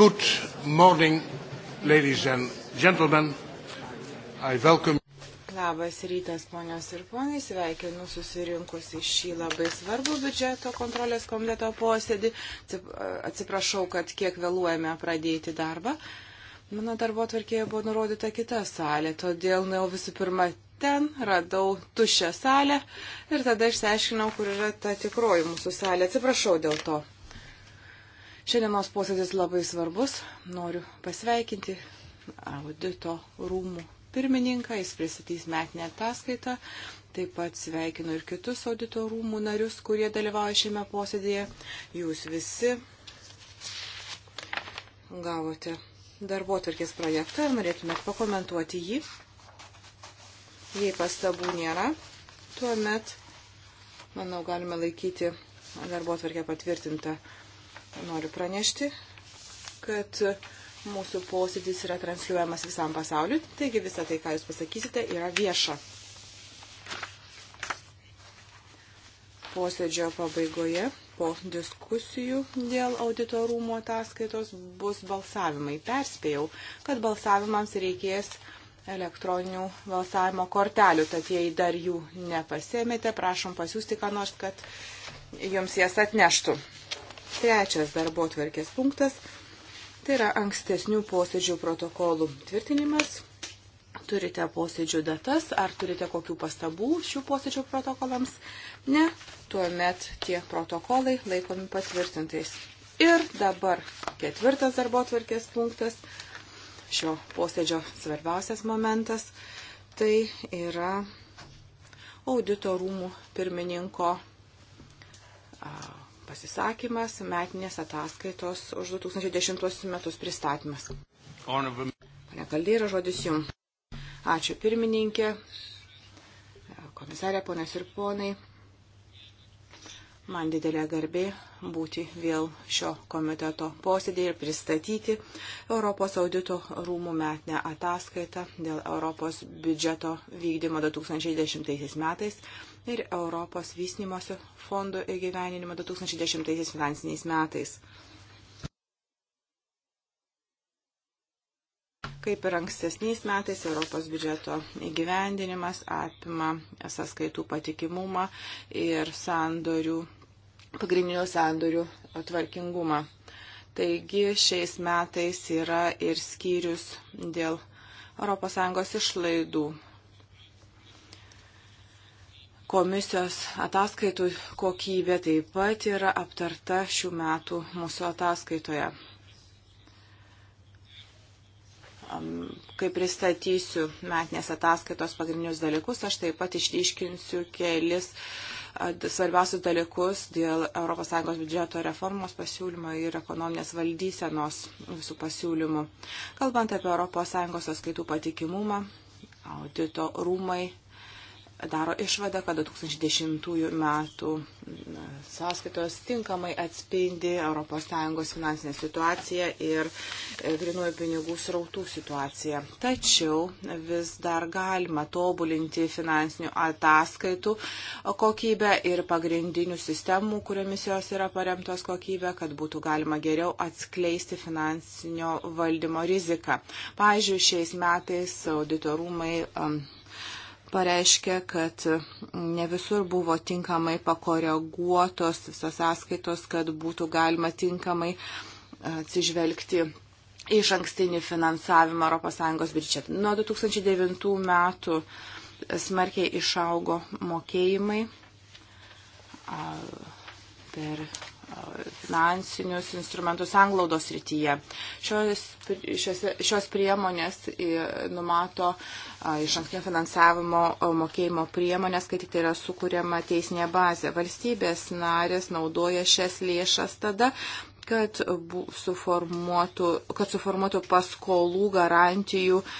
Good morning, ladies and gentlemen. I welcome. Labas rytas, ponios ir ponai, sveikinu susirinkus į šį labai svarbų biudžeto kontrolės komiteto posėdį. Atsiprašau, kad kiek vėluojame pradėti darbą. Mano darbo atvarkėje buvo nurodyta kita salė, todėl nuėjau visų pirma ten, radau tuščią salę ir tada išsiaiškinau, kur yra ta tikroji mūsų salė. Atsiprašau dėl to. Šiandienos posėdis labai svarbus. Noriu pasveikinti audito rūmų pirmininką, jis pristatys metinę ataskaitą. Taip pat sveikinu ir kitus audito rūmų narius, kurie dalyvauja šiame posėdėje. Jūs visi gavote darbo tvarkės projektą ir norėtumėt pakomentuoti jį. Jei pastabų nėra, tuomet, manau, galime laikyti darbo tvarkę patvirtintą. Noriu pranešti, kad mūsų posėdis yra transliuojamas visam pasauliu, taigi visa tai, ką jūs pasakysite, yra vieša. Posėdžio pabaigoje po diskusijų dėl auditorumo ataskaitos bus balsavimai. Perspėjau, kad balsavimams reikės elektroninių balsavimo kortelių, tad jei dar jų nepasėmėte, prašom pasiūsti ką nors, kad jums jas atneštų. Trečias darbo tvarkės punktas - tai yra ankstesnių posėdžių protokolų tvirtinimas. Turite posėdžių datas, ar turite kokių pastabų šių posėdžių protokolams? Ne, tuomet tie protokolai laikomi patvirtintais. Ir dabar ketvirtas darbo tvarkės punktas, šio posėdžio svarbiausias momentas, tai yra audito rūmų pirmininko pasisakymas, metinės ataskaitos už 2010 metus pristatymas. Pane Kaldyra, žodis jums. Ačiū pirmininkė, komisarė, ponas ir ponai. Man didelė garbė būti vėl šio komiteto posėdėje ir pristatyti Europos audito rūmų metinę ataskaitą dėl Europos biudžeto vykdymo 2010 metais ir Europos vysnimosi fondo įgyveninimo 2010 finansiniais metais. Kaip ir ankstesniais metais, Europos biudžeto įgyvendinimas apima sąskaitų patikimumą ir sandorių, pagrindinių sandorių tvarkingumą. Taigi šiais metais yra ir skyrius dėl ES išlaidų Komisijos ataskaitų kokybė taip pat yra aptarta šių metų mūsų ataskaitoje. Kai pristatysiu metinės ataskaitos pagrindinius dalykus, aš taip pat išryškinsiu kelis svarbiausius dalykus dėl ES biudžeto reformos pasiūlymo ir ekonominės valdysenos visų pasiūlymų. Kalbant apie ES atskaitų patikimumą, audito rūmai daro išvadą, kad 2010 metų sąskaitos tinkamai atspindi ES finansinę situaciją ir e, grinųjų pinigų srautų situaciją. Tačiau vis dar galima tobulinti finansinių ataskaitų kokybę ir pagrindinių sistemų, kuriomis jos yra paremtos kokybę, kad būtų galima geriau atskleisti finansinio valdymo riziką. Pavyzdžiui, šiais metais auditorumai um, pareiškė, kad ne visur buvo tinkamai pakoreguotos visos sąskaitos, kad būtų galima tinkamai atsižvelgti iš ankstinį finansavimą ES biudžetą. Nuo 2009 metų smarkiai išaugo mokėjimai per finansinius instrumentus anglaudos rytyje. Šios, šios, šios priemonės numato iš ankstinio finansavimo mokėjimo priemonės, kai tik tai yra sukūriama teisinė bazė. Valstybės narės naudoja šias lėšas tada, kad, suformuotų, kad suformuotų paskolų garantijų uh,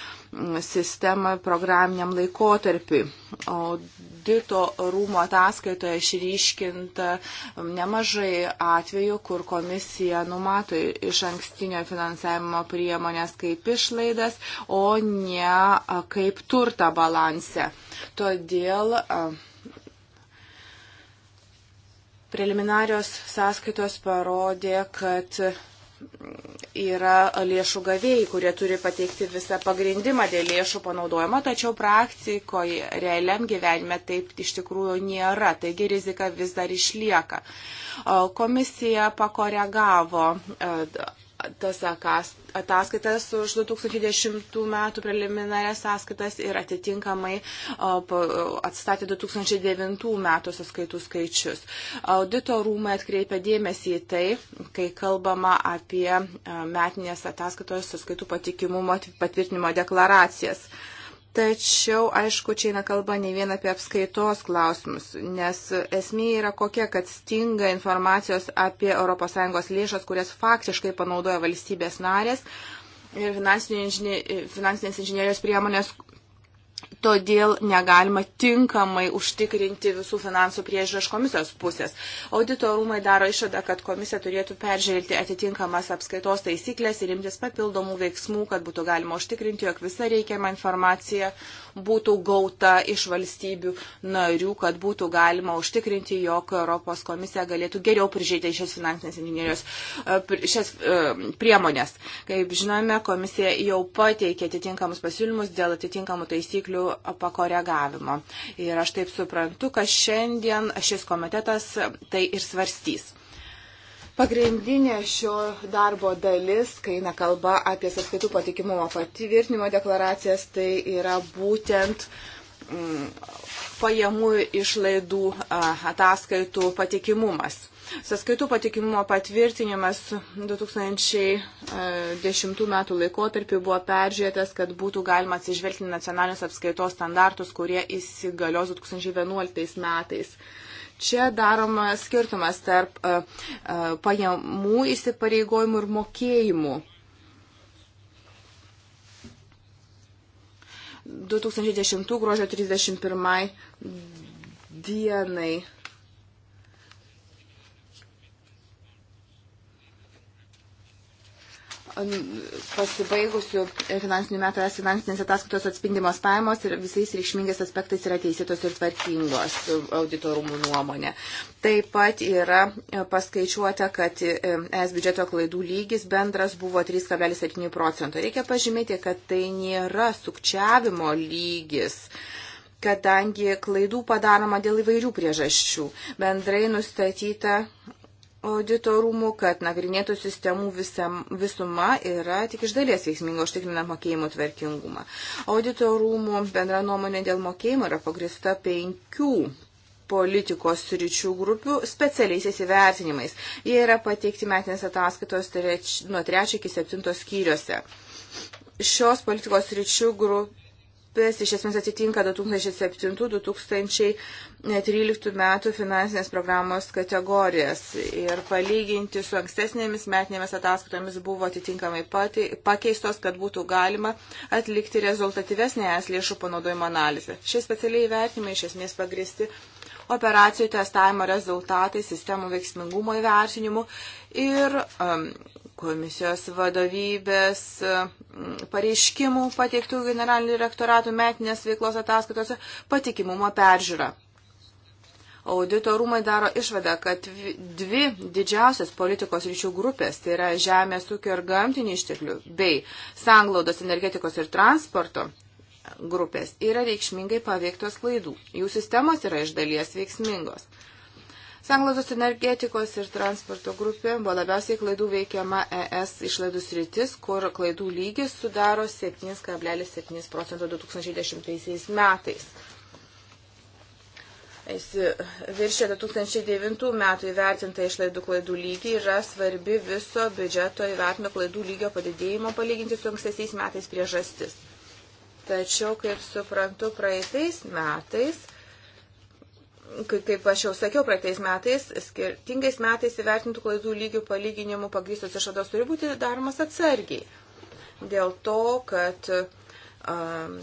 sistemą programiniam laikotarpiui. Audito rūmo ataskaitoje išryškinta nemažai atvejų, kur komisija numato iš ankstinio finansavimo priemonės kaip išlaidas, o ne kaip turta balanse. Todėl preliminarios sąskaitos parodė, kad yra lėšų gavėjai, kurie turi pateikti visą pagrindimą dėl lėšų panaudojimo, tačiau praktikoje, realiam gyvenime taip iš tikrųjų nėra, taigi rizika vis dar išlieka. Komisija pakoregavo e, tas ataskaitas už 2010 metų preliminarias sąskaitas ir atitinkamai atstatė 2009 metų sąskaitų skaičius. Audito rūmai atkreipia dėmesį į tai, kai kalbama apie metinės ataskaitos sąskaitų patikimumo patvirtinimo deklaracijas. Tačiau, aišku, čia eina kalba ne vien apie apskaitos klausimus, nes esmė yra kokia, kad stinga informacijos apie ES lėšas, kurias faktiškai panaudoja valstybės narės ir finansinės inžinierijos priemonės, todėl negalima tinkamai užtikrinti visų finansų priežiūros komisijos pusės. Audito rūmai daro išvadą, kad komisija turėtų peržiūrėti atitinkamas apskaitos taisyklės ir imtis papildomų veiksmų, kad būtų galima užtikrinti, jog visa reikiama informacija būtų gauta iš valstybių narių, kad būtų galima užtikrinti, jog Europos komisija galėtų geriau prižiūrėti šias finansinės inžinierijos e, šias e, priemonės. Kaip žinome, komisija jau pateikė atitinkamus pasiūlymus dėl atitinkamų taisyklių pakoregavimo. Ir aš taip suprantu, kad šiandien šis komitetas tai ir svarstys. Pagrindinė šio darbo dalis, kai eina kalba apie sąskaitų patikimumo patvirtinimo deklaracijas, tai yra būtent mm, pajamų išlaidų ataskaitų patikimumas. Saskaitų patikimumo patvirtinimas 2010 e, metų laikotarpiu buvo peržiūrėtas, kad būtų galima atsižvelgti nacionalinius apskaitos standartus, kurie įsigalios 2011 metais. Čia daroma skirtumas tarp e, e, pajamų įsipareigojimų ir mokėjimų. 2010 gruodžio 31 dienai pasibaigusių finansinių metų es finansinės ataskaitos atspindimos pajamos ir visais reikšmingais aspektais yra teisėtos ir tvarkingos auditorumų nuomonė. Taip pat yra e, paskaičiuota, kad e, es biudžeto klaidų lygis bendras buvo 3,7 procento. Reikia pažymėti, kad tai nėra sukčiavimo lygis kadangi klaidų padaroma dėl įvairių priežasčių. Bendrai nustatyta auditorumų, kad nagrinėtų sistemų visam, visuma yra tik iš dalies veiksminga užtikrinant mokėjimų tvarkingumą. Auditorumų bendra nuomonė dėl mokėjimų yra pagrista penkių politikos ryčių grupių specialiaisiais įvertinimais. Jie yra pateikti metinės ataskaitos treč, nuo 3 iki 7 skyriuose. Šios politikos ryčių grupės BEPS iš esmės atitinka 2007-2013 metų finansinės programos kategorijas ir palyginti su ankstesnėmis metinėmis ataskaitomis buvo atitinkamai pakeistos, kad būtų galima atlikti rezultatyvesnį es lėšų panaudojimo analizę. Šie specialiai įvertinimai iš esmės pagristi operacijų testavimo rezultatai, sistemų veiksmingumo įvertinimu ir um, komisijos vadovybės mm, pareiškimų pateiktų generalinių rektoratų metinės veiklos ataskaitose patikimumo peržiūra. Audito rūmai daro išvadą, kad dvi didžiausias politikos ryšių grupės, tai yra žemės ūkio ir gamtinių išteklių bei sanglaudos energetikos ir transporto grupės, yra reikšmingai paveiktos klaidų. Jų sistemos yra iš dalies veiksmingos. Sanglados energetikos ir transporto grupė buvo labiausiai klaidų veikiama ES išlaidų sritis, kur klaidų lygis sudaro 7,7 procento 2010 metais. Jis viršė 2009 metų įvertintą išlaidų klaidų lygį yra svarbi viso biudžeto įvertino klaidų lygio padidėjimo palyginti su ankstesiais metais priežastis. Tačiau, kaip suprantu, praeitais metais kaip aš jau sakiau, praeitais metais, skirtingais metais įvertintų klaidų lygių palyginimų pagrįstos išvados turi būti daromas atsargiai. Dėl to, kad um,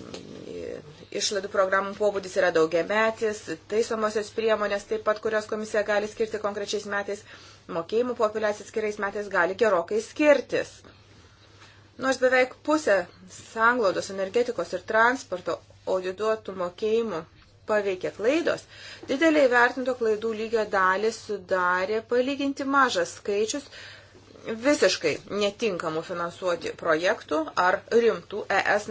išlaidų programų pobūdis yra daugiametis, taisomosios priemonės taip pat, kurios komisija gali skirti konkrečiais metais, mokėjimų populiacija atskirais metais gali gerokai skirtis. Nors beveik pusė sanglaudos energetikos ir transporto audituotų mokėjimų paveikė klaidos. Didelį įvertinto klaidų lygio dalį sudarė palyginti mažas skaičius visiškai netinkamų finansuoti projektų ar rimtų ES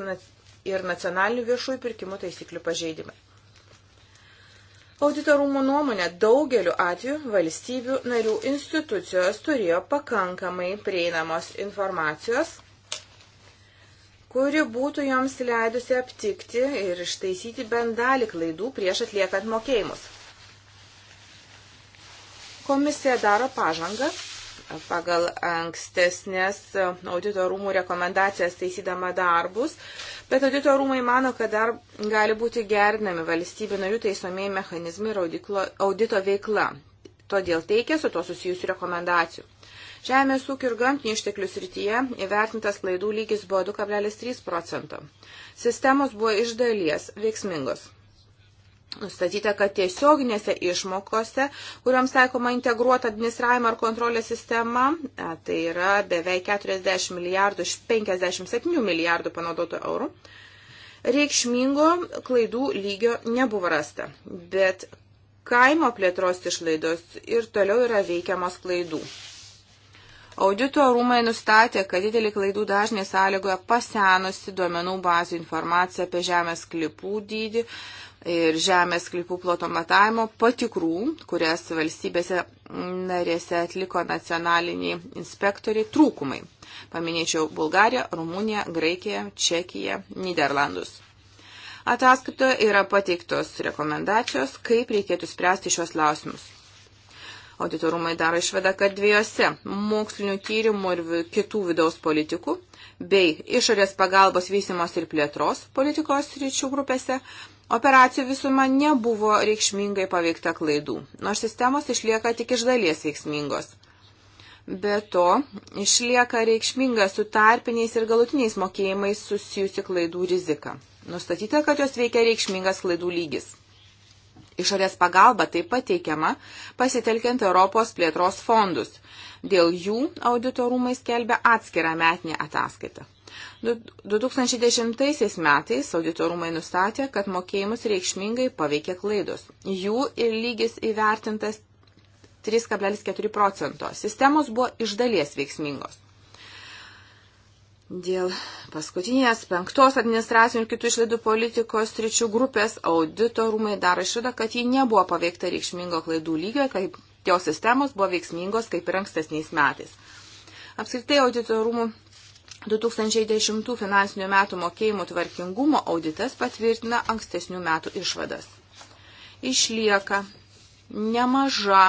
ir nacionalinių viešųjų pirkimų taisyklių pažeidimai. Auditorumo nuomonė daugeliu atveju valstybių narių institucijos turėjo pakankamai prieinamos informacijos kuri būtų joms leidusi aptikti ir ištaisyti bent dalį klaidų prieš atliekant mokėjimus. Komisija daro pažangą pagal ankstesnės audito rūmų rekomendacijas taisydama darbus, bet audito rūmai mano, kad dar gali būti gerinami valstybių narių taisomieji mechanizmai ir audiklo, audito veikla. Todėl teikia su to susijusių rekomendacijų. Žemės ūkio ir gamtinių išteklių srityje įvertintas klaidų lygis buvo 2,3 procento. Sistemos buvo iš dalies veiksmingos. Nustatyta, kad tiesioginėse išmokose, kuriuoms taikoma integruota administravimo ar kontrolės sistema, tai yra beveik 40 milijardų iš 57 milijardų panaudotų eurų, reikšmingo klaidų lygio nebuvo rasta, bet kaimo plėtros išlaidos ir toliau yra veikiamos klaidų. Audito rūmai nustatė, kad didelį klaidų dažnį sąlygoja pasenusi duomenų bazių informacija apie žemės klipų dydį ir žemės klipų ploto matavimo patikrų, kurias valstybėse narėse atliko nacionaliniai inspektoriai trūkumai. Paminėčiau Bulgariją, Rumuniją, Graikiją, Čekiją, Niderlandus. Ataskaitoje yra pateiktos rekomendacijos, kaip reikėtų spręsti šios lausimus. Auditorumai daro išvedą, kad dviejose mokslinių tyrimų ir kitų vidaus politikų bei išorės pagalbos vysimos ir plėtros politikos ryčių grupėse operacijų visuma nebuvo reikšmingai paveikta klaidų, nors sistemos išlieka tik iš dalies veiksmingos. Be to, išlieka reikšminga su tarpiniais ir galutiniais mokėjimais susijusi klaidų rizika. Nustatyta, kad jos veikia reikšmingas klaidų lygis. Išorės pagalba taip pat teikiama pasitelkiant Europos plėtros fondus. Dėl jų auditorumai skelbia atskirą metinį ataskaitą. 2010 metais auditorumai nustatė, kad mokėjimus reikšmingai paveikė klaidos. Jų ir lygis įvertintas 3,4 procento. Sistemos buvo iš dalies veiksmingos. Dėl paskutinės penktos administracinių ir kitų išlaidų politikos tričių grupės audito rūmai daro išvadą, kad ji nebuvo paveikta reikšmingo klaidų lygio, kaip jos sistemos buvo veiksmingos kaip ir ankstesniais metais. Apskritai audito rūmų 2010 finansinių metų mokėjimų tvarkingumo auditas patvirtina ankstesnių metų išvadas. Išlieka nemaža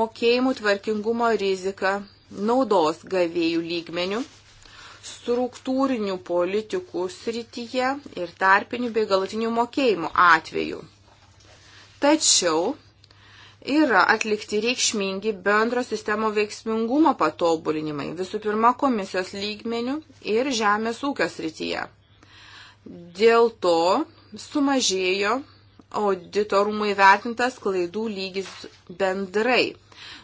mokėjimų tvarkingumo rizika naudos gavėjų lygmenių struktūrinių politikų srityje ir tarpinių bei galutinių mokėjimų atveju. Tačiau yra atlikti reikšmingi bendro sistemo veiksmingumo patobulinimai, visų pirma komisijos lygmenių ir žemės ūkio srityje. Dėl to sumažėjo auditorumai vertintas klaidų lygis bendrai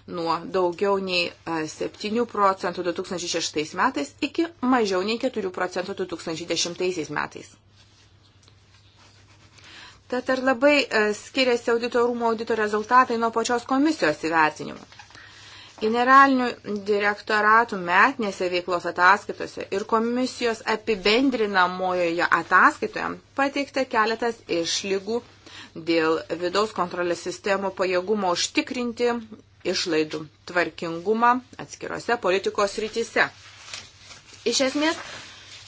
nuo daugiau nei 7 e, procentų 2006 metais iki mažiau nei 4 procentų 2010 metais. Tad ar labai e, skiriasi auditorumo audito rezultatai nuo pačios komisijos įvertinimų? Generalinių direktoratų metinėse veiklos ataskaitose ir komisijos apibendrinamojoje ataskaitoje pateikta keletas išlygų dėl vidaus kontrolės sistemų pajėgumo užtikrinti išlaidų tvarkingumą atskirose politikos rytise. Iš esmės,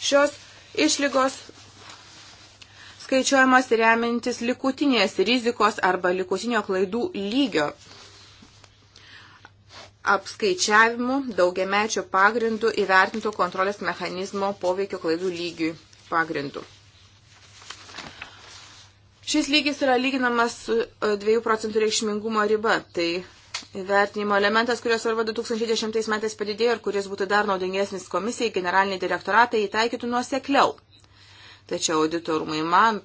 šios išlygos skaičiuojamas remintis likutinės rizikos arba likutinio klaidų lygio apskaičiavimu daugiamečio pagrindu įvertintų kontrolės mechanizmo poveikio klaidų lygiui pagrindu. Šis lygis yra lyginamas su 2 e, procentų reikšmingumo riba, tai Vertinimo elementas, kurios svarba 2010 metais padidėjo ir kuris būtų dar naudingesnis komisijai, generaliniai direktoratai įtaikytų nuosekliau. Tačiau auditorumai man,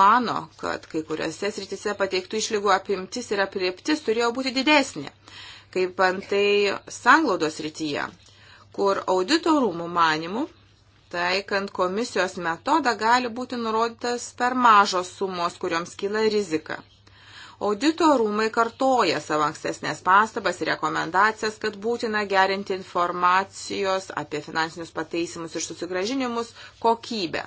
mano, kad kai kuriuose srityse pateiktų išlygų apimtis ir aprieptis turėjo būti didesnė, kaip antai sanglaudos srityje, kur auditorumų manimų taikant komisijos metodą gali būti nurodytas per mažos sumos, kurioms kyla rizika. Audito rūmai kartoja savo ankstesnės pastabas ir rekomendacijas, kad būtina gerinti informacijos apie finansinius pataisimus ir susigražinimus kokybę.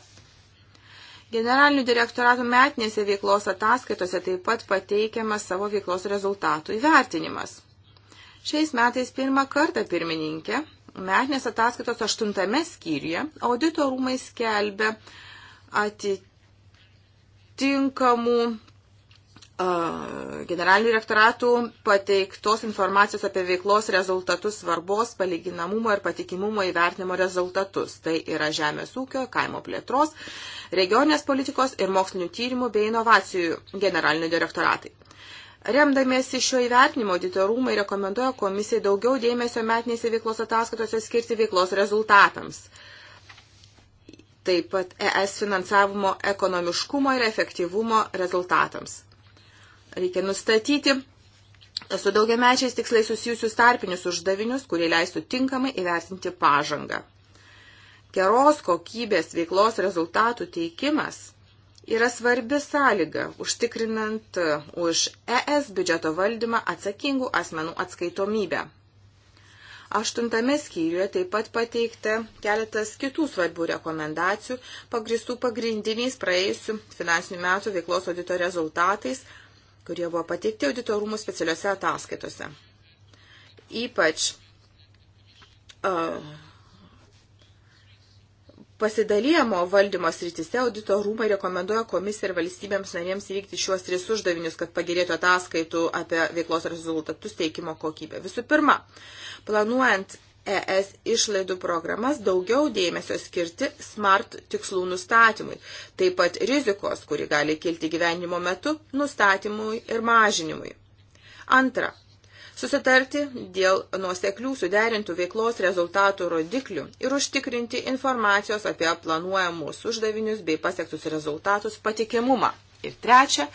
Generalinių direktoratų metinėse veiklos ataskaitose taip pat pateikiamas savo veiklos rezultatų įvertinimas. Šiais metais pirmą kartą pirmininkė metinės ataskaitos aštuntame skyriuje audito rūmai skelbia atitinkamų generalinių rektoratų pateiktos informacijos apie veiklos rezultatus svarbos, palyginamumo ir patikimumo įvertinimo rezultatus. Tai yra žemės ūkio, kaimo plėtros, regioninės politikos ir mokslinių tyrimų bei inovacijų generalinių direktoratai. Remdamiesi šio įvertinimo, auditorumai rekomenduoja komisijai daugiau dėmesio metinėse veiklos ataskaitose skirti veiklos rezultatams taip pat ES finansavimo ekonomiškumo ir efektyvumo rezultatams. Reikia nustatyti su daugiamečiais tikslai susijusius tarpinius uždavinius, kurie leistų tinkamai įvertinti pažangą. Geros kokybės veiklos rezultatų teikimas yra svarbi sąlyga užtikrinant už ES biudžeto valdymą atsakingų asmenų atskaitomybę. Aštuntame skyriuje taip pat pateikta keletas kitų svarbių rekomendacijų, pagristų pagrindiniais praėjusių finansinių metų veiklos audito rezultatais kurie buvo pateikti auditorumų specialiuose ataskaitose. Ypač uh, pasidalėjimo valdymo srityse auditorumai rekomenduoja komisijai ir valstybėms narėms įvykti šiuos tris uždavinius, kad pagerėtų ataskaitų apie veiklos rezultatus teikimo kokybę. Visų pirma, planuojant ES išlaidų programas daugiau dėmesio skirti smart tikslų nustatymui, taip pat rizikos, kuri gali kilti gyvenimo metu, nustatymui ir mažinimui. Antra. Susitarti dėl nuoseklių suderintų veiklos rezultatų rodiklių ir užtikrinti informacijos apie planuojamus uždavinius bei pasiektus rezultatus patikimumą. Ir trečia,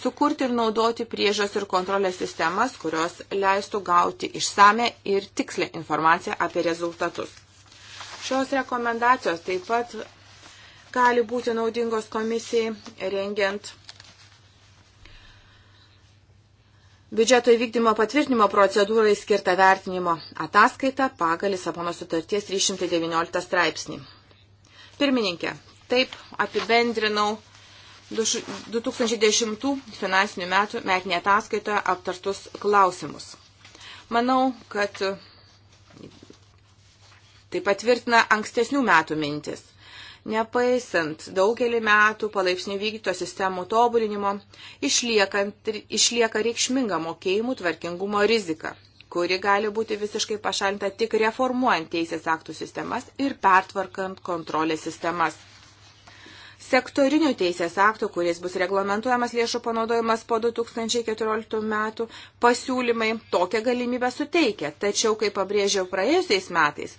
sukurti ir naudoti priežas ir kontrolės sistemas, kurios leistų gauti išsame ir tikslę informaciją apie rezultatus. Šios rekomendacijos taip pat gali būti naudingos komisijai rengiant biudžeto įvykdymo patvirtinimo procedūrai skirtą vertinimo ataskaitą pagal Lisabono sutarties 319 straipsnį. Pirmininkė, taip apibendrinau 2010 finansinių metų metinė ataskaita aptartus klausimus. Manau, kad tai patvirtina ankstesnių metų mintis. Nepaisant daugelį metų palaipsnių vykdyto sistemų tobulinimo, išlieka reikšminga mokėjimų tvarkingumo rizika, kuri gali būti visiškai pašalinta tik reformuojant teisės aktų sistemas ir pertvarkant kontrolės sistemas sektorinių teisės aktų, kuris bus reglamentuojamas lėšų panaudojimas po 2014 metų, pasiūlymai tokią galimybę suteikia. Tačiau, kaip pabrėžiau praėjusiais metais,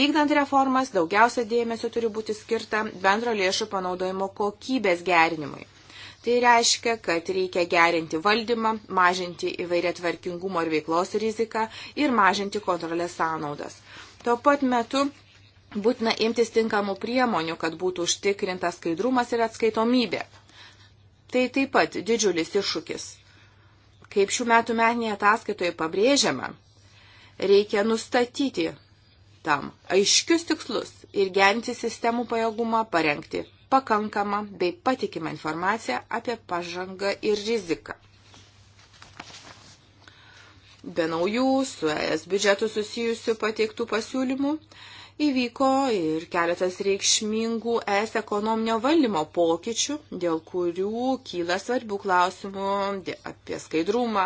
vykdant reformas daugiausia dėmesio turi būti skirta bendro lėšų panaudojimo kokybės gerinimui. Tai reiškia, kad reikia gerinti valdymą, mažinti įvairia tvarkingumo ir veiklos riziką ir mažinti kontrolės sąnaudas. Tuo pat metu būtina imtis tinkamų priemonių, kad būtų užtikrintas skaidrumas ir atskaitomybė. Tai taip pat didžiulis iššūkis. Kaip šių metų metinėje ataskaitoje pabrėžiama, reikia nustatyti tam aiškius tikslus ir gerinti sistemų pajėgumą parengti pakankamą bei patikimą informaciją apie pažangą ir riziką. Be naujų su ES biudžetu susijusių pateiktų pasiūlymų Įvyko ir keletas reikšmingų es ekonominio valdymo pokyčių, dėl kurių kyla svarbių klausimų apie skaidrumą.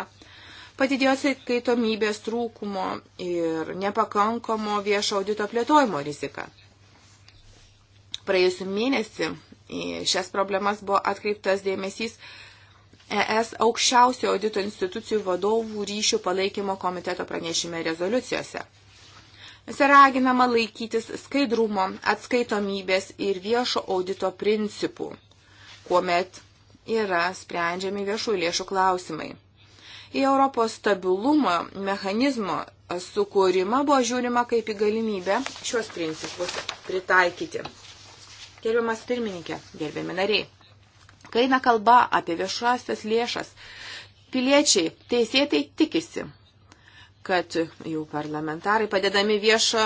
Padidėjo atskaitomybės trūkumo ir nepakankamo viešo audito plėtojimo rizika. Praėjusiu mėnesį šias problemas buvo atkreiptas dėmesys ES aukščiausio audito institucijų vadovų ryšių palaikymo komiteto pranešime rezoliucijose raginama laikytis skaidrumo, atskaitomybės ir viešo audito principų, kuomet yra sprendžiami viešų lėšų klausimai. Į Europos stabilumo mechanizmo sukūrimą buvo žiūrima kaip į galimybę šios principus pritaikyti. Gerbiamas pirmininkė, gerbiami nariai, kai eina kalba apie viešasias lėšas, piliečiai teisėtai tikisi, kad jų parlamentarai padedami viešo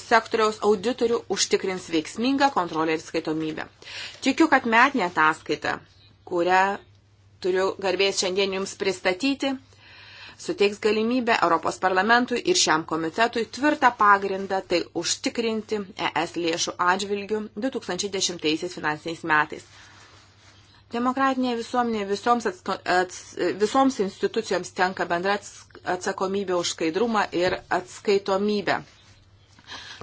sektoriaus auditorių užtikrins veiksmingą kontrolę ir skaitomybę. Tikiu, kad metinė ataskaita, kurią turiu garbės šiandien jums pristatyti, suteiks galimybę Europos parlamentui ir šiam komitetui tvirtą pagrindą tai užtikrinti ES lėšų atžvilgių 2010 finansiniais metais. Demokratinė visuomenė visoms, atsko, ats, visoms institucijoms tenka bendra atsakomybė už skaidrumą ir atskaitomybę.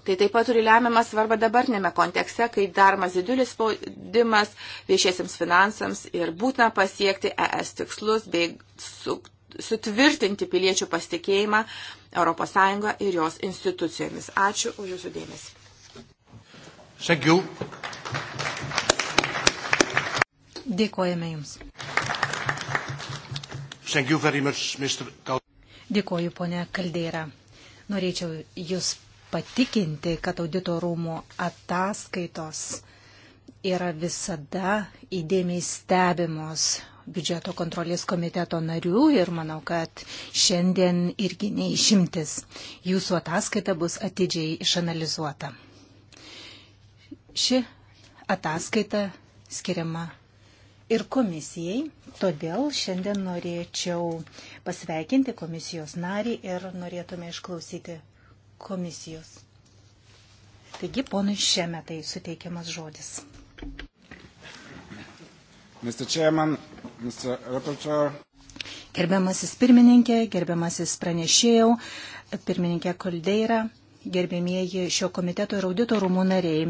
Tai taip pat turi lemiamą svarbą dabartinėme kontekste, kai daromas didelis spaudimas viešiesiams finansams ir būtina pasiekti ES tikslus bei su, sutvirtinti piliečių pasitikėjimą ES ir jos institucijomis. Ačiū už Jūsų dėmesį. Thank you. Dėkojame Jums. Much, Dėkoju, ponė Kaldeira. Norėčiau Jūs patikinti, kad audito rūmų ataskaitos yra visada įdėmiai stebimos biudžeto kontrolės komiteto narių ir manau, kad šiandien irgi neišimtis. Jūsų ataskaita bus atidžiai išanalizuota. Ši ataskaita skiriama ir komisijai. Todėl šiandien norėčiau pasveikinti komisijos narį ir norėtume išklausyti komisijos. Taigi, ponui šiame tai suteikiamas žodis. Mr. Chairman, Mr. Rapporteur. Gerbiamasis pirmininkė, gerbiamasis pranešėjau, pirmininkė Koldeira, gerbėmieji šio komiteto ir audito rūmų nariai.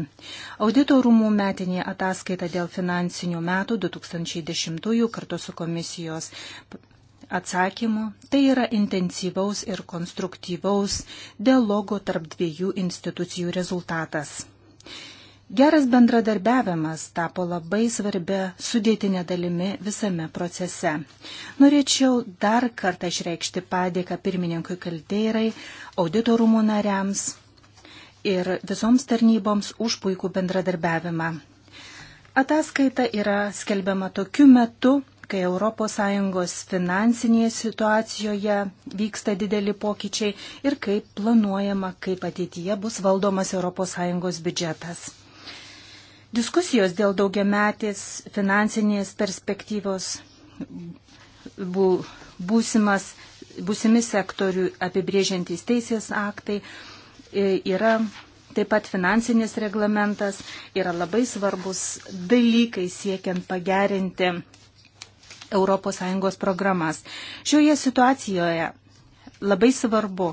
Audito rūmų metinė ataskaita dėl finansinių metų 2010 kartu su komisijos atsakymu tai yra intensyvaus ir konstruktyvaus dialogo tarp dviejų institucijų rezultatas. Geras bendradarbiavimas tapo labai svarbia sudėtinė dalimi visame procese. Norėčiau dar kartą išreikšti padėką pirmininkui Kaldeirai, auditorumų nariams ir visoms tarnyboms už puikų bendradarbiavimą. Ataskaita yra skelbiama tokiu metu, kai ES finansinėje situacijoje vyksta dideli pokyčiai ir kaip planuojama, kaip ateityje bus valdomas ES biudžetas. Diskusijos dėl daugiametės finansinės perspektyvos būsimas, būsimi sektorių apibrėžiantys teisės aktai e, yra taip pat finansinis reglamentas, yra labai svarbus dalykai siekiant pagerinti ES programas. Šioje situacijoje labai svarbu,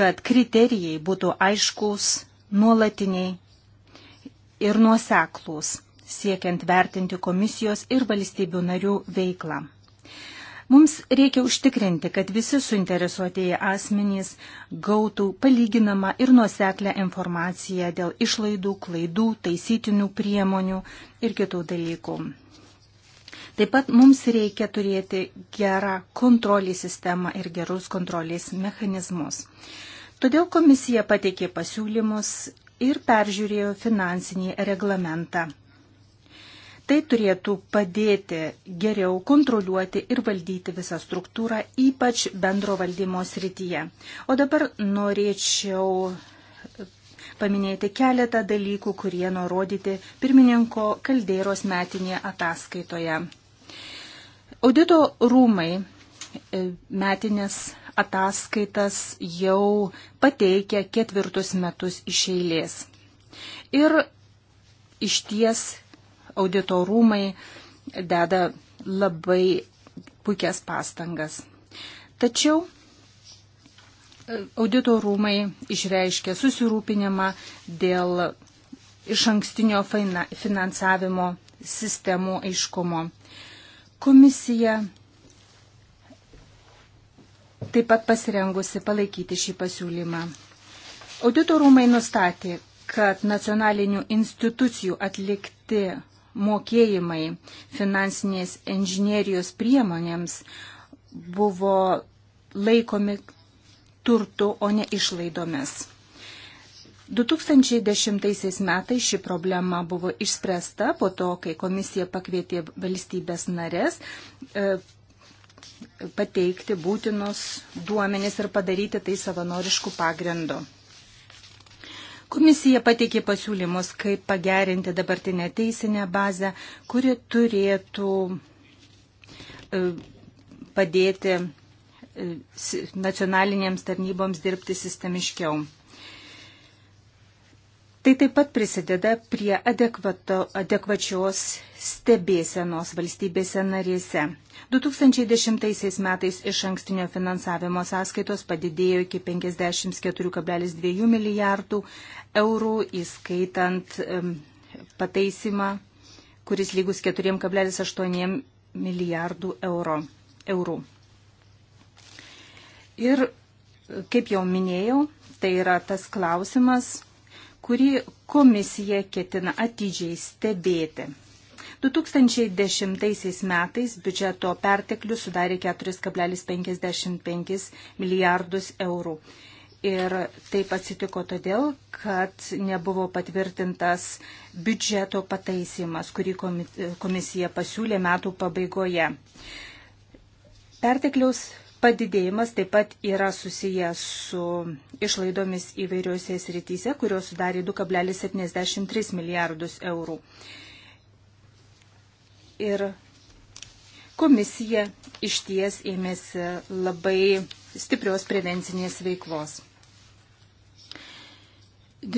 kad kriterijai būtų aiškus, nuolatiniai ir nuoseklūs, siekiant vertinti komisijos ir valstybių narių veiklą. Mums reikia užtikrinti, kad visi suinteresuotieji asmenys gautų palyginamą ir nuoseklę informaciją dėl išlaidų, klaidų, taisytinių priemonių ir kitų dalykų. Taip pat mums reikia turėti gerą kontrolės sistemą ir gerus kontrolės mechanizmus. Todėl komisija pateikė pasiūlymus ir peržiūrėjo finansinį reglamentą. Tai turėtų padėti geriau kontroliuoti ir valdyti visą struktūrą, ypač bendro valdymo srityje. O dabar norėčiau paminėti keletą dalykų, kurie nurodyti pirmininko Kaldeiros metinėje ataskaitoje. Audito rūmai e, metinės ataskaitas jau pateikia ketvirtus metus iš eilės. Ir iš ties auditorumai deda labai puikias pastangas. Tačiau e, auditorumai išreiškia susirūpinimą dėl iš ankstinio finansavimo sistemų aiškumo. Komisija taip pat pasirengusi palaikyti šį pasiūlymą. Auditorumai nustatė, kad nacionalinių institucijų atlikti mokėjimai finansinės inžinierijos priemonėms buvo laikomi turtu, o ne išlaidomis. 2010 metais ši problema buvo išspręsta po to, kai komisija pakvietė valstybės narės e, pateikti būtinus duomenis ir padaryti tai savanoriškų pagrindų. Komisija pateikė pasiūlymus, kaip pagerinti dabartinę teisinę bazę, kuri turėtų e, padėti e, nacionalinėms tarnyboms dirbti sistemiškiau. Tai taip pat prisideda prie adekvato, adekvačios stebėsenos valstybėse narėse. 2010 metais iš ankstinio finansavimo sąskaitos padidėjo iki 54,2 milijardų eurų, įskaitant um, pataisimą, kuris lygus 4,8 milijardų euro, eurų. Ir, kaip jau minėjau, tai yra tas klausimas, kurį komisija ketina atidžiai stebėti. 2010 metais biudžeto perteklių sudarė 4,55 milijardus eurų. Ir taip atsitiko todėl, kad nebuvo patvirtintas biudžeto pataisimas, kurį komisija pasiūlė metų pabaigoje. Pertekliaus Padidėjimas taip pat yra susijęs su išlaidomis įvairiuose srityse, kurios sudarė 2,73 milijardus eurų. Ir komisija išties ėmėsi labai stiprios prevencinės veiklos.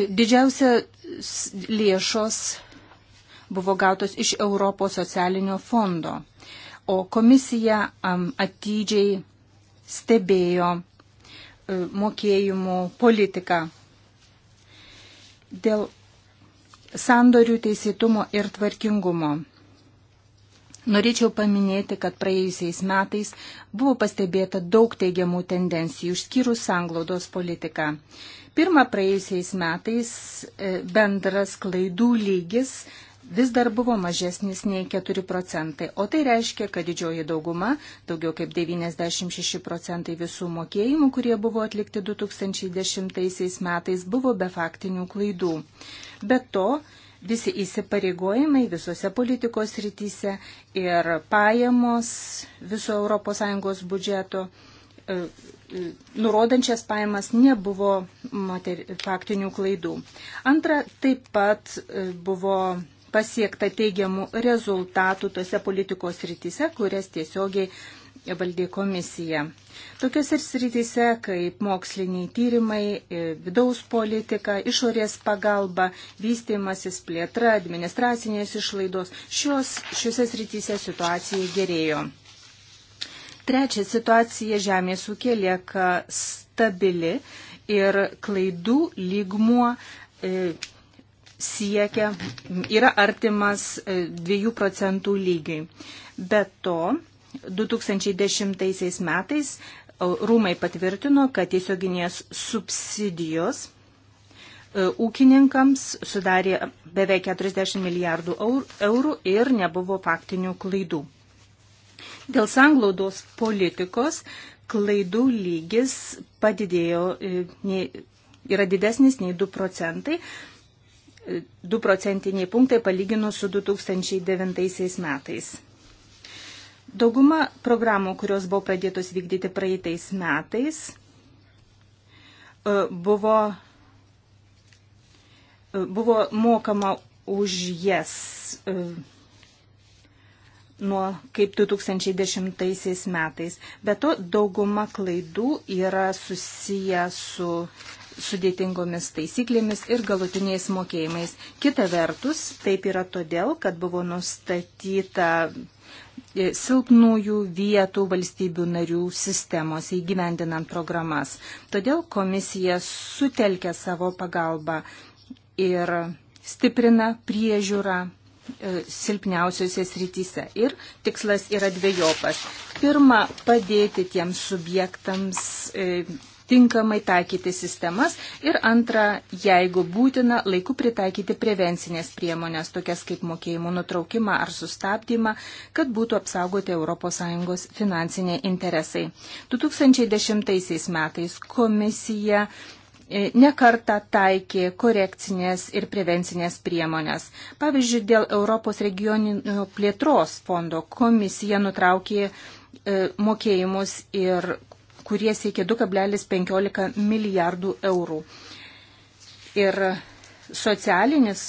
Didžiausia lėšos buvo gautos iš Europos socialinio fondo, o komisija atidžiai stebėjo e, mokėjimų politiką. Dėl sandorių teisėtumo ir tvarkingumo. Norėčiau paminėti, kad praėjusiais metais buvo pastebėta daug teigiamų tendencijų, išskyrus sanglaudos politiką. Pirma, praėjusiais metais e, bendras klaidų lygis vis dar buvo mažesnis nei 4 procentai, o tai reiškia, kad didžioji dauguma, daugiau kaip 96 procentai visų mokėjimų, kurie buvo atlikti 2010 metais, buvo be faktinių klaidų. Be to, visi įsipareigojimai visose politikos rytise ir pajamos viso ES biudžeto e, e, nurodančias pajamas nebuvo faktinių klaidų. Antra, taip pat e, buvo pasiekta teigiamų rezultatų tose politikos rytise, kurias tiesiogiai valdė komisija. Tokiuose srityse kaip moksliniai tyrimai, e, vidaus politika, išorės pagalba, vystimasis plėtra, administracinės išlaidos, šios, šiuose srityse situacija gerėjo. Trečia situacija žemės ūkė lieka stabili ir klaidų lygmuo e, siekia, yra artimas 2 e, procentų lygiui. Be to, 2010 metais e, rūmai patvirtino, kad tiesioginės subsidijos e, ūkininkams sudarė beveik 40 milijardų eurų ir nebuvo faktinių klaidų. Dėl sanglaudos politikos klaidų lygis padidėjo, yra didesnis nei 2 procentai, 2 procentiniai punktai palyginus su 2009 metais. Dauguma programų, kurios buvo pradėtos vykdyti praeitais metais, e, buvo, e, buvo mokama už jas e, nuo kaip 2010 metais. Be to, dauguma klaidų yra susiję su sudėtingomis taisyklėmis ir galutiniais mokėjimais. Kita vertus, taip yra todėl, kad buvo nustatyta e, silpnųjų vietų valstybių narių sistemose įgyvendinant programas. Todėl komisija sutelkia savo pagalbą ir stiprina priežiūrą e, silpniausiose srityse. Ir tikslas yra dviejopas. Pirma, padėti tiems subjektams e, tinkamai taikyti sistemas ir antra, jeigu būtina, laiku pritaikyti prevencinės priemonės, tokias kaip mokėjimų nutraukimą ar sustabdymą, kad būtų apsaugoti ES finansiniai interesai. 2010 metais komisija e, nekarta taikė korekcinės ir prevencinės priemonės. Pavyzdžiui, dėl Europos regioninio plėtros fondo komisija nutraukė e, mokėjimus ir kurie siekia 2,15 milijardų eurų. Ir socialinis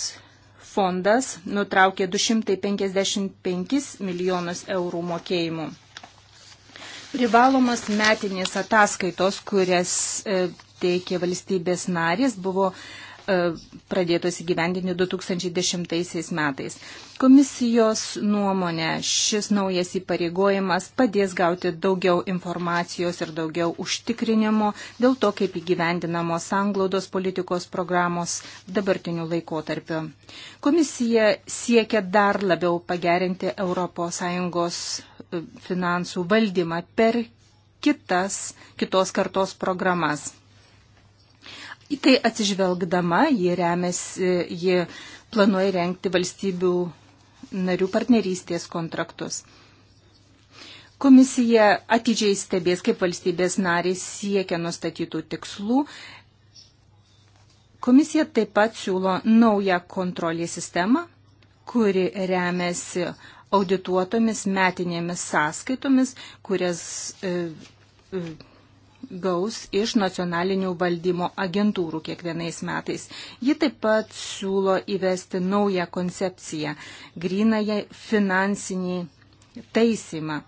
fondas nutraukė 255 milijonus eurų mokėjimų. Privalomas metinės ataskaitos, kurias e, teikė valstybės narės, buvo E, pradėtos įgyvendinti 2010 metais. Komisijos nuomonė šis naujas įpareigojimas padės gauti daugiau informacijos ir daugiau užtikrinimo dėl to, kaip įgyvendinamos sanglaudos politikos programos dabartiniu laikotarpiu. Komisija siekia dar labiau pagerinti ES e, finansų valdymą per kitas, kitos kartos programas. Į tai atsižvelgdama, ji remiasi, ji planuoja renkti valstybių narių partnerystės kontraktus. Komisija atidžiai stebės, kaip valstybės narės siekia nustatytų tikslų. Komisija taip pat siūlo naują kontrolės sistemą, kuri remiasi audituotomis metinėmis sąskaitomis, kurias e, e, gaus iš nacionalinių valdymo agentūrų kiekvienais metais. Ji taip pat siūlo įvesti naują koncepciją - grinąją finansinį taisymą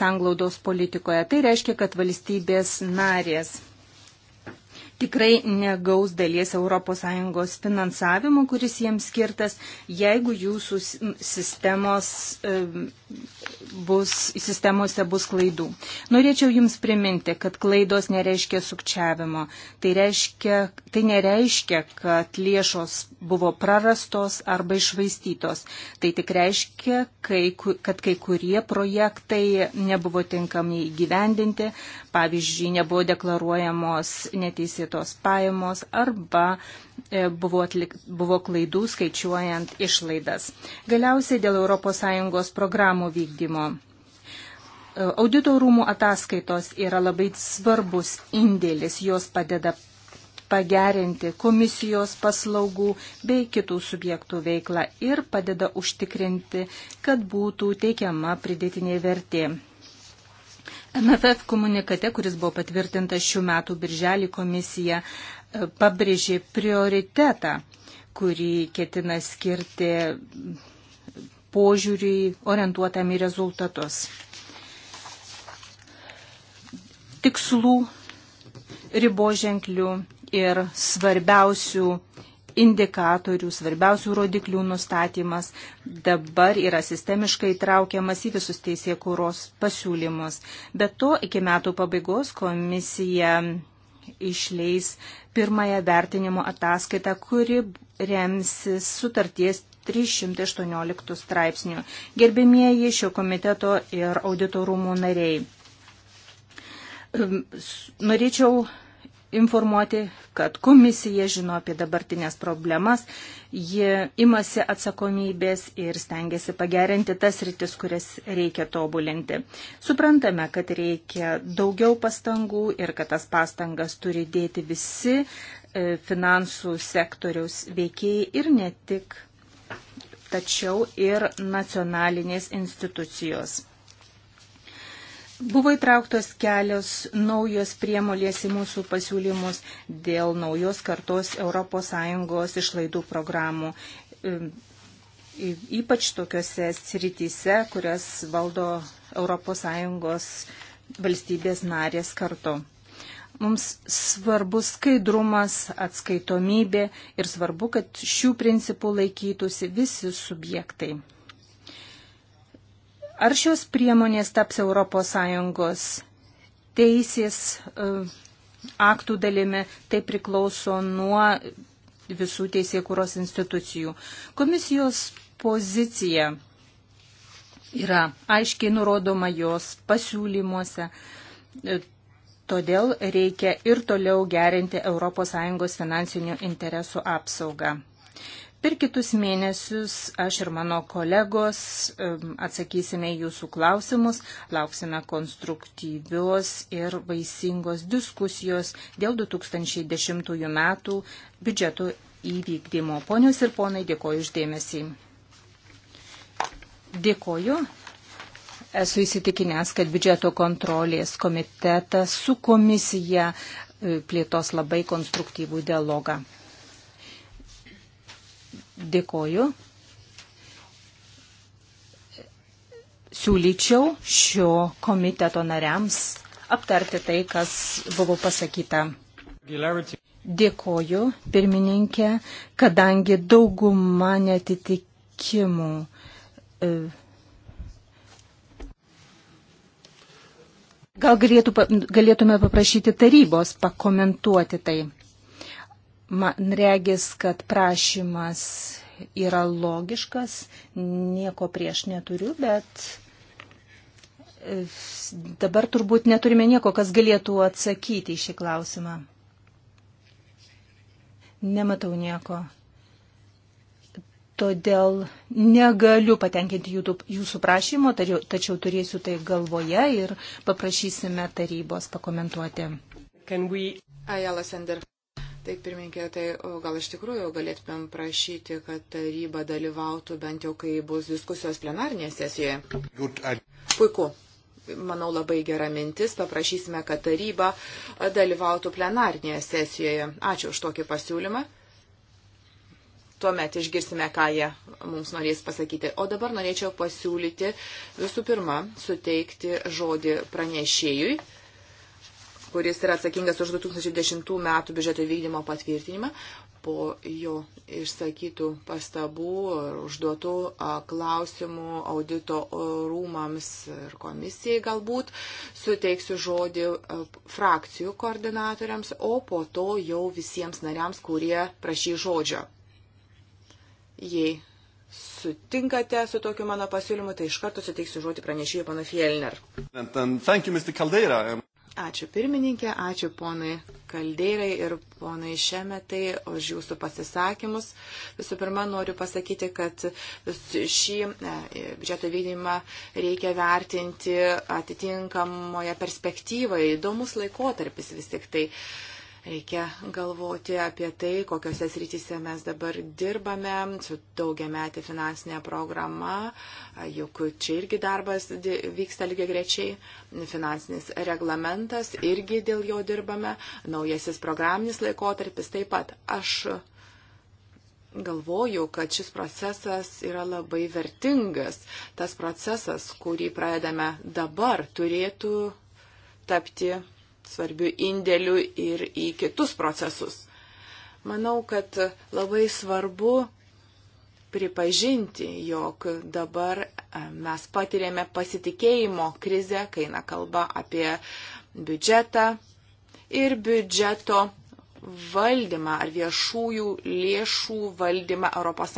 sanglaudos politikoje. Tai reiškia, kad valstybės narės tikrai negaus dalies ES finansavimo, kuris jiems skirtas, jeigu jūsų sistemos, bus, sistemose bus klaidų. Norėčiau Jums priminti, kad klaidos nereiškia sukčiavimo. Tai, reiškia, tai nereiškia, kad lėšos buvo prarastos arba išvaistytos. Tai tik reiškia, kai, kad kai kurie projektai nebuvo tinkamai įgyvendinti, pavyzdžiui, nebuvo deklaruojamos neteisėtos nustatytos pajamos arba e, buvo, atlik, buvo klaidų skaičiuojant išlaidas. Galiausiai dėl ES programų vykdymo. E, audito rūmų ataskaitos yra labai svarbus indėlis, jos padeda pagerinti komisijos paslaugų bei kitų subjektų veiklą ir padeda užtikrinti, kad būtų teikiama pridėtinė vertė MFF komunikate, kuris buvo patvirtintas šių metų birželį, komisija e, pabrėžė prioritetą, kurį ketina skirti požiūriui orientuotam į rezultatus. Tikslų, riboženklių ir svarbiausių indikatorių, svarbiausių rodiklių nustatymas dabar yra sistemiškai traukiamas į visus teisėkūros pasiūlymus. Be to, iki metų pabaigos komisija išleis pirmąją vertinimo ataskaitą, kuri remsis sutarties 318 straipsnių. Gerbėmieji šio komiteto ir auditorumų nariai. Ehm, norėčiau informuoti, kad komisija žino apie dabartinės problemas, ji imasi atsakomybės ir stengiasi pagerinti tas rytis, kurias reikia tobulinti. Suprantame, kad reikia daugiau pastangų ir kad tas pastangas turi dėti visi e, finansų sektoriaus veikėjai ir ne tik, tačiau ir nacionalinės institucijos. Buvo įtrauktos kelios naujos priemolės į mūsų pasiūlymus dėl naujos kartos ES išlaidų programų, ypač tokiuose srityse, kurias valdo ES valstybės narės kartu. Mums svarbus skaidrumas, atskaitomybė ir svarbu, kad šių principų laikytųsi visi subjektai. Ar šios priemonės taps ES teisės e, aktų dalimi, tai priklauso nuo visų teisėkuros institucijų. Komisijos pozicija yra aiškiai nurodoma jos pasiūlymuose, e, todėl reikia ir toliau gerinti ES finansinių interesų apsaugą. Per kitus mėnesius aš ir mano kolegos atsakysime jūsų klausimus, lauksime konstruktyvios ir vaisingos diskusijos dėl 2010 metų biudžeto įvykdymo. Ponios ir ponai, dėkoju išdėmesį. Dėkoju. Esu įsitikinęs, kad biudžeto kontrolės komitetas su komisija e, plėtos labai konstruktyvų dialogą. Dėkoju. Siūlyčiau šio komiteto nariams aptarti tai, kas buvo pasakyta. Dėkoju, pirmininkė, kadangi dauguma netitikimų. E, gal galėtų, galėtume paprašyti tarybos pakomentuoti tai. Man regis, kad prašymas yra logiškas, nieko prieš neturiu, bet e, dabar turbūt neturime nieko, kas galėtų atsakyti į šį klausimą. Nematau nieko. Todėl negaliu patenkinti jūsų prašymo, tačiau, tačiau turėsiu tai galvoje ir paprašysime tarybos pakomentuoti. We... Ajala Sender. Taip, pirminkė, tai gal iš tikrųjų galėtumėm prašyti, kad taryba dalyvautų bent jau, kai bus diskusijos plenarnėje sesijoje. Puiku. Manau, labai gera mintis. Paprašysime, kad taryba dalyvautų plenarnėje sesijoje. Ačiū už tokį pasiūlymą tuomet išgirsime, ką jie mums norės pasakyti. O dabar norėčiau pasiūlyti visų pirma suteikti žodį pranešėjui kuris yra atsakingas už 2010 metų biudžeto vykdymo patvirtinimą, po jo išsakytų pastabų ir užduotų klausimų audito rūmams ir komisijai galbūt, suteiksiu žodį frakcijų koordinatoriams, o po to jau visiems nariams, kurie prašy žodžio. Jei sutinkate su tokiu mano pasiūlymu, tai iš karto suteiksiu žodį pranešėjui pana Fielner. Ačiū pirmininkė, ačiū ponai Kaldeirai ir ponai Šemetai už jūsų pasisakymus. Visų pirma, noriu pasakyti, kad šį e, biudžeto vykdymą reikia vertinti atitinkamoje perspektyvoje. Įdomus laikotarpis vis tik tai. Uh, Reikia galvoti apie tai, kokiuose srityse mes dabar dirbame su daugiametė finansinė programa, juk čia irgi darbas vyksta lygiai grečiai, finansinis reglamentas irgi dėl jo dirbame, naujasis programinis laikotarpis taip pat. Aš galvoju, kad šis procesas yra labai vertingas. Tas procesas, kurį pradedame dabar, turėtų tapti svarbių indėlių ir į kitus procesus. Manau, kad labai svarbu pripažinti, jog dabar e, mes patirėme pasitikėjimo krizę, kai eina kalba apie biudžetą ir biudžeto valdymą ar viešųjų lėšų valdymą ES.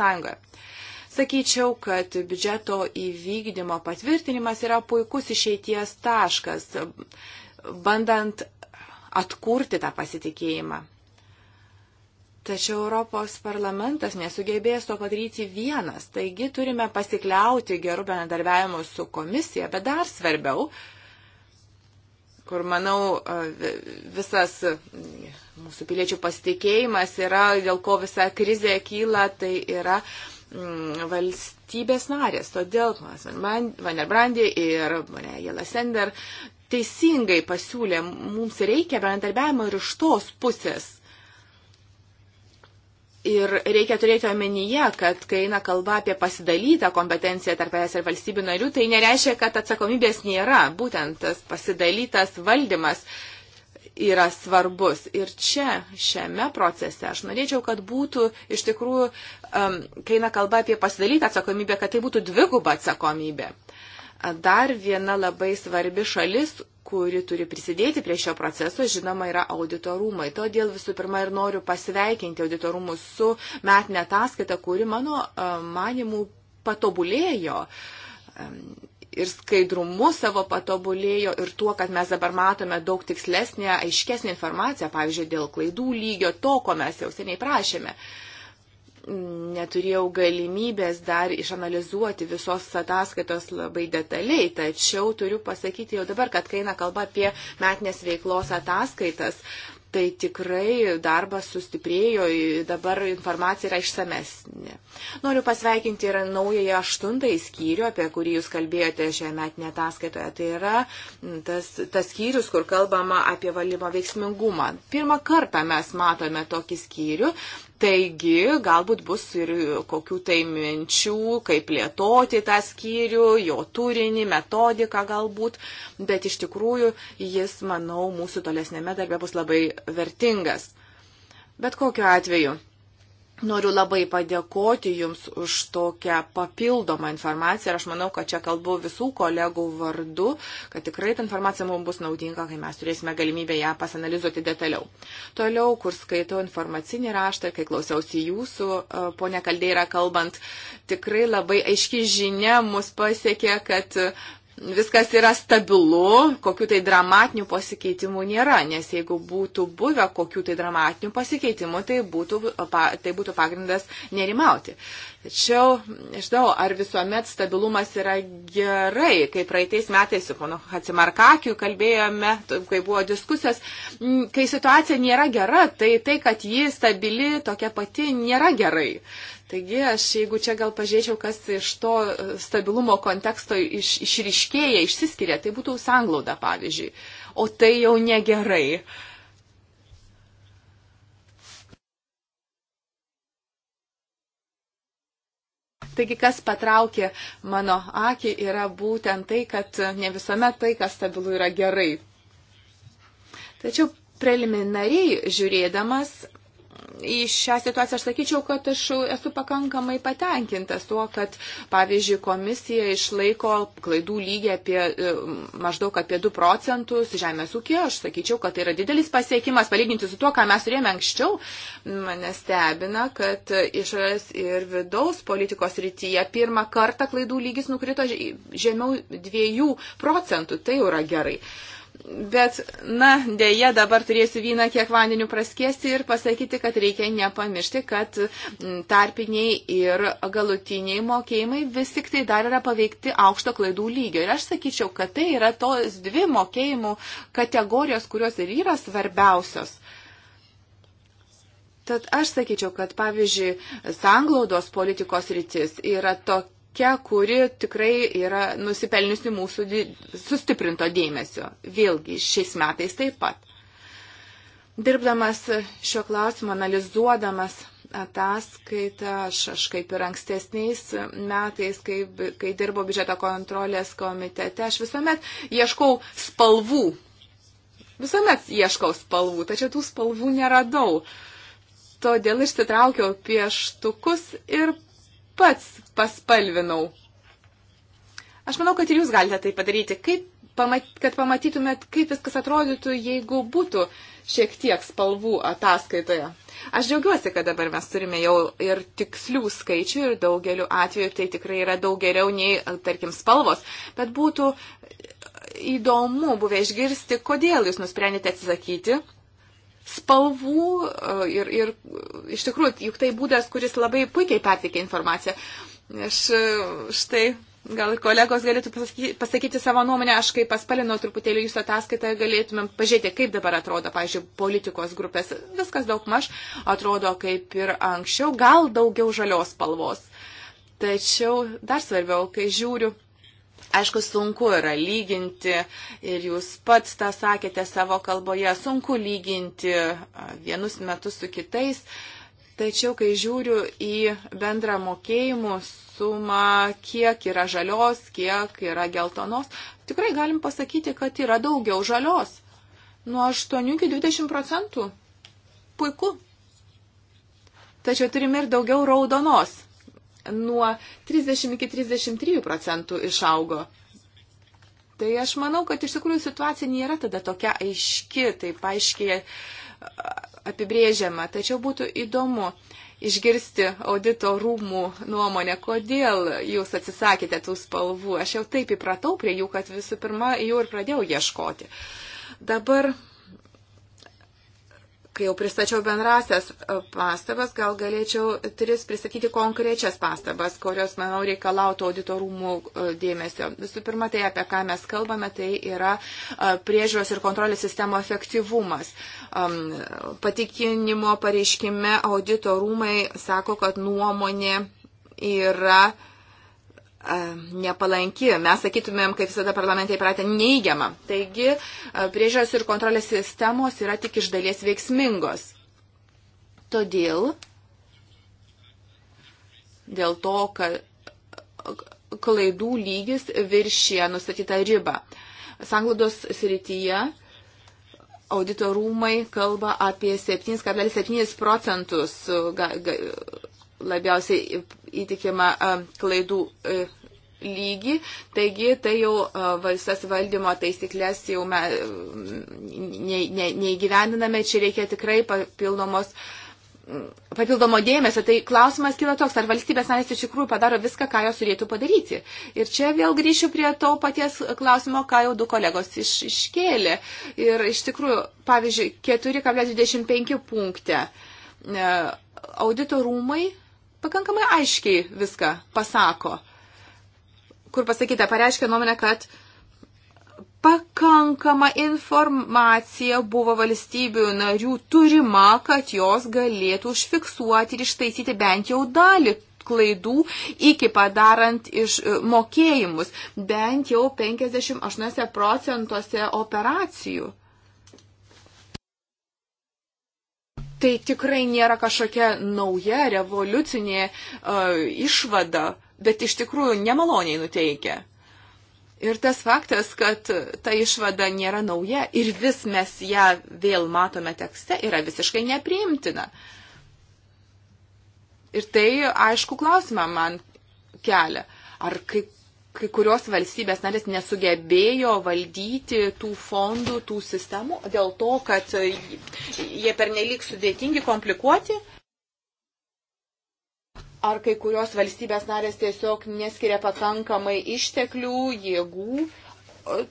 Sakyčiau, kad biudžeto įvykdymo patvirtinimas yra puikus išeities taškas bandant atkurti tą pasitikėjimą. Tačiau Europos parlamentas nesugebės to padaryti vienas, taigi turime pasikliauti gerų bendradarbiavimų su komisija, bet dar svarbiau, kur, manau, visas mūsų piliečių pasitikėjimas yra, dėl ko visa krizė kyla, tai yra mm, valstybės narės. Todėl Van der Brandi ir Jela Sender teisingai pasiūlė, mums reikia bendarbiavimo ir iš tos pusės. Ir reikia turėti omenyje, kad kai eina kalba apie pasidalytą kompetenciją tarp ES ir valstybių narių, tai nereiškia, kad atsakomybės nėra. Būtent tas pasidalytas valdymas yra svarbus. Ir čia, šiame procese, aš norėčiau, kad būtų iš tikrųjų, um, kai eina kalba apie pasidalytą atsakomybę, kad tai būtų dviguba atsakomybė. Uh, Dar viena labai svarbi šalis, kuri turi prisidėti prie šio proceso, žinoma, yra auditorumai. Todėl visų pirma ir noriu pasveikinti auditorumus su metinė ataskaita, kuri mano manimų patobulėjo ir skaidrumu savo patobulėjo ir tuo, kad mes dabar matome daug tikslesnę, aiškesnę informaciją, pavyzdžiui, dėl klaidų lygio, to, ko mes jau seniai prašėme. Uh, neturėjau galimybės dar išanalizuoti visos ataskaitos labai detaliai, tačiau turiu pasakyti jau dabar, kad kai eina kalba apie metinės veiklos ataskaitas, tai tikrai darbas sustiprėjo, dabar informacija yra išsamesnė. Noriu pasveikinti ir naująją aštuntąjį skyrių, apie kurį jūs kalbėjote šioje metinėje ataskaitoje. Tai yra tas, tas skyrius, kur kalbama apie valymo veiksmingumą. Pirmą kartą mes matome tokį skyrių Taigi, galbūt bus ir kokių tai minčių, kaip plėtoti tą skyrių, jo turinį, metodiką galbūt, bet iš tikrųjų jis, manau, mūsų tolesnėme darbe bus labai vertingas. Bet kokiu atveju, Noriu labai padėkoti Jums už tokią papildomą informaciją ir aš manau, kad čia kalbu visų kolegų vardu, kad tikrai ta informacija mums bus naudinga, kai mes turėsime galimybę ją pasanalizuoti detaliau. Toliau, kur skaitau informacinį raštą ir kai klausiausi Jūsų, e, ponė Kaldeira, kalbant, tikrai labai aiški žinia mus pasiekė, kad viskas yra stabilu, kokių tai dramatinių pasikeitimų nėra, nes jeigu būtų buvę kokių tai dramatinių pasikeitimų, tai būtų, tai būtų pagrindas nerimauti. Tačiau, žinau, ar visuomet stabilumas yra gerai, kai praeitais metais su pono Hatsimarkakiu kalbėjome, kai buvo diskusijos, kai situacija nėra gera, tai tai, kad ji stabili tokia pati, nėra gerai. Taigi aš, jeigu čia gal pažiūrėčiau, kas iš to e, stabilumo konteksto iš, išriškėja, išsiskiria, tai būtų sanglauda, pavyzdžiui. O tai jau negerai. Taigi, kas patraukė mano akį, yra būtent tai, kad ne visuomet tai, kas stabilu, yra gerai. Tačiau preliminariai žiūrėdamas, į šią situaciją aš sakyčiau, kad aš esu pakankamai patenkintas tuo, kad, pavyzdžiui, komisija išlaiko klaidų lygį apie e, maždaug apie 2 procentus žemės ūkio. Aš sakyčiau, kad tai yra didelis pasiekimas, palyginti su tuo, ką mes turėjome anksčiau. Mane stebina, kad išorės ir vidaus politikos rytyje pirmą kartą klaidų lygis nukrito žemiau 2 procentų. Tai jau yra gerai. Uh, Bet, na, dėja, dabar turėsiu vyną kiek vandenių praskėsti ir pasakyti, kad reikia nepamiršti, kad tarpiniai ir galutiniai mokėjimai vis tik tai dar yra paveikti aukšto klaidų lygio. Ir aš sakyčiau, kad tai yra tos dvi mokėjimų kategorijos, kurios ir yra svarbiausios. Tad aš sakyčiau, kad pavyzdžiui, sanglaudos politikos rytis yra tokia tokia, kuri tikrai yra nusipelniusi mūsų sustiprinto dėmesio. Vėlgi, šiais metais taip pat. Dirbdamas šio klausimo, analizuodamas ataskaitą, aš, aš kaip ir ankstesniais metais, kai, kai dirbo biudžeto kontrolės komitete, aš visuomet ieškau spalvų. Visuomet ieškau spalvų, tačiau tų spalvų neradau. Todėl išsitraukiau pieštukus ir pats paspalvinau. Aš manau, kad ir jūs galite tai padaryti, kaip, kad pamatytumėt, kaip viskas atrodytų, jeigu būtų šiek tiek spalvų ataskaitoje. Aš džiaugiuosi, kad dabar mes turime jau ir tikslių skaičių ir daugeliu atveju tai tikrai yra daug geriau nei, tarkim, spalvos, bet būtų įdomu buvę išgirsti, kodėl jūs nusprendėte atsisakyti spalvų e, ir, ir iš tikrųjų, juk tai būdas, kuris labai puikiai pateikia informaciją. Aš e, štai Gal kolegos galėtų pasakyti, pasakyti savo nuomonę, aš kaip paspalinau truputėlį jūsų ataskaitą, galėtumėm pažiūrėti, kaip dabar atrodo, pažiūrėjau, politikos grupės. Viskas daug maž atrodo kaip ir anksčiau, gal daugiau žalios spalvos. Tačiau dar svarbiau, kai žiūriu Aišku, sunku yra lyginti ir jūs pats tą sakėte savo kalboje, sunku lyginti vienus metus su kitais, Tačiau, kai žiūriu į bendrą mokėjimų sumą, kiek yra žalios, kiek yra geltonos, tikrai galim pasakyti, kad yra daugiau žalios. Nuo 8 iki 20 procentų. Puiku. Tačiau turime ir daugiau raudonos. Nuo 30 iki 33 procentų išaugo. Tai aš manau, kad iš tikrųjų situacija nėra tada tokia aiški, taip aiškiai apibrėžiama, tačiau būtų įdomu išgirsti audito rūmų nuomonę, kodėl jūs atsisakėte tų spalvų. Aš jau taip įpratau prie jų, kad visų pirma jų ir pradėjau ieškoti. Dabar kai jau pristačiau bendrasias e, pastabas, gal galėčiau tris pristatyti konkrečias pastabas, kurios, manau, reikalautų auditorumų e, dėmesio. Visų pirma, tai apie ką mes kalbame, tai yra e, priežiūros ir kontrolės sistemo efektyvumas. Patikinimo pareiškime auditorumai sako, kad nuomonė yra nepalanki. Mes sakytumėm, kaip visada parlamentai pratė, neigiama. Taigi, priežiūros ir kontrolės sistemos yra tik iš dalies veiksmingos. Todėl, dėl to, kad klaidų lygis viršė nustatytą ribą. Sanglaudos srityje auditorumai kalba apie 7,7 procentus labiausiai įtikimą e, klaidų e, lygį, taigi tai jau e, visas valdymo taisyklės jau me, ne, ne, neįgyvendiname, čia reikia tikrai papildomos papildomo dėmesio, tai klausimas kyla toks, ar valstybės narės iš tikrųjų padaro viską, ką jos turėtų padaryti. Ir čia vėl grįšiu prie to paties klausimo, ką jau du kolegos iš, iškėlė. Ir iš tikrųjų, pavyzdžiui, 4,25 punkte audito rūmai pakankamai aiškiai viską pasako, kur pasakyta, pareiškia nuomonę, kad pakankama informacija buvo valstybių narių turima, kad jos galėtų užfiksuoti ir ištaisyti bent jau dalį klaidų iki padarant iš e, mokėjimus bent jau 58 procentuose operacijų. tai tikrai nėra kažkokia nauja, revoliucinė uh, išvada, bet iš tikrųjų nemaloniai nuteikia. Ir tas faktas, kad ta išvada nėra nauja ir vis mes ją vėl matome tekste, yra visiškai nepriimtina. Ir tai aišku klausimą man kelia. Ar kaip kai kurios valstybės narės nesugebėjo valdyti tų fondų, tų sistemų, dėl to, kad jie pernelik sudėtingi, komplikuoti? Ar kai kurios valstybės narės tiesiog neskiria pakankamai išteklių, jėgų e,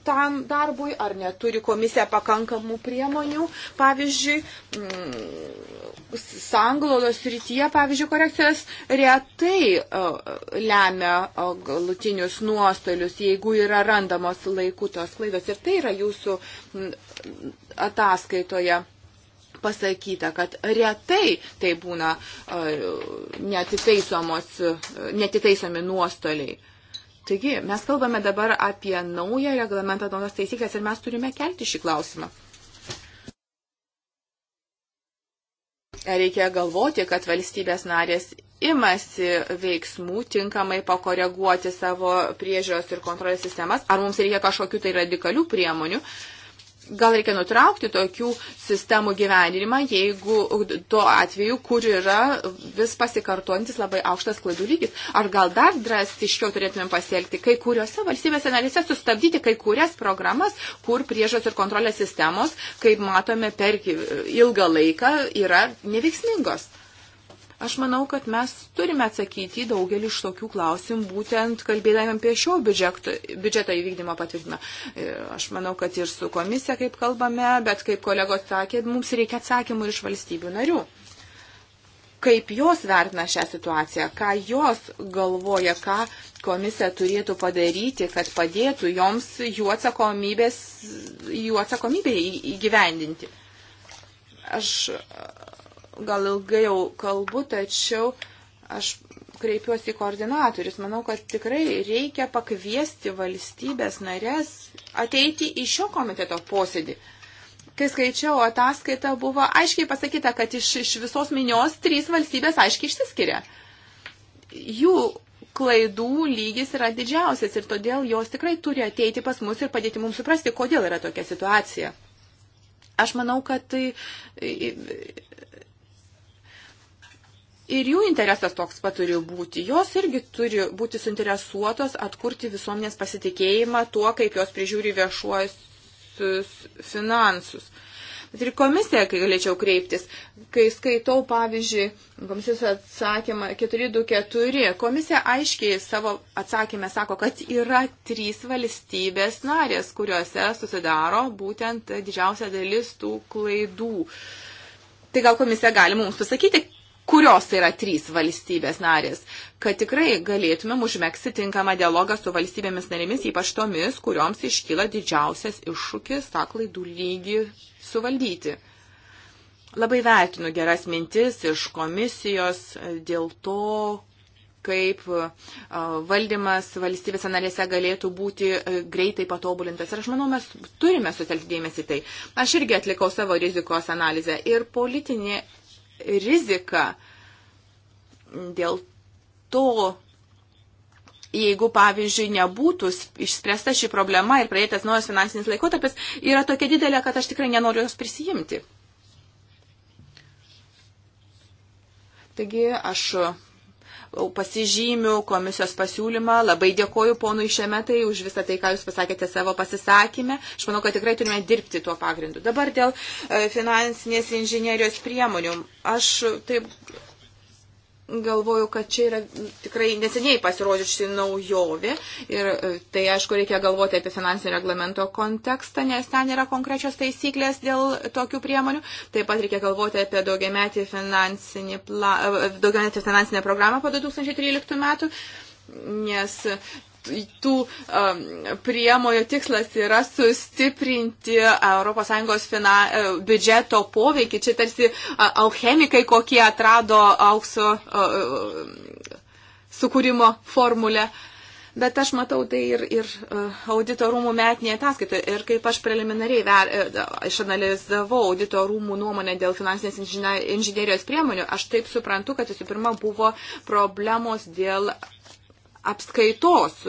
tam darbui, ar neturi komisija pakankamų priemonių, pavyzdžiui, mm, sanglaudos rytyje, pavyzdžiui, korekcijos retai lemia galutinius nuostolius, jeigu yra randamos laiku tos klaidos. Ir tai yra jūsų ataskaitoje pasakyta, kad retai tai būna netitaisomi nuostoliai. Taigi, mes kalbame dabar apie naują reglamentą, naujas taisyklės ir mes turime kelti šį klausimą. reikia galvoti, kad valstybės narės imasi veiksmų tinkamai pakoreguoti savo priežiūros ir kontrolės sistemas, ar mums reikia kažkokių tai radikalių priemonių, gal reikia nutraukti tokių sistemų gyvenimą, jeigu tuo atveju, kur yra vis pasikartojantis labai aukštas klaidų lygis. Ar gal dar drastiškiau turėtumėm pasielgti, kai kuriuose valstybėse narėse sustabdyti kai kurias programas, kur priežos ir kontrolės sistemos, kaip matome, per ilgą laiką yra neveiksmingos. Aš manau, kad mes turime atsakyti daugelį iš tokių klausimų, būtent kalbėdami apie šio biudžeto, biudžeto įvykdymo patvirtinimą. E, aš manau, kad ir su komisija, kaip kalbame, bet kaip kolegos sakė, mums reikia atsakymų iš valstybių narių. Kaip jos vertina šią situaciją, ką jos galvoja, ką komisija turėtų padaryti, kad padėtų joms jų, jų atsakomybę įgyvendinti aš gal ilgai jau kalbu, tačiau aš kreipiuosi į koordinatorius. Manau, kad tikrai reikia pakviesti valstybės narės ateiti į šio komiteto posėdį. Kai skaičiau ataskaitą, buvo aiškiai pasakyta, kad iš, iš visos minios trys valstybės aiškiai išsiskiria. Jų klaidų lygis yra didžiausias ir todėl jos tikrai turi ateiti pas mus ir padėti mums suprasti, kodėl yra tokia situacija. Aš manau, kad tai Ir jų interesas toks pat turi būti. Jos irgi turi būti suinteresuotos atkurti visuomenės pasitikėjimą tuo, kaip jos prižiūri viešuosius finansus. Bet ir komisija, kai galėčiau kreiptis, kai skaitau, pavyzdžiui, komisijos atsakymą 424, komisija aiškiai savo atsakymę sako, kad yra trys valstybės narės, kuriuose susidaro būtent didžiausia dalis tų klaidų. Tai gal komisija gali mums pasakyti, kurios tai yra trys valstybės narės, kad tikrai galėtumėm užmėgsti tinkamą dialogą su valstybėmis narėmis, ypač tomis, kurioms iškyla didžiausias iššūkis tą klaidų lygį suvaldyti. Labai vertinu geras mintis iš komisijos dėl to, kaip valdymas valstybėse narėse galėtų būti greitai patobulintas. Ir aš manau, mes turime sutelkti dėmesį tai. Aš irgi atlikau savo rizikos analizę ir politinė rizika. Dėl to, jeigu, pavyzdžiui, nebūtų išspręsta ši problema ir praeitas naujas finansinis laikotarpis, yra tokia didelė, kad aš tikrai nenoriu jos prisijimti. Taigi aš pasižymiu komisijos pasiūlymą. Labai dėkoju ponui Šemetai už visą tai, ką jūs pasakėte savo pasisakymę. Aš manau, kad tikrai turime dirbti tuo pagrindu. Dabar dėl e, finansinės inžinierijos priemonių. Aš taip galvoju, kad čia yra tikrai neseniai pasirodžiusi naujovė ir e, tai aišku reikia galvoti apie finansinio reglamento kontekstą, nes ten yra konkrečios taisyklės dėl tokių priemonių. Taip pat reikia galvoti apie daugiametį, pla, e, daugiametį finansinę programą po 2013 metų, nes tų um, priemojo tikslas yra sustiprinti ES fina, e, biudžeto poveikį. Čia tarsi alchemikai, kokie atrado aukso uh, sukūrimo formulę. Bet aš matau tai ir, ir e, auditorumų metinėje ataskaitoje. Ir kaip aš preliminariai ver, e, išanalizavau auditorumų nuomonę dėl finansinės inžinerijos priemonių, aš taip suprantu, kad visų pirma buvo problemos dėl apskaitos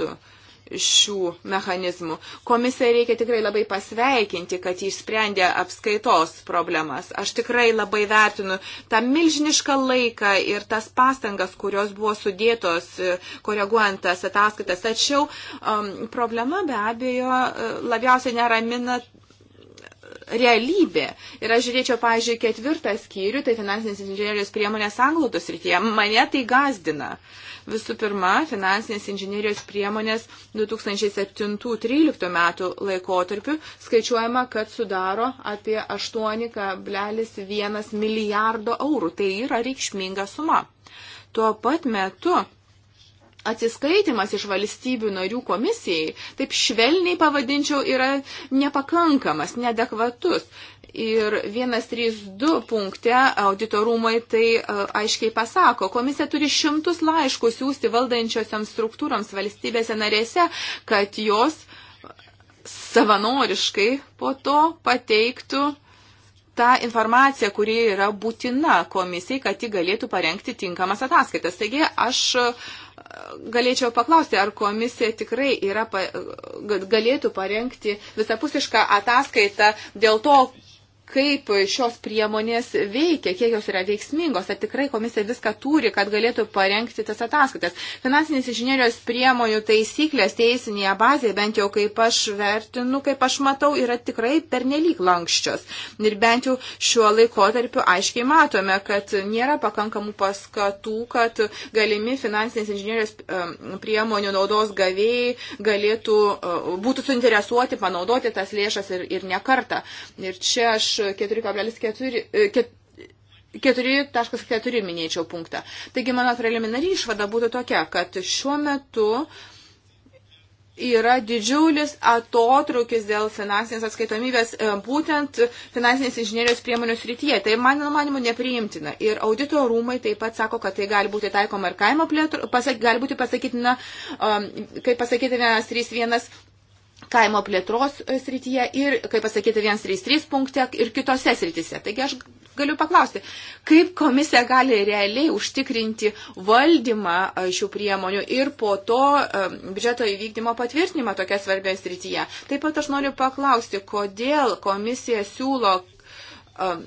šių mechanizmų. Komisiją reikia tikrai labai pasveikinti, kad jis sprendė apskaitos problemas. Aš tikrai labai vertinu tą milžinišką laiką ir tas pastangas, kurios buvo sudėtos e, koreguojant tas ataskaitas. Tačiau um, problema be abejo e, labiausiai neramina realybė. Ir aš žiūrėčiau, pažiūrėjau, ketvirtą skyrių, tai finansinės inžinierijos priemonės anglotos rytyje. Mane tai gazdina. Visų pirma, finansinės inžinierijos priemonės 2007-2013 metų laikotarpiu skaičiuojama, kad sudaro apie 8,1 milijardo eurų. Tai yra reikšminga suma. Tuo pat metu atsiskaitimas iš valstybių narių komisijai, taip švelniai pavadinčiau, yra nepakankamas, nedekvatus. Ir 132 punkte auditorumai tai e, aiškiai pasako, komisija turi šimtus laiškų siūsti valdančiosioms struktūroms valstybėse narėse, kad jos savanoriškai po to pateiktų tą informaciją, kuri yra būtina komisijai, kad ji galėtų parengti tinkamas ataskaitas. Taigi aš uh, galėčiau paklausti, ar komisija tikrai yra, galėtų parengti visapusišką ataskaitą dėl to, kaip šios priemonės veikia, kiek jos yra veiksmingos, ar tikrai komisija viską turi, kad galėtų parengti tas ataskaitas. Finansinės inžinierijos priemonių taisyklės teisinėje bazėje, bent jau kaip aš vertinu, kaip aš matau, yra tikrai pernelyg lankščios. Ir bent jau šiuo laikotarpiu aiškiai matome, kad nėra pakankamų paskatų, kad galimi finansinės inžinierijos priemonių naudos gavėjai galėtų, e, būtų suinteresuoti panaudoti tas lėšas ir, ir nekartą. Ir čia aš 4,4 e, minėčiau punktą. Taigi mano preliminari išvada būtų tokia, kad šiuo metu yra didžiulis atotrukis dėl finansinės atskaitomybės e, būtent finansinės inžinierijos priemonių srityje. Tai man manimu nepriimtina. Ir audito rūmai taip pat sako, kad tai gali būti taikoma ir kaimo plėtro, pasak, gali būti pasakytina, um, kaip pasakytina 31 kaimo plėtros e, srityje ir, kaip pasakyti, 133 punkte ir kitose srityse. Taigi aš galiu paklausti, kaip komisija gali realiai užtikrinti valdymą e, šių priemonių ir po to e, biudžeto įvykdymo patvirtinimą tokia svarbioje srityje. Taip pat aš noriu paklausti, kodėl komisija siūlo Um,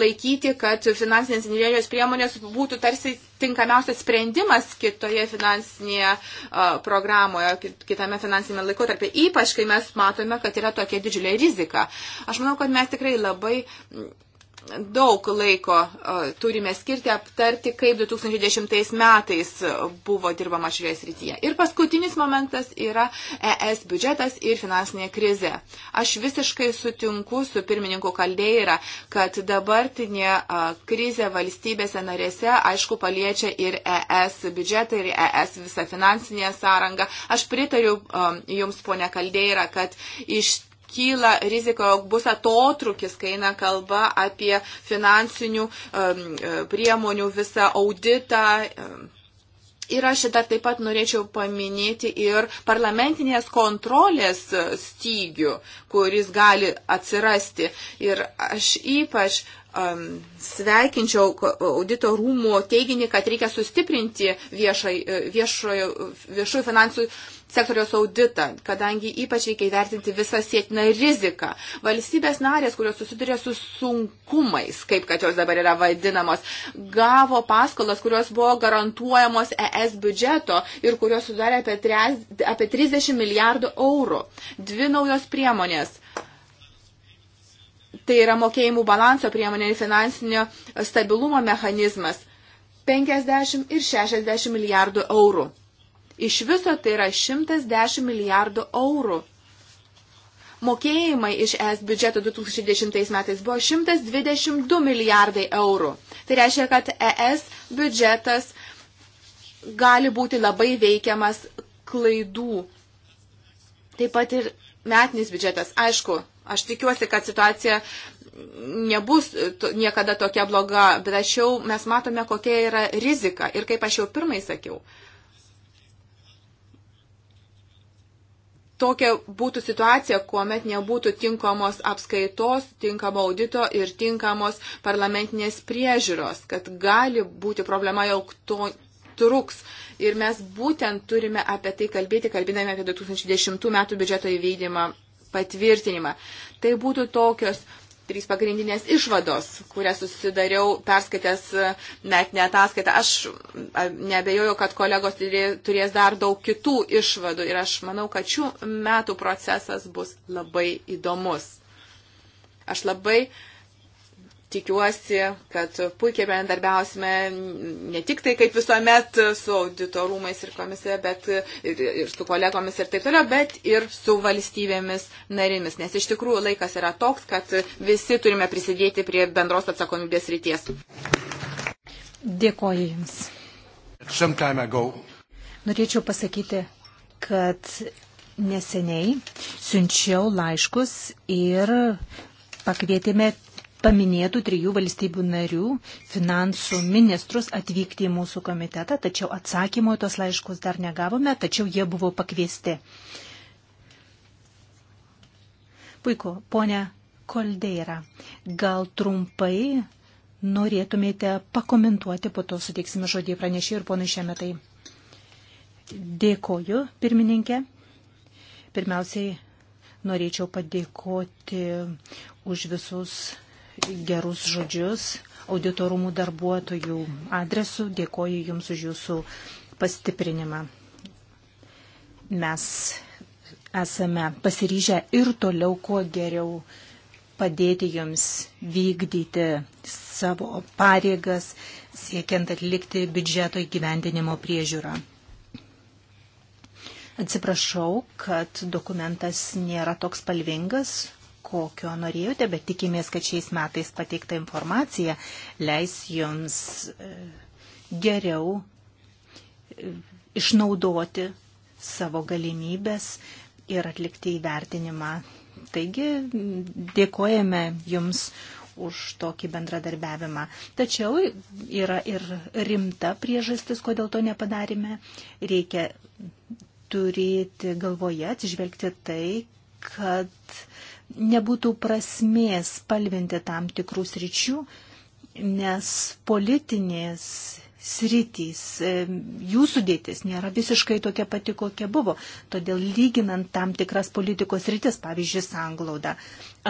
laikyti, kad finansinės inžinierijos priemonės būtų tarsi tinkamiausias sprendimas kitoje finansinėje uh, programoje, kitame finansinėme laikotarpė, ypač kai mes matome, kad yra tokia didžiulė rizika. Aš manau, kad mes tikrai labai daug laiko turime skirti aptarti, kaip 2010 metais buvo dirbama šioje srityje. Ir paskutinis momentas yra ES biudžetas ir finansinė krize. Aš visiškai sutinku su pirmininku Kaldeira, kad dabartinė krize valstybėse narėse, aišku, paliečia ir ES biudžetą, ir ES visą finansinę sąrangą. Aš pritariu Jums, ponia Kaldeira, kad iš kyla rizika, jog bus atotrukis, kai eina kalba apie finansinių e, priemonių visą auditą. Ir aš dar taip pat norėčiau paminėti ir parlamentinės kontrolės e, stygių, kuris gali atsirasti. Ir aš ypač um, sveikinčiau audito rūmų teiginį, kad reikia sustiprinti viešai, e, viešojo, viešųjų finansų uh, sektoriaus auditą, kadangi ypač reikia įvertinti visą sėtiną riziką. Valstybės narės, kurios susiduria su sunkumais, kaip kad jos dabar yra vadinamos, gavo paskolas, kurios buvo garantuojamos ES biudžeto ir kurios sudarė apie, 3, apie 30 milijardų eurų. Dvi naujos priemonės. Tai yra mokėjimų balanso priemonė ir finansinio stabilumo mechanizmas. 50 ir 60 milijardų eurų. Iš viso tai yra 110 milijardų eurų. Mokėjimai iš ES biudžeto 2010 metais buvo 122 milijardai eurų. Tai reiškia, kad ES biudžetas gali būti labai veikiamas klaidų. Taip pat ir metinis biudžetas. Aišku, aš tikiuosi, kad situacija nebus niekada tokia bloga, bet aš jau mes matome, kokia yra rizika. Ir kaip aš jau pirmai sakiau, tokia būtų situacija, kuomet nebūtų tinkamos apskaitos, tinkamo audito ir tinkamos parlamentinės priežiūros, kad gali būti problema, jog to truks. Ir mes būtent turime apie tai kalbėti, kalbėdami apie 2010 metų biudžeto įvykdymą patvirtinimą. Tai būtų tokios trys pagrindinės išvados, kurias susidariau perskaitęs metinę e, ataskaitą. Aš nebejoju, kad kolegos turės dar daug kitų išvadų ir aš manau, kad šių metų procesas bus labai įdomus. Aš labai uh, Tikiuosi, kad puikiai bendarbiausime ne tik tai kaip visuomet su auditorumais ir komisija, bet ir, ir su kolegomis ir taip toliau, bet ir su valstybėmis narėmis. Nes iš tikrųjų laikas yra toks, kad visi turime prisidėti prie bendros atsakomybės ryties. Dėkoju Jums. Norėčiau pasakyti, kad neseniai siunčiau laiškus ir pakvietėme paminėtų trijų valstybių narių finansų ministrus atvykti į mūsų komitetą, tačiau atsakymo į tos laiškus dar negavome, tačiau jie buvo pakviesti. Puiku, ponia Koldeira, gal trumpai norėtumėte pakomentuoti, po to suteiksime žodį pranešį ir ponui šiemetai. Dėkoju, pirmininkė. Pirmiausiai norėčiau padėkoti už visus gerus žodžius auditorumų darbuotojų adresu. Dėkoju Jums už Jūsų pastiprinimą. Mes esame pasiryžę ir toliau kuo geriau padėti Jums vykdyti savo pareigas, siekiant atlikti biudžeto įgyvendinimo priežiūrą. Atsiprašau, kad dokumentas nėra toks palvingas, kokio norėjote, bet tikimės, kad šiais metais pateikta informacija leis jums e, geriau e, išnaudoti savo galimybės ir atlikti įvertinimą. Taigi dėkojame Jums už tokį bendradarbiavimą. Tačiau yra ir rimta priežastis, kodėl to nepadarėme. Reikia turėti galvoje, atsižvelgti tai, kad nebūtų prasmės palvinti tam tikrų sričių, nes politinės sritys, e, jų sudėtis nėra visiškai tokia pati, kokia buvo. Todėl lyginant tam tikras politikos sritis, pavyzdžiui, sanglauda.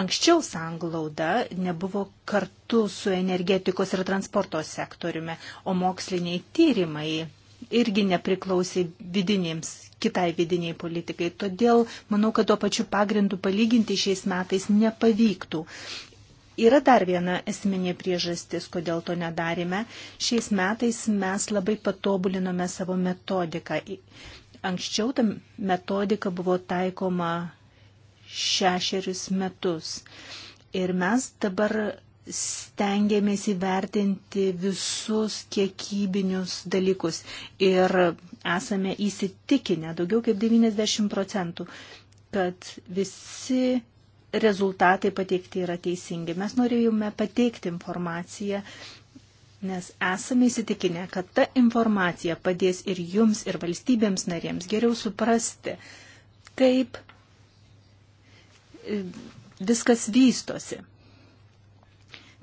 Anksčiau sanglauda nebuvo kartu su energetikos ir transporto sektoriumi, o moksliniai tyrimai irgi nepriklausė vidinėms, kitai vidiniai politikai. Todėl manau, kad tuo pačiu pagrindu palyginti šiais metais nepavyktų. Yra dar viena esminė priežastis, kodėl to nedarėme. Šiais metais mes labai patobulinome savo metodiką. Anksčiau ta metodika buvo taikoma šešerius metus. Ir mes dabar stengiamės įvertinti visus kiekybinius dalykus ir esame įsitikinę daugiau kaip 90 procentų, kad visi rezultatai pateikti yra teisingi. Mes norėjome pateikti informaciją, nes esame įsitikinę, kad ta informacija padės ir jums, ir valstybėms narėms geriau suprasti, kaip e, viskas vystosi.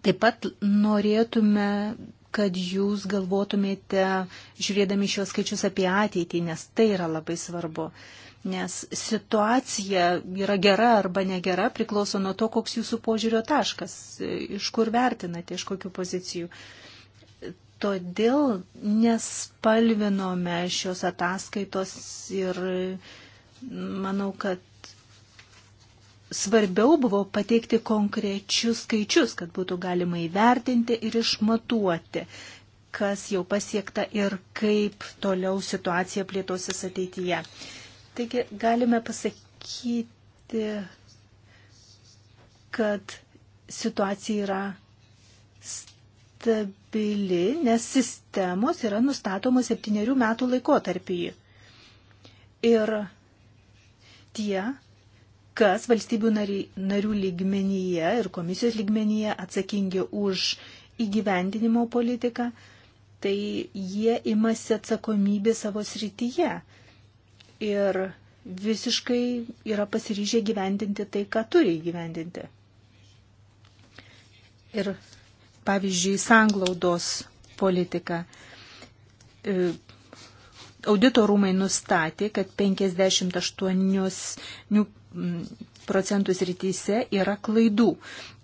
Taip pat norėtume, kad jūs galvotumėte, žiūrėdami šios skaičius apie ateitį, nes tai yra labai svarbu. Nes situacija yra gera arba negera, priklauso nuo to, koks jūsų požiūrio taškas, iš kur vertinate, iš kokių pozicijų. Todėl nespalvinome šios ataskaitos ir manau, kad svarbiau buvo pateikti konkrečius skaičius, kad būtų galima įvertinti ir išmatuoti, kas jau pasiekta ir kaip toliau situacija plėtosis ateityje. Taigi galime pasakyti, kad situacija yra stabili, nes sistemos yra nustatomos septyniarių metų laikotarpį. Ir tie kas valstybių narių lygmenyje ir komisijos lygmenyje atsakingi už įgyvendinimo politiką, tai jie imasi atsakomybė savo srityje ir visiškai yra pasiryžę gyvendinti tai, ką turi įgyvendinti. Ir pavyzdžiui, sanglaudos politika. E, audito rūmai nustatė, kad 58 Mm, procentų srityse yra klaidų.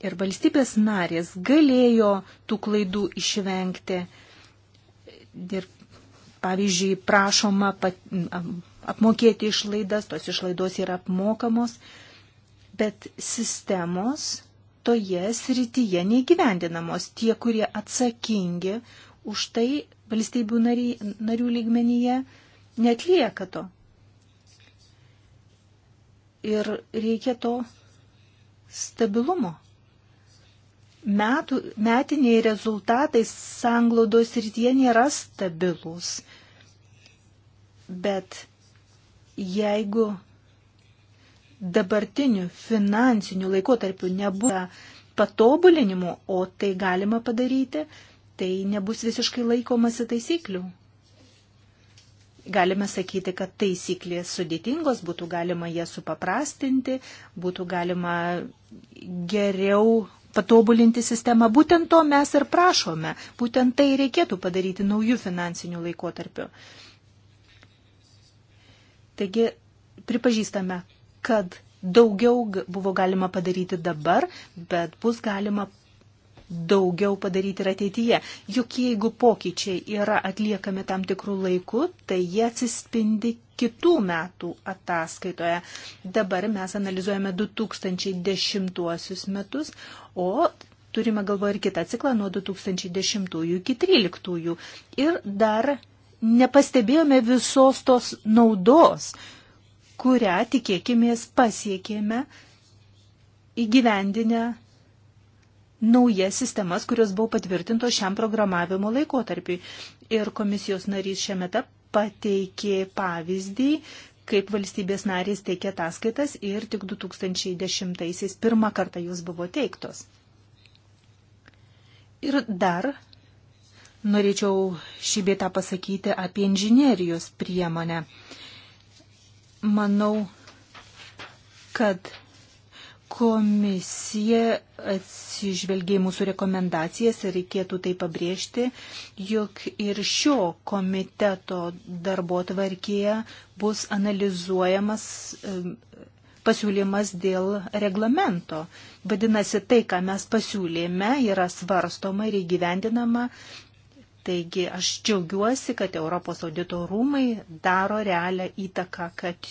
Ir valstybės narės galėjo tų klaidų išvengti. Ir, pavyzdžiui, prašoma pat, mm, apmokėti išlaidas, tos išlaidos yra apmokamos, bet sistemos toje srityje neįgyvendinamos. Tie, kurie atsakingi už tai valstybių narių lygmenyje, netlieka to ir reikia to stabilumo. Metų, metiniai rezultatai sanglaudos rytie nėra stabilūs, bet jeigu dabartiniu finansiniu laikotarpiu nebūtų patobulinimų, o tai galima padaryti, tai nebus visiškai laikomasi taisyklių. Galime sakyti, kad taisyklės sudėtingos, būtų galima jas supaprastinti, būtų galima geriau patobulinti sistemą. Būtent to mes ir prašome. Būtent tai reikėtų padaryti naujų finansinių laikotarpių. Taigi, pripažįstame, kad daugiau buvo galima padaryti dabar, bet bus galima daugiau padaryti ir ateityje. Juk jeigu pokyčiai yra atliekami tam tikrų laikų, tai jie atsispindi kitų metų ataskaitoje. Dabar mes analizuojame 2010 metus, o turime galvoje ir kitą ciklą nuo 2010 iki 2013. Ir dar nepastebėjome visos tos naudos, kurią tikėkimės pasiekėme įgyvendinę naujas sistemas, kurios buvo patvirtintos šiam programavimo laikotarpiui. Ir komisijos narys šiame etape pateikė pavyzdį, kaip valstybės narės teikia ataskaitas ir tik 2010-aisiais pirmą kartą jūs buvo teiktos. Ir dar norėčiau šį bėtą pasakyti apie inžinierijos priemonę. Manau, kad Komisija atsižvelgiai mūsų rekomendacijas ir reikėtų tai pabrėžti, jog ir šio komiteto darbo tvarkėje bus analizuojamas pasiūlymas dėl reglamento. Vadinasi, tai, ką mes pasiūlėme, yra svarstoma ir įgyvendinama Taigi aš džiaugiuosi, kad Europos audito rūmai daro realią įtaką, kad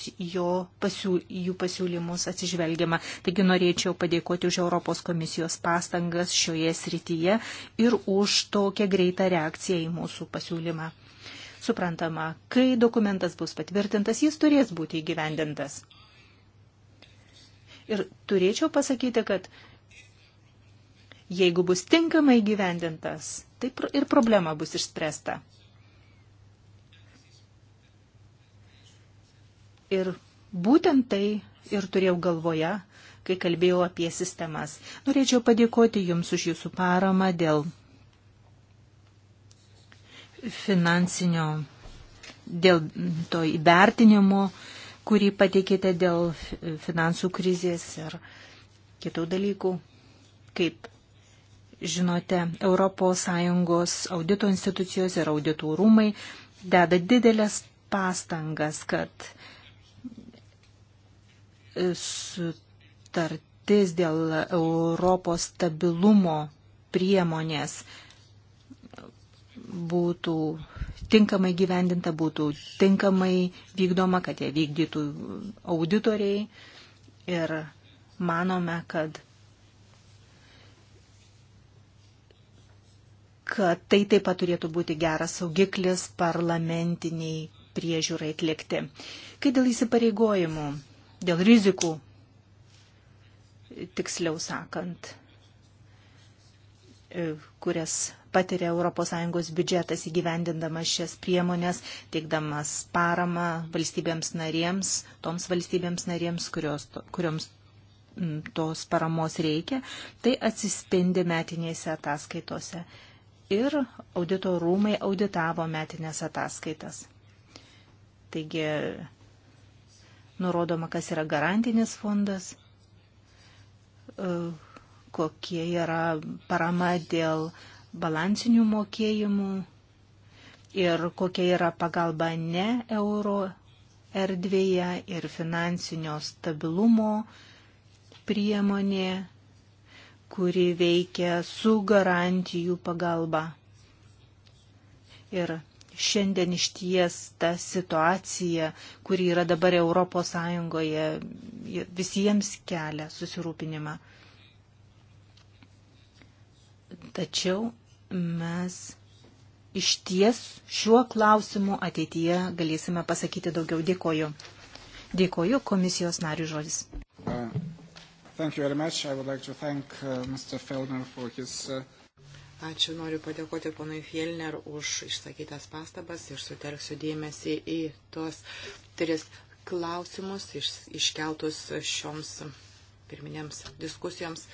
pasiū, jų pasiūlymus atsižvelgiama. Taigi norėčiau padėkoti už Europos komisijos pastangas šioje srityje ir už tokią greitą reakciją į mūsų pasiūlymą. Suprantama, kai dokumentas bus patvirtintas, jis turės būti įgyvendintas. Ir turėčiau pasakyti, kad jeigu bus tinkamai gyvendintas, taip ir problema bus išspręsta. Ir būtent tai ir turėjau galvoje, kai kalbėjau apie sistemas. Norėčiau padėkoti Jums už Jūsų paramą dėl finansinio, dėl to įvertinimo, kurį pateikėte dėl finansų krizės ir kitų dalykų, kaip žinote, ES audito institucijos ir auditų rūmai deda didelės pastangas, kad sutartis dėl Europos stabilumo priemonės būtų tinkamai gyvendinta, būtų tinkamai vykdoma, kad ją vykdytų auditoriai. Ir manome, kad kad tai taip pat turėtų būti geras saugiklis parlamentiniai priežiūrai atlikti. Kai dėl įsipareigojimų, dėl rizikų, tiksliau sakant, e, kurias patiria ES biudžetas įgyvendindamas šias priemonės, teikdamas paramą valstybėms narėms, toms valstybėms narėms, kurios, kurioms tos paramos reikia, tai atsispindi metinėse ataskaitose ir audito rūmai auditavo metinės ataskaitas. Taigi nurodoma, kas yra garantinis fondas, e, kokie yra parama dėl balansinių mokėjimų ir kokia yra pagalba ne euro erdvėje ir finansinio stabilumo priemonė kuri veikia su garantijų pagalba. Ir šiandien iš ties ta situacija, kuri yra dabar ES, visiems kelia susirūpinimą. Tačiau mes iš ties šiuo klausimu ateityje galėsime pasakyti daugiau. Dėkoju. Dėkoju komisijos narių žodis. Thank you very much. I would like to thank uh, Mr. Feldner for his. Uh... Ačiū, noriu padėkoti ponui Fielner už išsakytas pastabas ir sutelksiu dėmesį į tuos tris klausimus iš, iškeltus šioms pirminėms diskusijoms.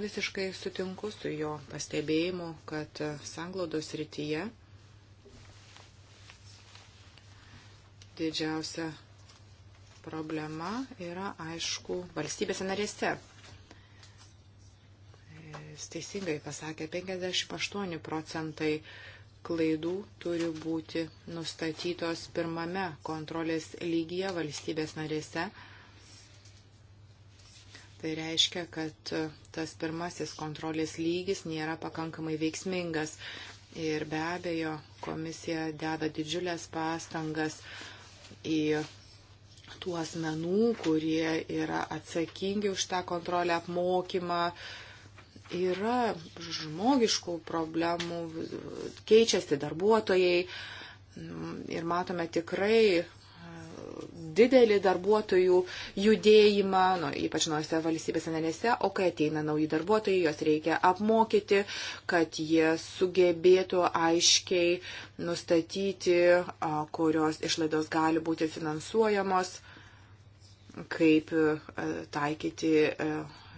Visiškai sutinku su jo pastebėjimu, kad sanglaudos rytyje didžiausia problema yra, aišku, valstybėse narėse. Jis teisingai pasakė, 58 procentai klaidų turi būti nustatytos pirmame kontrolės lygyje valstybės narėse. Tai reiškia, kad tas pirmasis kontrolės lygis nėra pakankamai veiksmingas. Ir be abejo, komisija deda didžiulės pastangas į tų asmenų, kurie yra atsakingi už tą kontrolę apmokymą. Yra žmogiškų problemų, keičiasi darbuotojai ir matome tikrai didelį darbuotojų judėjimą, nu, ypač nuose valstybėse narėse, o kai ateina nauji darbuotojai, juos reikia apmokyti, kad jie sugebėtų aiškiai nustatyti, kurios išlaidos gali būti finansuojamos kaip e, taikyti e,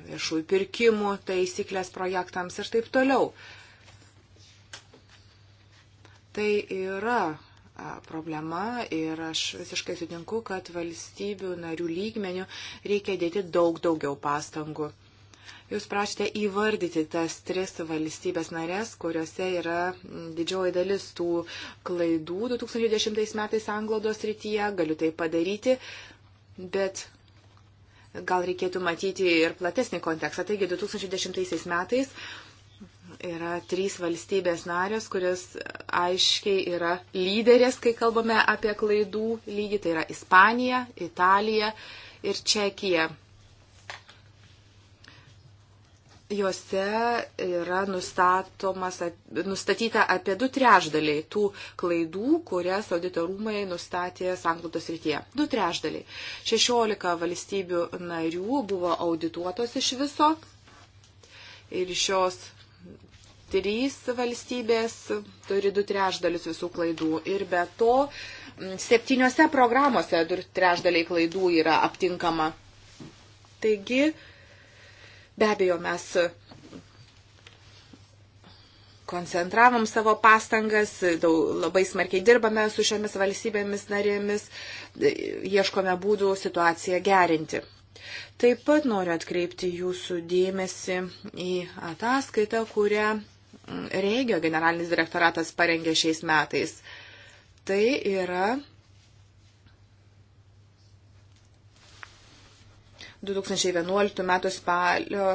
viešųjų pirkimų taisyklės projektams ir taip toliau. Tai yra problema ir aš visiškai sutinku, kad valstybių narių lygmenių reikia dėti daug daugiau pastangų. Jūs prašėte įvardyti tas tris valstybės narės, kuriuose yra didžioji dalis tų klaidų 2010 metais anglodos rytyje, galiu tai padaryti, bet gal reikėtų matyti ir platesnį kontekstą. Taigi 2010 metais yra trys valstybės narės, kuris aiškiai yra lyderės, kai kalbame apie klaidų lygį. Tai yra Ispanija, Italija ir Čekija. Juose yra nustatyta apie du trešdaliai tų klaidų, kurias auditorumai nustatė sanglautos rytyje. Du trešdaliai. 16 valstybių narių buvo audituotos iš viso. Ir šios Trys valstybės turi du trešdalius visų klaidų ir be to septyniose programuose du trešdaliai klaidų yra aptinkama. Taigi, be abejo, mes koncentravom savo pastangas, daug, labai smarkiai dirbame su šiomis valstybėmis narėmis, ieškome būdų situaciją gerinti. Taip pat noriu atkreipti jūsų dėmesį į ataskaitą, kurią Regio generalinis direktoratas parengė šiais metais. Tai yra 2011 m. spalio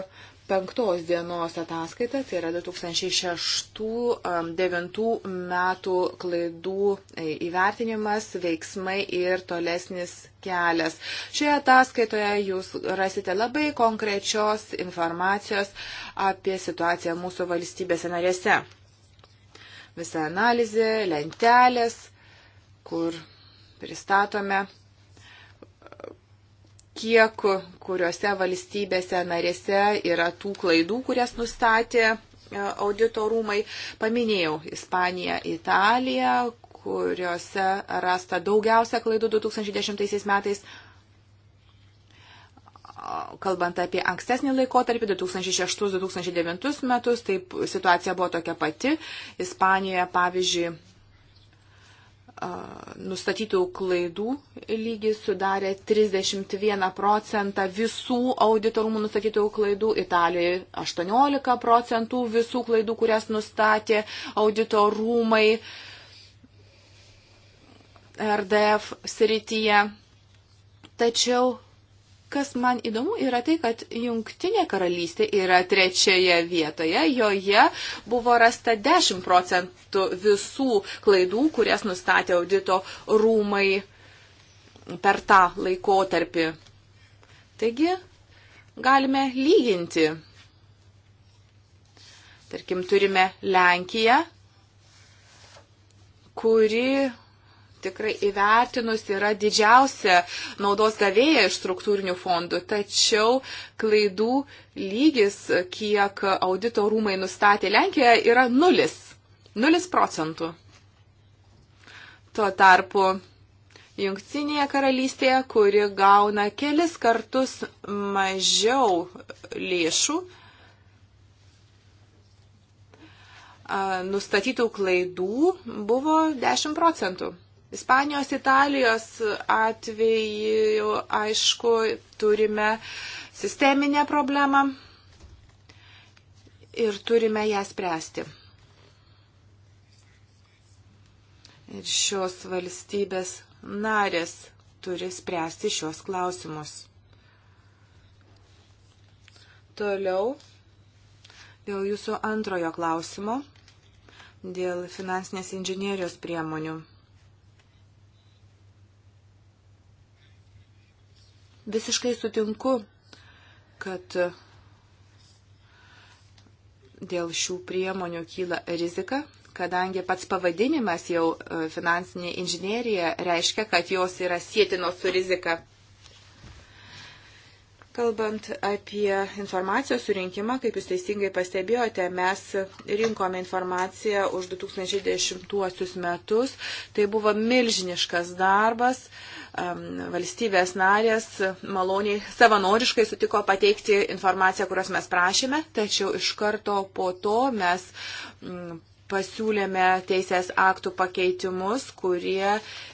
2005 dienos ataskaita, tai yra 2006-2009 metų klaidų e, įvertinimas, veiksmai ir tolesnis kelias. Šioje ataskaitoje jūs rasite labai konkrečios informacijos apie situaciją mūsų valstybėse narėse. Visa analizė, lentelės, kur pristatome kiek kuriuose valstybėse narėse yra tų klaidų, kurias nustatė e, auditorumai. Paminėjau Ispaniją, Italiją, kuriuose rasta daugiausia klaidų 2010 metais. Kalbant apie ankstesnį laikotarpį, 2006-2009 metus, taip situacija buvo tokia pati. Ispanijoje, pavyzdžiui, nustatytų klaidų lygis sudarė 31 procentą visų auditorumų nustatytų klaidų, Italijoje 18 procentų visų klaidų, kurias nustatė auditorumai RDF srityje. Tačiau Kas man įdomu yra tai, kad jungtinė karalystė yra trečioje vietoje, joje buvo rasta 10 procentų visų klaidų, kurias nustatė audito rūmai per tą laikotarpį. Taigi, galime lyginti. Tarkim, turime Lenkiją, kuri tikrai įvertinus yra didžiausia naudos gavėja iš struktūrinių fondų, tačiau klaidų lygis, kiek audito rūmai nustatė Lenkijoje, yra nulis. Nulis procentų. Tuo tarpu Junktinėje karalystėje, kuri gauna kelis kartus mažiau lėšų, nustatytų klaidų buvo 10 procentų. Ispanijos, Italijos atveju, aišku, turime sisteminę problemą ir turime ją spręsti. Ir šios valstybės narės turi spręsti šios klausimus. Toliau, dėl jūsų antrojo klausimo, dėl finansinės inžinierijos priemonių. Visiškai sutinku, kad dėl šių priemonių kyla rizika, kadangi pats pavadinimas jau e, finansinė inžinierija reiškia, kad jos yra sėtinos su rizika. Kalbant apie informacijos surinkimą, kaip jūs teisingai pastebėjote, mes rinkome informaciją už 2010 metus. Tai buvo milžiniškas darbas. Valstybės narės maloniai savanoriškai sutiko pateikti informaciją, kurios mes prašėme, tačiau iš karto po to mes pasiūlėme teisės aktų pakeitimus, kurie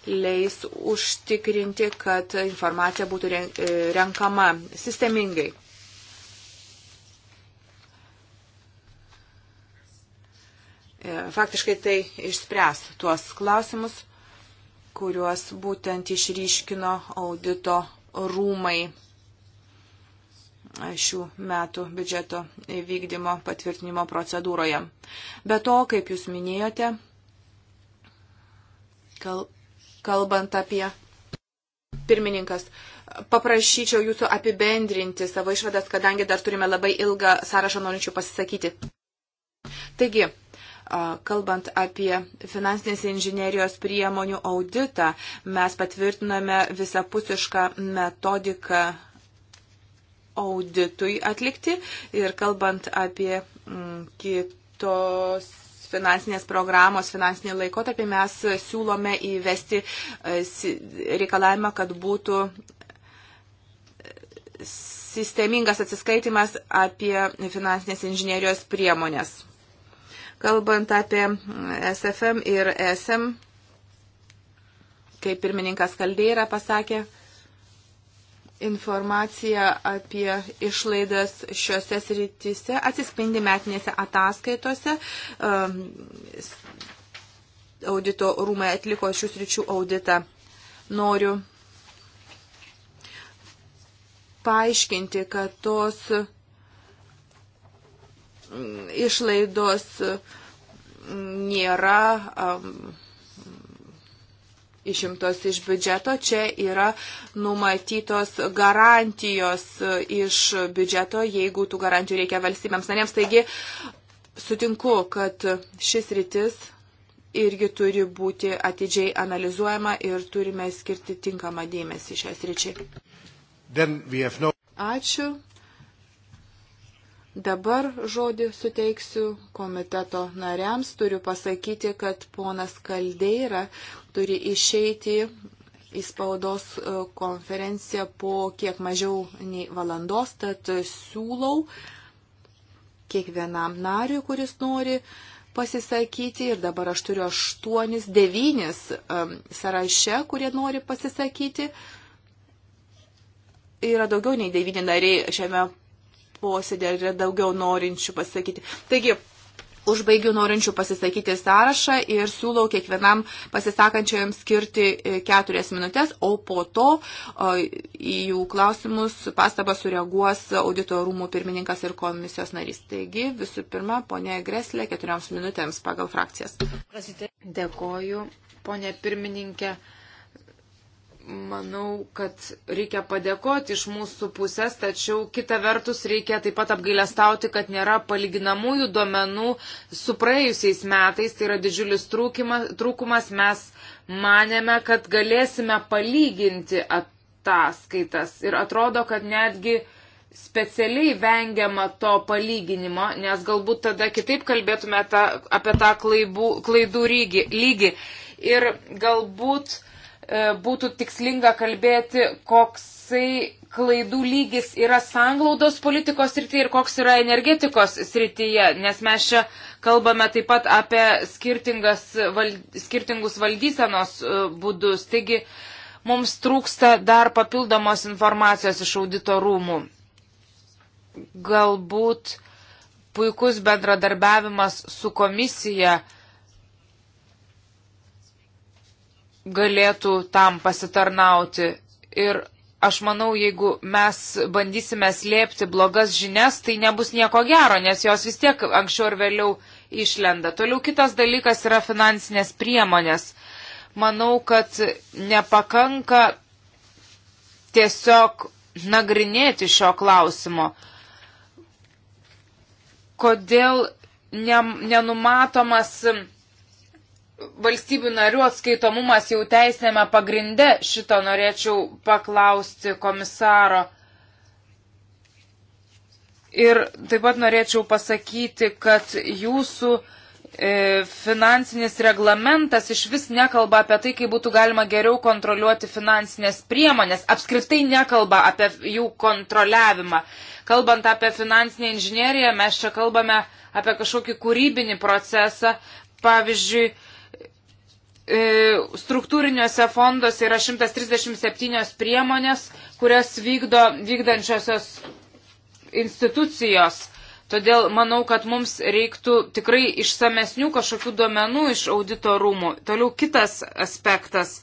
leis užtikrinti, kad informacija būtų e, renkama sistemingai. E, faktiškai tai išspręs tuos klausimus, kuriuos būtent išryškino audito rūmai šių metų biudžeto vykdymo patvirtinimo procedūroje. Be to, kaip jūs minėjote, kal, kalbant apie pirmininkas, paprašyčiau jūsų apibendrinti savo išvadas, kadangi dar turime labai ilgą sąrašą norinčių pasisakyti. Taigi, kalbant apie finansinės inžinierijos priemonių auditą, mes patvirtiname visapusišką metodiką auditui atlikti ir kalbant apie mm, kitos finansinės programos, finansinį laikotarpį mes siūlome įvesti e, reikalavimą, kad būtų e, sistemingas atsiskaitimas apie finansinės inžinierijos priemonės. Kalbant apie SFM mm, ir e SM, kaip pirmininkas Kaldeira pasakė, Informacija apie išlaidas šiuose srityse atsispindi metinėse ataskaitose. Ehm, audito rūmai atliko šių sričių auditą. Noriu paaiškinti, kad tos mm, išlaidos mm, nėra um, išimtos iš biudžeto. Čia yra numatytos garantijos iš biudžeto, jeigu tų garantijų reikia valstybėms narėms. Taigi sutinku, kad šis rytis irgi turi būti atidžiai analizuojama ir turime skirti tinkamą dėmesį šią sričiai. No... Ačiū. Dabar žodį suteiksiu komiteto nariams. Turiu pasakyti, kad ponas Kaldeira turi išeiti į spaudos e, konferenciją po kiek mažiau nei valandos, tad siūlau kiekvienam nariui, kuris nori pasisakyti ir dabar aš turiu aštuonis, devynis um, sąraše, kurie nori pasisakyti. Yra daugiau nei devyni nariai šiame posėdė ir yra daugiau norinčių pasakyti. Taigi, Užbaigiu norinčių pasisakyti sąrašą ir siūlau kiekvienam pasisakančiojam skirti e, keturias minutės, o po to o, į jų klausimus pastabą sureaguos auditorumų pirmininkas ir komisijos narys. Taigi, visų pirma, ponė Greslė, keturioms minutėms pagal frakcijas. Dėkoju, ponė pirmininkė manau, kad reikia padėkoti iš mūsų pusės, tačiau kita vertus reikia taip pat apgailestauti, kad nėra palyginamųjų duomenų su praėjusiais metais, tai yra didžiulis trūkumas, mes manėme, kad galėsime palyginti ataskaitas ir atrodo, kad netgi specialiai vengiama to palyginimo, nes galbūt tada kitaip kalbėtume ta, apie tą klaidų, klaidų lygį. Ir galbūt E, būtų tikslinga kalbėti, koksai klaidų lygis yra sanglaudos politikos srityje ir koks yra energetikos srityje, nes mes čia kalbame taip pat apie val, skirtingus valdysenos e, būdus. Taigi mums trūksta dar papildomos informacijos iš auditorumų. Galbūt puikus bendradarbiavimas su komisija galėtų tam pasitarnauti. Ir aš manau, jeigu mes bandysime slėpti blogas žinias, tai nebus nieko gero, nes jos vis tiek anksčiau ir vėliau išlenda. Toliau kitas dalykas yra finansinės priemonės. Manau, kad nepakanka tiesiog nagrinėti šio klausimo. Kodėl ne, nenumatomas valstybių narių atskaitomumas jau teisinėme pagrinde, šito norėčiau paklausti komisaro. Ir taip pat norėčiau pasakyti, kad jūsų e, finansinis reglamentas iš vis nekalba apie tai, kaip būtų galima geriau kontroliuoti finansinės priemonės, apskritai nekalba apie jų kontroliavimą. Kalbant apie finansinę inžineriją, mes čia kalbame apie kažkokį kūrybinį procesą. Pavyzdžiui, E, struktūriniuose fonduose yra 137 priemonės, kurias vykdo vykdančiosios institucijos. Todėl manau, kad mums reiktų tikrai išsamesnių kažkokių duomenų iš audito rūmų. Toliau kitas aspektas.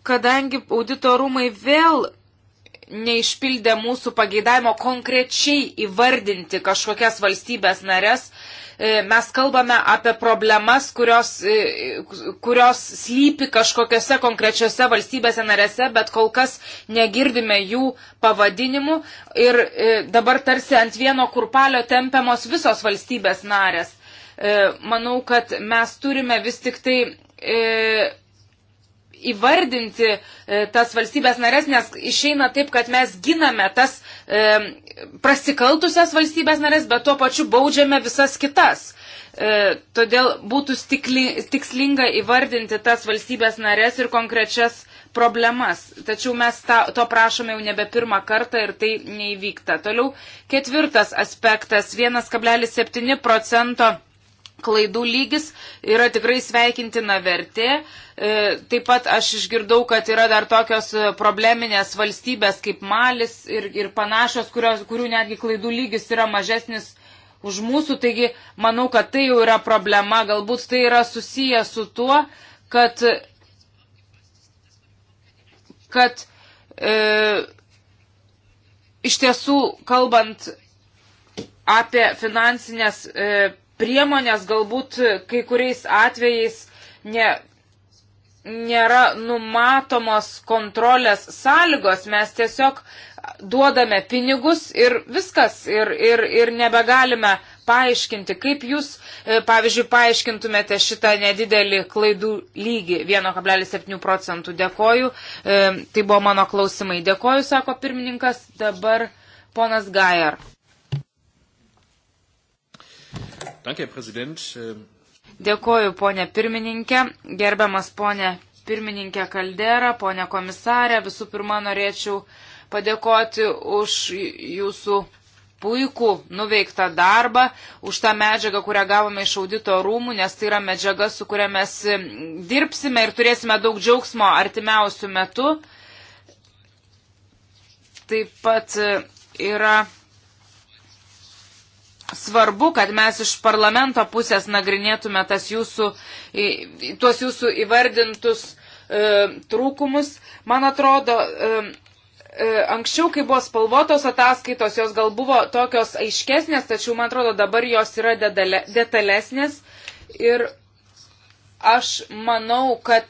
Kadangi audito rūmai vėl neišpildė mūsų pageidavimo konkrečiai įvardinti kažkokias valstybės narės, E, mes kalbame apie problemas, kurios, e, kurios slypi kažkokiose konkrečiose valstybėse narėse, bet kol kas negirdime jų pavadinimų. Ir e, dabar tarsi ant vieno kurpalio tempiamos visos valstybės narės. Manau, kad mes turime vis tik tai įvardinti tas valstybės narės, nes išeina taip, kad mes giname tas e, prasikaltusias valstybės narės, bet tuo pačiu baudžiame visas kitas. E, todėl būtų stikli, tikslinga įvardinti tas valstybės narės ir konkrečias problemas. Tačiau mes ta, to prašome jau nebe pirmą kartą ir tai neįvykta. Toliau ketvirtas aspektas - 1,7 procento klaidų lygis yra tikrai sveikintina vertė. E, taip pat aš išgirdau, kad yra dar tokios probleminės valstybės kaip Malis ir, ir panašios, kurios, kurių netgi klaidų lygis yra mažesnis už mūsų. Taigi, manau, kad tai jau yra problema. Galbūt tai yra susiję su tuo, kad, kad e, iš tiesų, kalbant apie finansinės e, priemonės galbūt kai kuriais atvejais ne, nėra numatomos kontrolės sąlygos, mes tiesiog duodame pinigus ir viskas, ir, ir, ir nebegalime paaiškinti, kaip jūs, e, pavyzdžiui, paaiškintumėte šitą nedidelį klaidų lygį 1,7 procentų. Dėkoju, e, tai buvo mano klausimai. Dėkoju, sako pirmininkas, dabar ponas Gajar. Danke, prezident. Ähm, Dėkoju, ponė pirmininkė. Gerbiamas ponė pirmininkė Kaldera, ponė komisarė, visų pirma norėčiau padėkoti už jūsų puikų nuveiktą darbą, už tą medžiagą, kurią gavome iš audito rūmų, nes tai yra medžiaga, su kuria mes dirbsime ir turėsime daug džiaugsmo artimiausių metų. Taip pat e, yra svarbu, kad mes iš parlamento pusės nagrinėtume tas jūsų, tuos jūsų įvardintus e, trūkumus. Man atrodo, e, e, anksčiau, kai buvo spalvotos ataskaitos, jos gal buvo tokios aiškesnės, tačiau man atrodo, dabar jos yra dedale, detalesnės. Ir aš manau, kad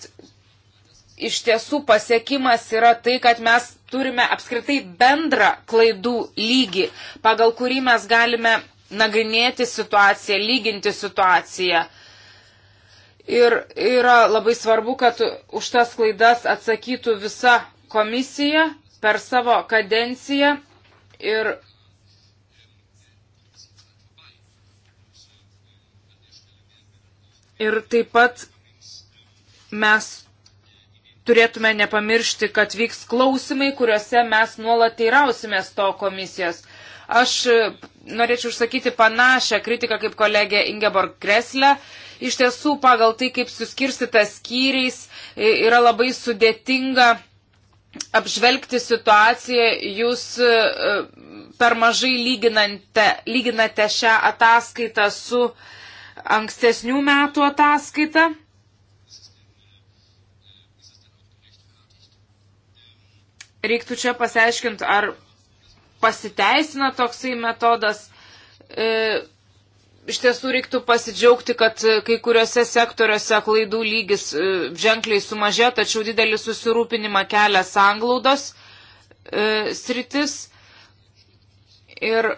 iš tiesų pasiekimas yra tai, kad mes turime apskritai bendrą klaidų lygį, pagal kurį mes galime nagrinėti situaciją, lyginti situaciją. Ir yra labai svarbu, kad už tas klaidas atsakytų visa komisija per savo kadenciją. Ir Ir taip pat mes turėtume nepamiršti, kad vyks klausimai, kuriuose mes nuolat teirausimės to komisijos. Aš norėčiau užsakyti panašią kritiką kaip kolegė Ingeborg Kreslė. Iš tiesų, pagal tai, kaip suskirstyta skyriais, yra labai sudėtinga apžvelgti situaciją, jūs per mažai lyginate, lyginate šią ataskaitą su ankstesnių metų ataskaita. Reiktų čia pasiaiškinti, ar pasiteisina toksai metodas. E, iš tiesų reiktų pasidžiaugti, kad e, kai kuriuose sektoriuose klaidų lygis e, ženkliai sumažė, tačiau didelį susirūpinimą kelia sanglaudos e, sritis. Ir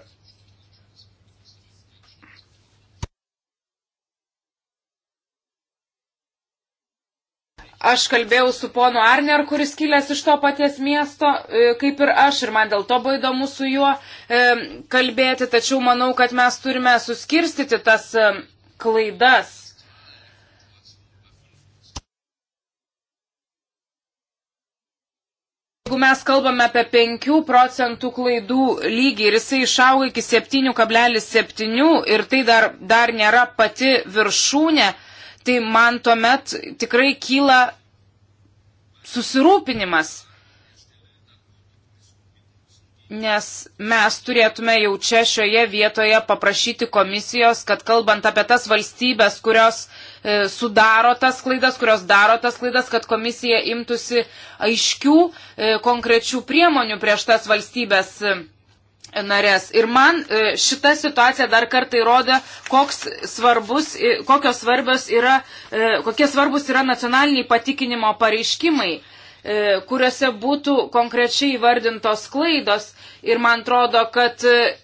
Aš kalbėjau su ponu Arner, kuris kilęs iš to paties miesto, e, kaip ir aš, ir man dėl to buvo įdomu su juo e, kalbėti, tačiau manau, kad mes turime suskirstyti tas e, klaidas. Jeigu mes kalbame apie 5 procentų klaidų lygį ir jisai išauga iki 7,7 ir tai dar, dar nėra pati viršūnė, tai man tuomet tikrai kyla susirūpinimas. Nes mes turėtume jau čia šioje vietoje paprašyti komisijos, kad kalbant apie tas valstybės, kurios e, sudaro tas klaidas, kurios daro tas klaidas, kad komisija imtųsi aiškių e, konkrečių priemonių prieš tas valstybės. E, narės. Ir man e, šita situacija dar kartą įrodo, svarbus, kokios svarbios yra, e, kokie svarbus yra nacionaliniai patikinimo pareiškimai e, kuriuose būtų konkrečiai įvardintos klaidos. Ir man atrodo, kad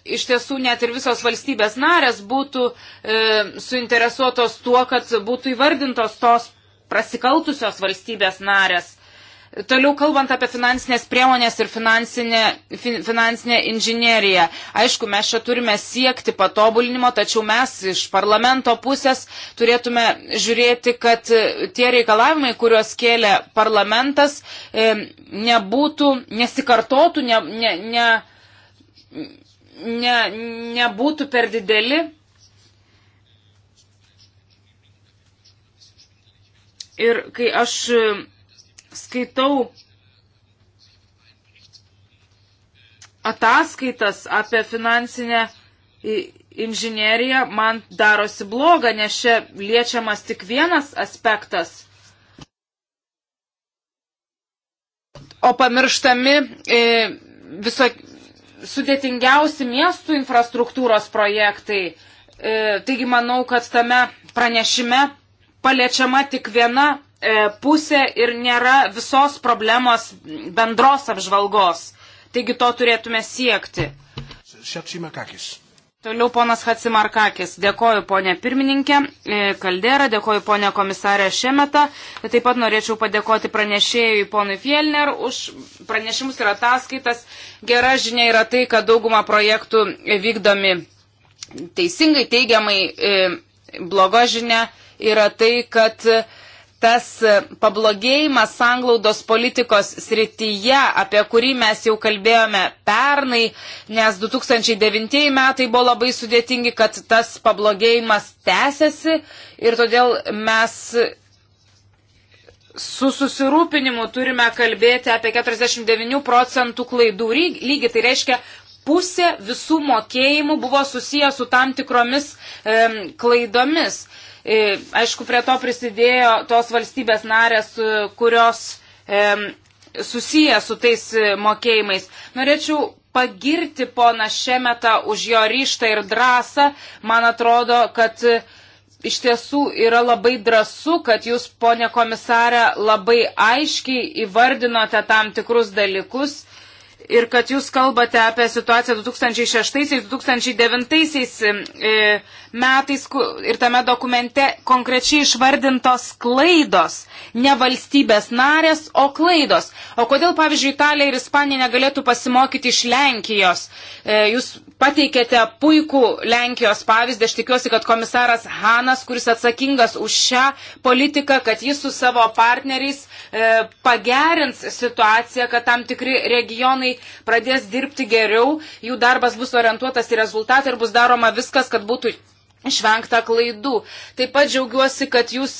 iš tiesų net ir visos valstybės narės būtų e, suinteresuotos tuo, kad būtų įvardintos tos prasikaltusios valstybės narės. Toliau kalbant apie finansinės priemonės ir finansinę, fin, finansinę inžineriją. Aišku, mes čia turime siekti patobulinimo, tačiau mes iš parlamento pusės turėtume žiūrėti, kad e, tie reikalavimai, kuriuos kėlė parlamentas, e, nebūtų, nesikartotų, ne, ne, ne, ne, nebūtų per dideli. Ir kai aš skaitau ataskaitas apie finansinę inžineriją, man darosi bloga, nes čia liečiamas tik vienas aspektas. O pamirštami e, viso sudėtingiausi miestų infrastruktūros projektai. E, taigi manau, kad tame pranešime paliečiama tik viena E, pusė ir nėra visos problemos bendros apžvalgos. Taigi to turėtume siekti. Šečimakakis. Toliau ponas Hatsimarkakis. Dėkoju ponė pirmininkė e, Kaldera, dėkoju ponė komisarė Šemeta. Taip pat norėčiau padėkoti pranešėjui ponui Fielner už pranešimus ir ataskaitas. Gera žinia yra tai, kad dauguma projektų vykdomi teisingai, teigiamai. E, bloga žinia yra tai, kad tas e, pablogėjimas sanglaudos politikos srityje, apie kurį mes jau kalbėjome pernai, nes 2009 metai buvo labai sudėtingi, kad tas pablogėjimas tęsiasi ir todėl mes su susirūpinimu turime kalbėti apie 49 procentų klaidų lygį. Tai reiškia, pusė visų mokėjimų buvo susiję su tam tikromis e, klaidomis. E, E, aišku, prie to prisidėjo tos valstybės narės, e, kurios susiję su tais e, mokėjimais. Norėčiau pagirti poną Šemetą už jo ryštą ir drąsą. Man atrodo, kad iš tiesų yra labai drąsu, kad jūs, ponė komisarė, labai aiškiai įvardinote tam tikrus dalykus ir kad jūs kalbate apie situaciją 2006-2009 e, metais ir tame dokumente konkrečiai išvardintos klaidos, ne valstybės narės, o klaidos. O kodėl, pavyzdžiui, Italija ir Ispanija negalėtų pasimokyti iš Lenkijos? E, jūs pateikėte puikų Lenkijos pavyzdį. Aš tikiuosi, kad komisaras Hanas, kuris atsakingas už šią politiką, kad jis su savo partneriais e, pagerins situaciją, kad tam tikri regionai pradės dirbti geriau, jų darbas bus orientuotas į rezultatą ir bus daroma viskas, kad būtų išvengta klaidų. Taip pat džiaugiuosi, kad jūs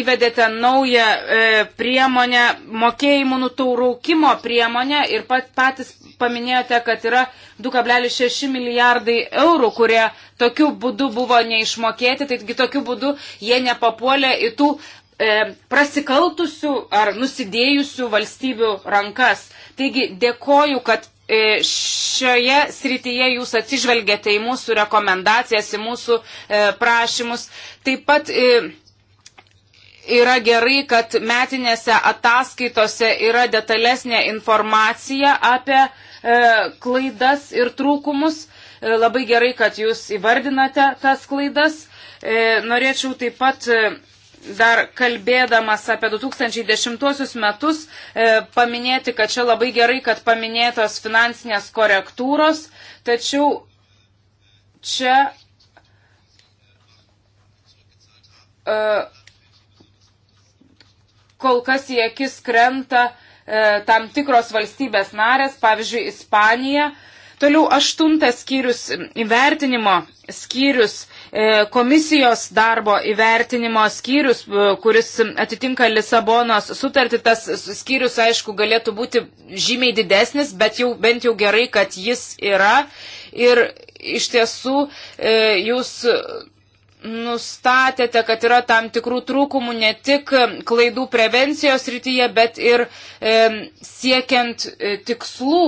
įvedėte naują e, priemonę, mokėjimų nutauraukimo priemonę ir pat, patys paminėjote, kad yra 2,6 milijardai eurų, kurie tokiu būdu buvo neišmokėti, taigi tokiu būdu jie nepapuolė į tų e, prasikaltusių ar nusidėjusių valstybių rankas. Taigi dėkoju, kad E, šioje srityje jūs atsižvelgėte į mūsų rekomendacijas, į mūsų e, prašymus. Taip pat e, yra gerai, kad metinėse ataskaitose yra detalesnė informacija apie klaidas ir trūkumus. Labai gerai, kad jūs įvardinate tas klaidas. Norėčiau taip pat dar kalbėdamas apie 2010 metus e, paminėti, kad čia labai gerai, kad paminėtos finansinės korektūros, tačiau čia e, kol kas į akis krenta e, tam tikros valstybės narės, pavyzdžiui, Ispanija. Toliau aštuntas skyrius, įvertinimo skyrius E, komisijos darbo įvertinimo skyrius, e, kuris atitinka Lisabonos sutartį, tas skyrius, aišku, galėtų būti žymiai didesnis, bet jau bent jau gerai, kad jis yra. Ir iš tiesų e, jūs nustatėte, kad yra tam tikrų trūkumų ne tik klaidų prevencijos rytyje, bet ir e, siekiant e, tikslų,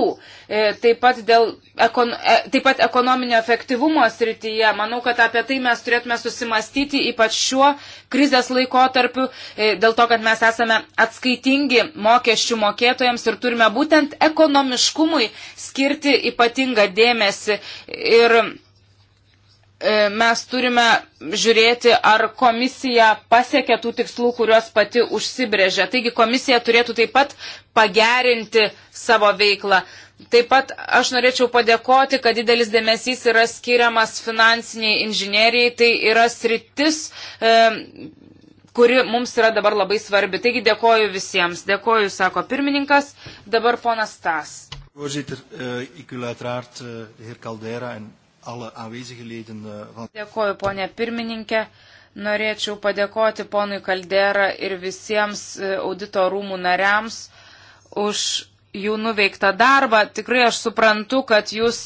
e, taip pat dėl ekon, e, taip pat ekonominio efektyvumo srityje. Manau, kad apie tai mes turėtume susimastyti, ypač šiuo krizės laikotarpiu, e, dėl to, kad mes esame atskaitingi mokesčių mokėtojams ir turime būtent ekonomiškumui skirti ypatingą dėmesį. Ir e, mes turime žiūrėti, ar komisija pasiekė tų tikslų, kuriuos pati užsibrėžė. Taigi komisija turėtų taip pat pagerinti savo veiklą. Taip pat aš norėčiau padėkoti, kad didelis dėmesys yra skiriamas finansiniai inžinieriai. Tai yra sritis, e, kuri mums yra dabar labai svarbi. Taigi dėkoju visiems. Dėkoju, sako pirmininkas. Dabar ponas Tas. Voorzitter, eh, ik wil uiteraard eh, de heer Caldera en alle aanwezige leden eh, van. Dėkoju, ponė pirmininkė. Norėčiau padėkoti ponui Caldera ir visiems audito rūmų nariams už jų nuveiktą darbą. Tikrai aš suprantu, kad jūs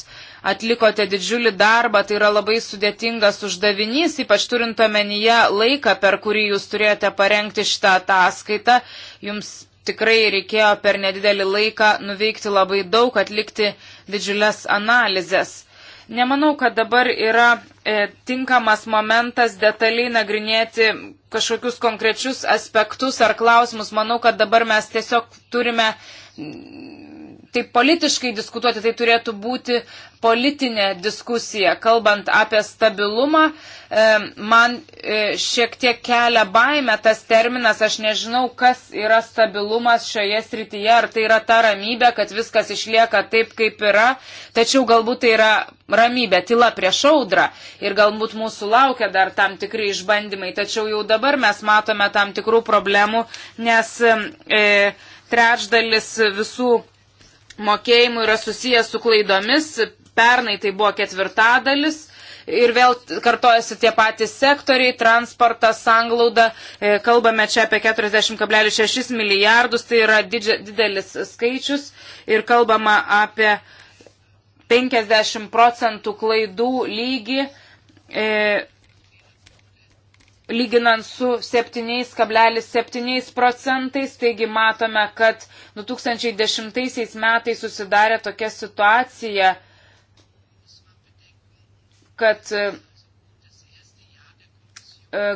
atlikote didžiulį darbą, tai yra labai sudėtingas uždavinys, ypač turint omenyje laiką, per kurį jūs turėjote parengti šitą ataskaitą. Jums tikrai reikėjo per nedidelį laiką nuveikti labai daug, atlikti didžiulės analizės. Nemanau, kad dabar yra e, tinkamas momentas detaliai nagrinėti kažkokius konkrečius aspektus ar klausimus. Manau, kad dabar mes tiesiog turime taip politiškai diskutuoti, tai turėtų būti politinė diskusija. Kalbant apie stabilumą, e, man e, šiek tiek kelia baime tas terminas, aš nežinau, kas yra stabilumas šioje srityje, ar tai yra ta ramybė, kad viskas išlieka taip, kaip yra, tačiau galbūt tai yra ramybė, tyla prieš audrą ir galbūt mūsų laukia dar tam tikri išbandymai, tačiau jau dabar mes matome tam tikrų problemų, nes e, trečdalis visų mokėjimų yra susijęs su klaidomis. Pernai tai buvo ketvirtadalis. Ir vėl kartojasi tie patys sektoriai, transportas, sanglauda, e, kalbame čia apie 40,6 milijardus, tai yra didži, didelis skaičius ir kalbama apie 50 procentų klaidų lygį. E, lyginant su 7,7 procentais, taigi matome, kad 2010 metais susidarė tokia situacija, kad e,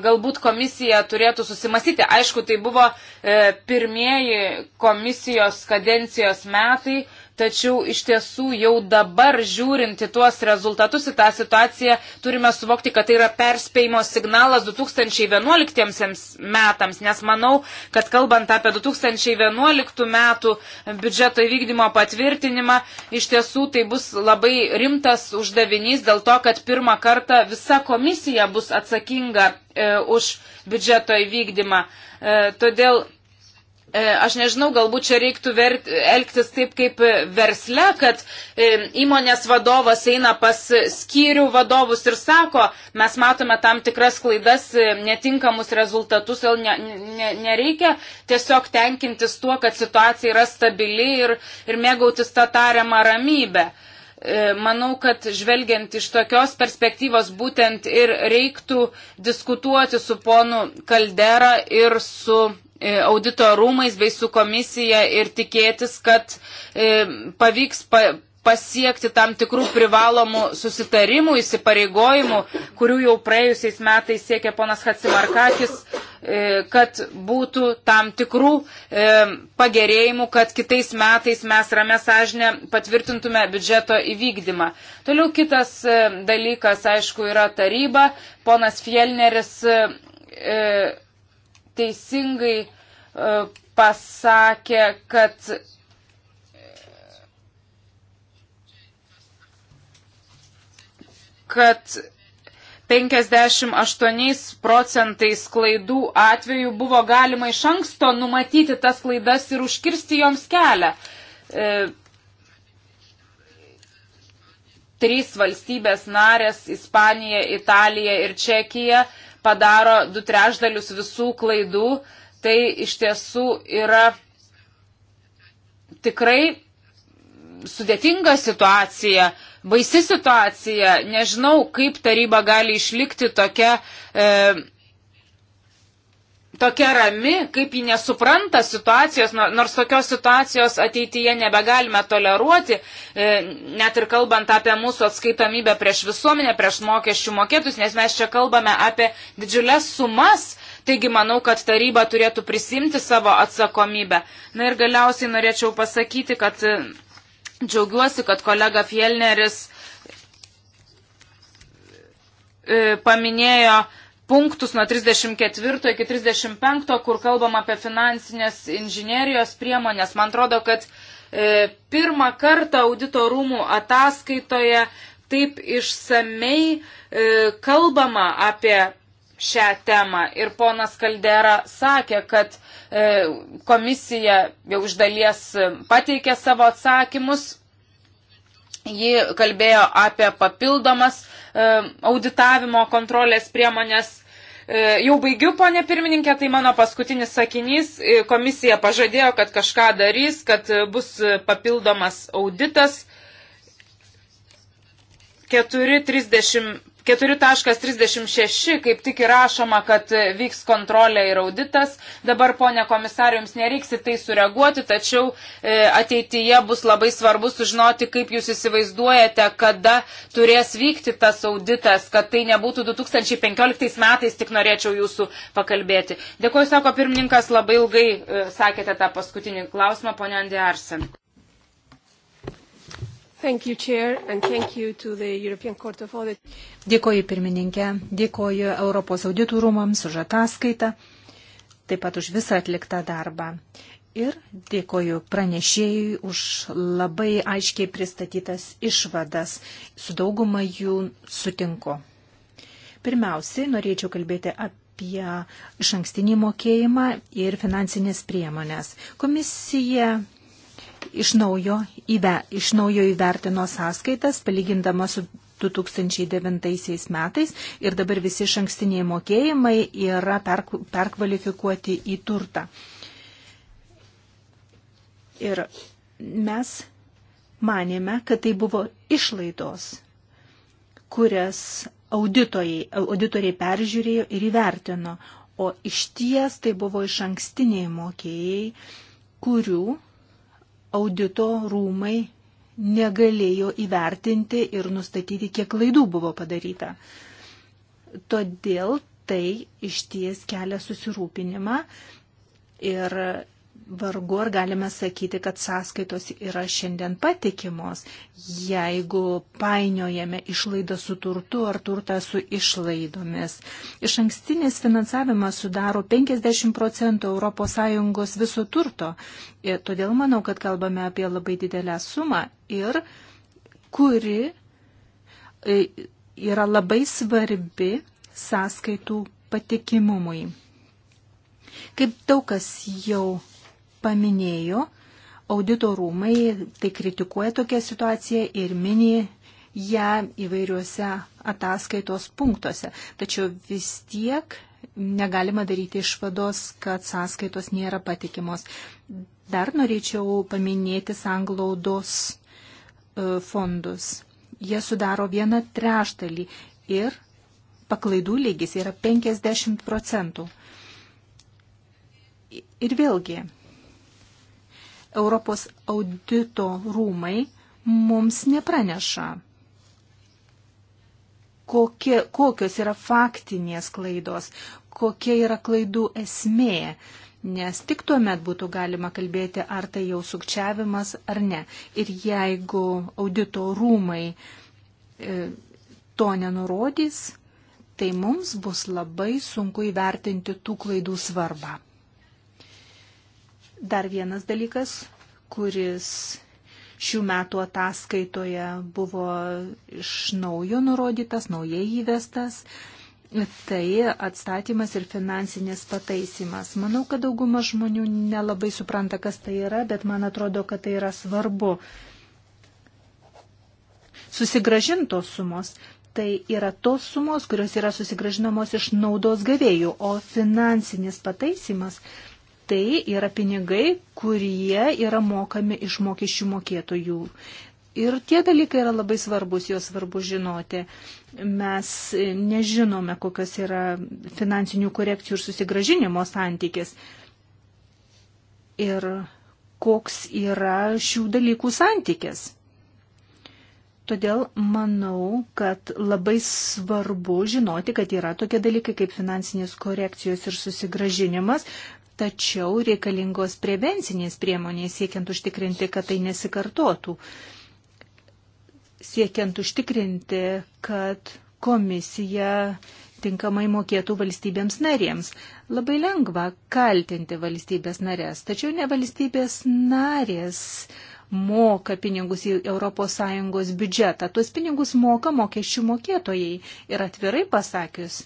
galbūt komisija turėtų susimastyti. Aišku, tai buvo e, pirmieji komisijos kadencijos metai, Tačiau iš tiesų jau dabar žiūrint į tuos rezultatus, į tą situaciją, turime suvokti, kad tai yra perspėjimo signalas 2011 metams, nes manau, kad kalbant apie 2011 metų biudžeto įvykdymo patvirtinimą, iš tiesų tai bus labai rimtas uždavinys dėl to, kad pirmą kartą visa komisija bus atsakinga e, už biudžeto įvykdymą. E, todėl E, aš nežinau, galbūt čia reiktų ver, elgtis taip kaip versle, kad e, įmonės vadovas eina pas skyrių vadovus ir sako, mes matome tam tikras klaidas, e, netinkamus rezultatus, jau ne, ne, nereikia tiesiog tenkintis tuo, kad situacija yra stabili ir, ir mėgautis tą tariamą ramybę. Manau, kad žvelgiant iš tokios perspektyvos būtent ir reiktų diskutuoti su ponu Kaldera ir su E, audito rūmais bei su komisija ir tikėtis, kad e, pavyks pa, pasiekti tam tikrų privalomų susitarimų, įsipareigojimų, kurių jau praėjusiais metais siekė ponas Hatsimarkakis, e, kad būtų tam tikrų pagerėjimų, kad kitais metais mes ramę sąžinę patvirtintume biudžeto įvykdymą. Toliau kitas dalykas, aišku, yra taryba. Ponas Fielneris teisingai e, pasakė, kad kad 58 procentais klaidų atveju buvo galima iš anksto numatyti tas klaidas ir užkirsti joms kelią. E, trys valstybės narės - Ispanija, Italija ir Čekija padaro du trešdalius visų klaidų, tai iš tiesų yra tikrai sudėtinga situacija, baisi situacija. Nežinau, kaip taryba gali išlikti tokia. E, tokia rami, kaip ji nesupranta situacijos, nors tokios situacijos ateityje nebegalime toleruoti, e, net ir kalbant apie mūsų atskaitomybę prieš visuomenę, prieš mokesčių mokėtus, nes mes čia kalbame apie didžiulės sumas, taigi manau, kad taryba turėtų prisimti savo atsakomybę. Na ir galiausiai norėčiau pasakyti, kad e, džiaugiuosi, kad kolega Fielneris e, paminėjo, punktus nuo 34 iki 35, kur kalbam apie finansinės inžinierijos priemonės. Man atrodo, kad e, pirmą kartą audito rūmų ataskaitoje taip išsamei e, kalbama apie šią temą. Ir ponas Kaldera sakė, kad e, komisija jau iš dalies pateikė savo atsakymus Ji kalbėjo apie papildomas e, auditavimo kontrolės priemonės. E, jau baigiu, ponė pirmininkė, tai mano paskutinis sakinys. E, komisija pažadėjo, kad kažką darys, kad bus papildomas auditas. 4.30 4.36 kaip tik įrašoma, kad vyks kontrolė ir auditas. Dabar, ponė komisarė, jums nereiks į tai sureaguoti, tačiau e, ateityje bus labai svarbu sužinoti, kaip jūs įsivaizduojate, kada turės vykti tas auditas, kad tai nebūtų 2015 metais, tik norėčiau jūsų pakalbėti. Dėkuoju, sako pirmininkas, labai ilgai e, sakėte tą paskutinį klausimą, ponė Andė Arsen. You, Chair, dėkoju pirmininkė, dėkoju Europos auditų rūmams už ataskaitą, taip pat už visą atliktą darbą. Ir dėkoju pranešėjui už labai aiškiai pristatytas išvadas. Su dauguma jų sutinku. Pirmiausiai norėčiau kalbėti apie apie iš ankstinį mokėjimą ir finansinės priemonės. Komisija iš naujo, įve, iš naujo įvertino sąskaitas, palygindama su 2009 metais ir dabar visi šankstiniai mokėjimai yra perkvalifikuoti į turtą. Ir mes manėme, kad tai buvo išlaidos, kurias auditoriai, auditoriai peržiūrėjo ir įvertino, o iš ties tai buvo iš ankstiniai mokėjai, kurių audito rūmai negalėjo įvertinti ir nustatyti, kiek klaidų buvo padaryta. Todėl tai išties kelia susirūpinimą ir vargu ar galime sakyti, kad sąskaitos yra šiandien patikimos, jeigu painiojame išlaidą su turtu ar turtą su išlaidomis. Iš ankstinės finansavimas sudaro 50 procentų ES viso turto, ir e, todėl manau, kad kalbame apie labai didelę sumą ir kuri e, yra labai svarbi sąskaitų patikimumui. Kaip daug kas jau paminėjo, audito rūmai tai kritikuoja tokią situaciją ir mini ją įvairiuose ataskaitos punktuose. Tačiau vis tiek negalima daryti išvados, kad sąskaitos nėra patikimos. Dar norėčiau paminėti sanglaudos e, fondus. Jie sudaro vieną trešdalį ir paklaidų lygis yra 50 procentų. Ir vėlgi, Europos audito rūmai mums nepraneša, kokie, kokios yra faktinės klaidos, kokia yra klaidų esmė, nes tik tuo met būtų galima kalbėti, ar tai jau sukčiavimas ar ne. Ir jeigu audito rūmai e, to nenurodys, tai mums bus labai sunku įvertinti tų klaidų svarbą. Dar vienas dalykas, kuris šių metų ataskaitoje buvo iš naujo nurodytas, naujai įvestas, tai atstatymas ir finansinės pataisimas. Manau, kad dauguma žmonių nelabai supranta, kas tai yra, bet man atrodo, kad tai yra svarbu. Susigražintos sumos tai yra tos sumos, kurios yra susigražinamos iš naudos gavėjų, o finansinis pataisimas tai yra pinigai, kurie yra mokami iš mokesčių mokėtojų. Ir tie dalykai yra labai svarbus, juos svarbu žinoti. Mes nežinome, kokios yra finansinių korekcijų ir susigražinimo santykis. Ir koks yra šių dalykų santykis. Todėl manau, kad labai svarbu žinoti, kad yra tokie dalykai kaip finansinės korekcijos ir susigražinimas, tačiau reikalingos prevencinės priemonės siekiant užtikrinti, kad tai nesikartotų, siekiant užtikrinti, kad komisija tinkamai mokėtų valstybėms narėms. Labai lengva kaltinti valstybės narės, tačiau ne valstybės narės moka pinigus į ES biudžetą. Tuos pinigus moka mokesčių mokėtojai. Ir atvirai pasakius,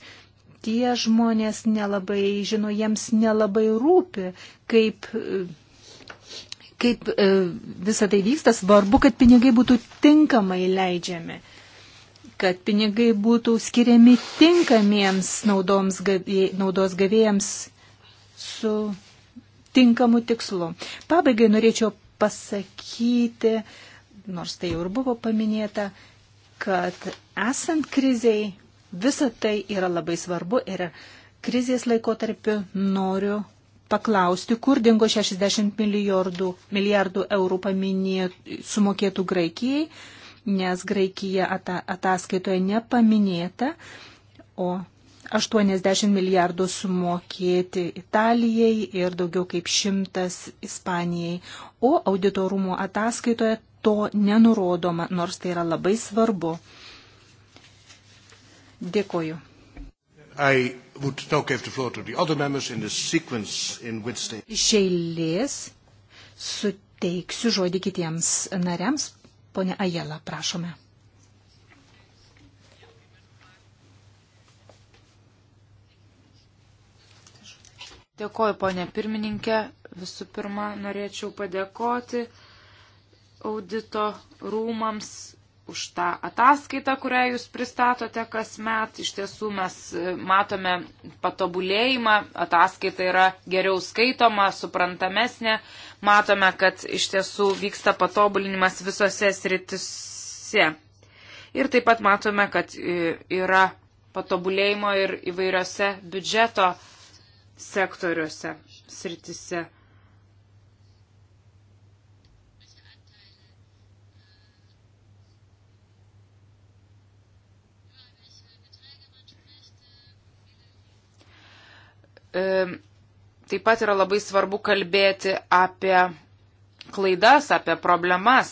tie žmonės nelabai žino, jiems nelabai rūpi, kaip, kaip e, visą tai vyksta. Svarbu, kad pinigai būtų tinkamai leidžiami kad pinigai būtų skiriami tinkamiems naudoms, naudos gavėjams su tinkamu tikslu. Pabaigai norėčiau pasakyti, nors tai jau ir buvo paminėta, kad esant kriziai Visa tai yra labai svarbu ir krizės laikotarpiu noriu paklausti, kur dingo 60 milijardų, milijardų eurų paminė, sumokėtų Graikijai, nes Graikija ata, ataskaitoje nepaminėta, o 80 milijardų sumokėti Italijai ir daugiau kaip 100 Ispanijai, o auditorumo ataskaitoje to nenurodoma, nors tai yra labai svarbu. Dėkoju. Iš eilės suteiksiu žodį kitiems nariams. Pone Ajela, prašome. Dėkoju, ponė pirmininkė. Visų pirma, norėčiau padėkoti audito rūmams už tą ataskaitą, kurią jūs pristatote kasmet. Iš tiesų mes e, matome patobulėjimą, ataskaita yra geriau skaitoma, suprantamesnė. Matome, kad iš tiesų vyksta patobulinimas visose sritise. Ir taip pat matome, kad e, yra patobulėjimo ir įvairiose biudžeto sektoriuose sritise. E, taip pat yra labai svarbu kalbėti apie klaidas, apie problemas.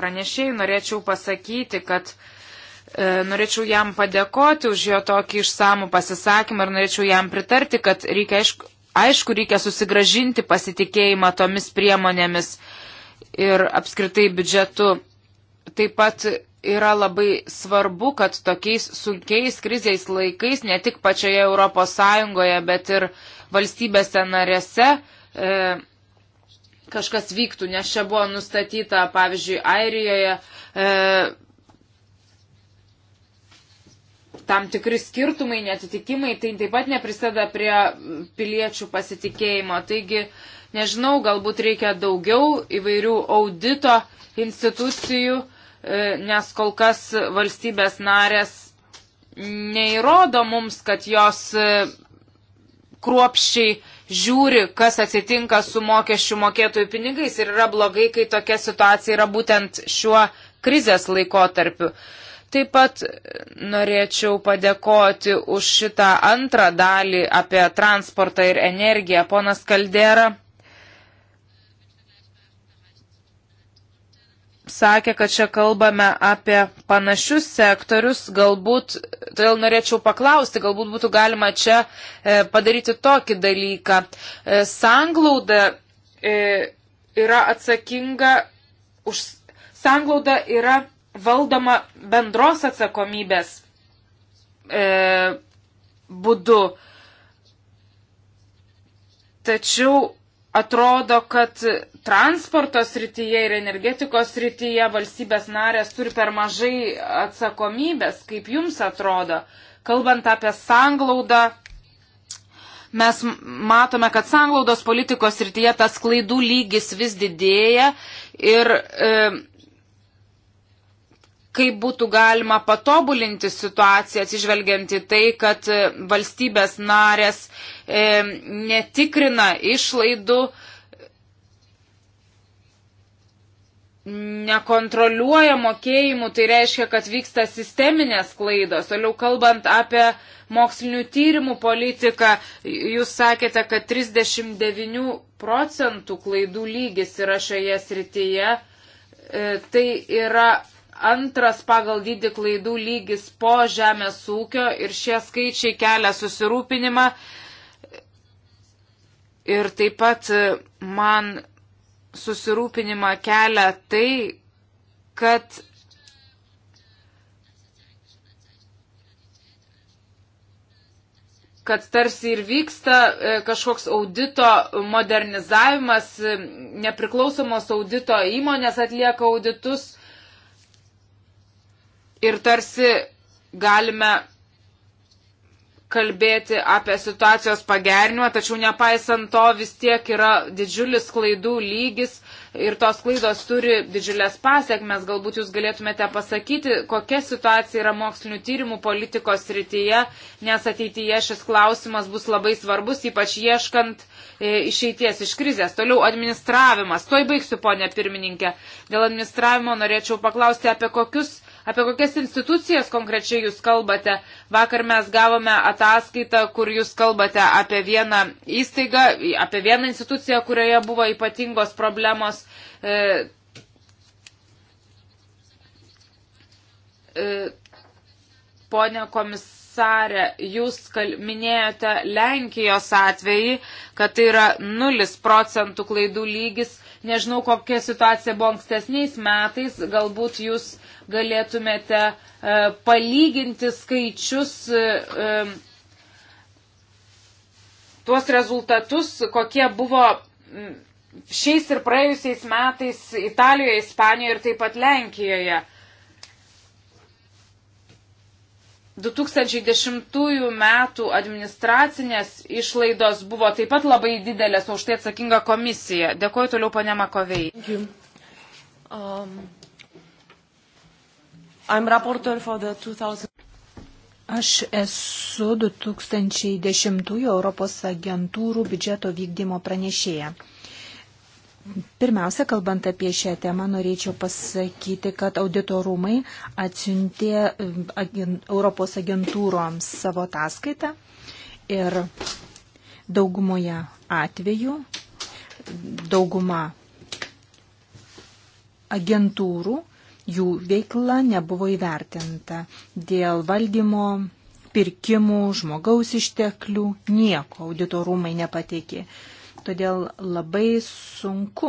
Pranešėjai norėčiau pasakyti, kad e, norėčiau jam padėkoti už jo tokį išsamų pasisakymą ir norėčiau jam pritarti, kad reikia, aišku, aišku, reikia susigražinti pasitikėjimą tomis priemonėmis ir apskritai biudžetu taip pat yra labai svarbu, kad tokiais sunkiais kriziais laikais ne tik pačioje Europos Sąjungoje, bet ir valstybėse narėse e, kažkas vyktų, nes čia buvo nustatyta, pavyzdžiui, Airijoje e, tam tikri skirtumai, netitikimai, tai taip pat neprisada prie piliečių pasitikėjimo. Taigi, nežinau, galbūt reikia daugiau įvairių audito institucijų E, nes kol kas valstybės narės neįrodo mums, kad jos e, kruopščiai žiūri, kas atsitinka su mokesčių mokėtojų pinigais ir yra blogai, kai tokia situacija yra būtent šiuo krizės laikotarpiu. Taip pat norėčiau padėkoti už šitą antrą dalį apie transportą ir energiją. Ponas Kaldera sakė, kad čia kalbame apie panašius sektorius, galbūt, todėl norėčiau paklausti, galbūt būtų galima čia e, padaryti tokį dalyką. E, sanglauda e, yra atsakinga už. Sanglauda yra valdoma bendros atsakomybės e, būdu. Tačiau atrodo, kad transporto srityje ir energetikos srityje valstybės narės turi per mažai atsakomybės, kaip jums atrodo. Kalbant apie sanglaudą, mes matome, kad sanglaudos politikos srityje tas klaidų lygis vis didėja ir e, kaip būtų galima patobulinti situaciją, atsižvelgiant į tai, kad e, valstybės narės e, netikrina išlaidų, nekontroliuoja mokėjimų, tai reiškia, kad vyksta sisteminės klaidos. Toliau kalbant apie mokslinių tyrimų politiką, jūs sakėte, kad 39 procentų klaidų lygis yra šioje srityje. E, tai yra antras pagal dydį klaidų lygis po žemės ūkio ir šie skaičiai kelia susirūpinimą. Ir taip pat e, man susirūpinimą kelia tai, kad kad tarsi ir vyksta e, kažkoks audito modernizavimas, e, nepriklausomos audito įmonės atlieka auditus, ir tarsi galime kalbėti apie situacijos pagernimą, tačiau nepaisant to vis tiek yra didžiulis klaidų lygis ir tos klaidos turi didžiulės pasiekmes. Galbūt jūs galėtumėte pasakyti, kokia situacija yra mokslinių tyrimų politikos srityje, nes ateityje šis klausimas bus labai svarbus, ypač ieškant e, išeities iš krizės. Toliau administravimas. Toj baigsiu, ponė pirmininkė. Dėl administravimo norėčiau paklausti, apie kokius Apie kokias institucijas konkrečiai jūs kalbate? Vakar mes gavome ataskaitą, kur jūs kalbate apie vieną įstaigą, apie vieną instituciją, kurioje buvo ypatingos problemos. E, e, Pone komisarė komisarė, jūs minėjote Lenkijos atvejį, kad tai yra 0 procentų klaidų lygis. Nežinau, kokia situacija buvo ankstesniais metais, galbūt jūs galėtumėte e, palyginti skaičius, e, e tuos rezultatus, kokie buvo šiais ir praėjusiais metais Italijoje, Ispanijoje ir taip pat Lenkijoje. 2010 metų administracinės išlaidos buvo taip pat labai didelės, o už tai atsakinga komisija. Dėkuoju toliau ponė Makovei. Um, 2000... Aš esu 2010 Europos agentūrų biudžeto vykdymo pranešėja. Pirmiausia, kalbant apie šią temą, norėčiau pasakyti, kad auditorumai atsiuntė eh, Europos agentūroms savo ataskaitą ir daugumoje atvejų dauguma agentūrų, jų veikla nebuvo įvertinta dėl valdymo, pirkimų, žmogaus išteklių, nieko auditorumai nepateikė. Todėl labai sunku,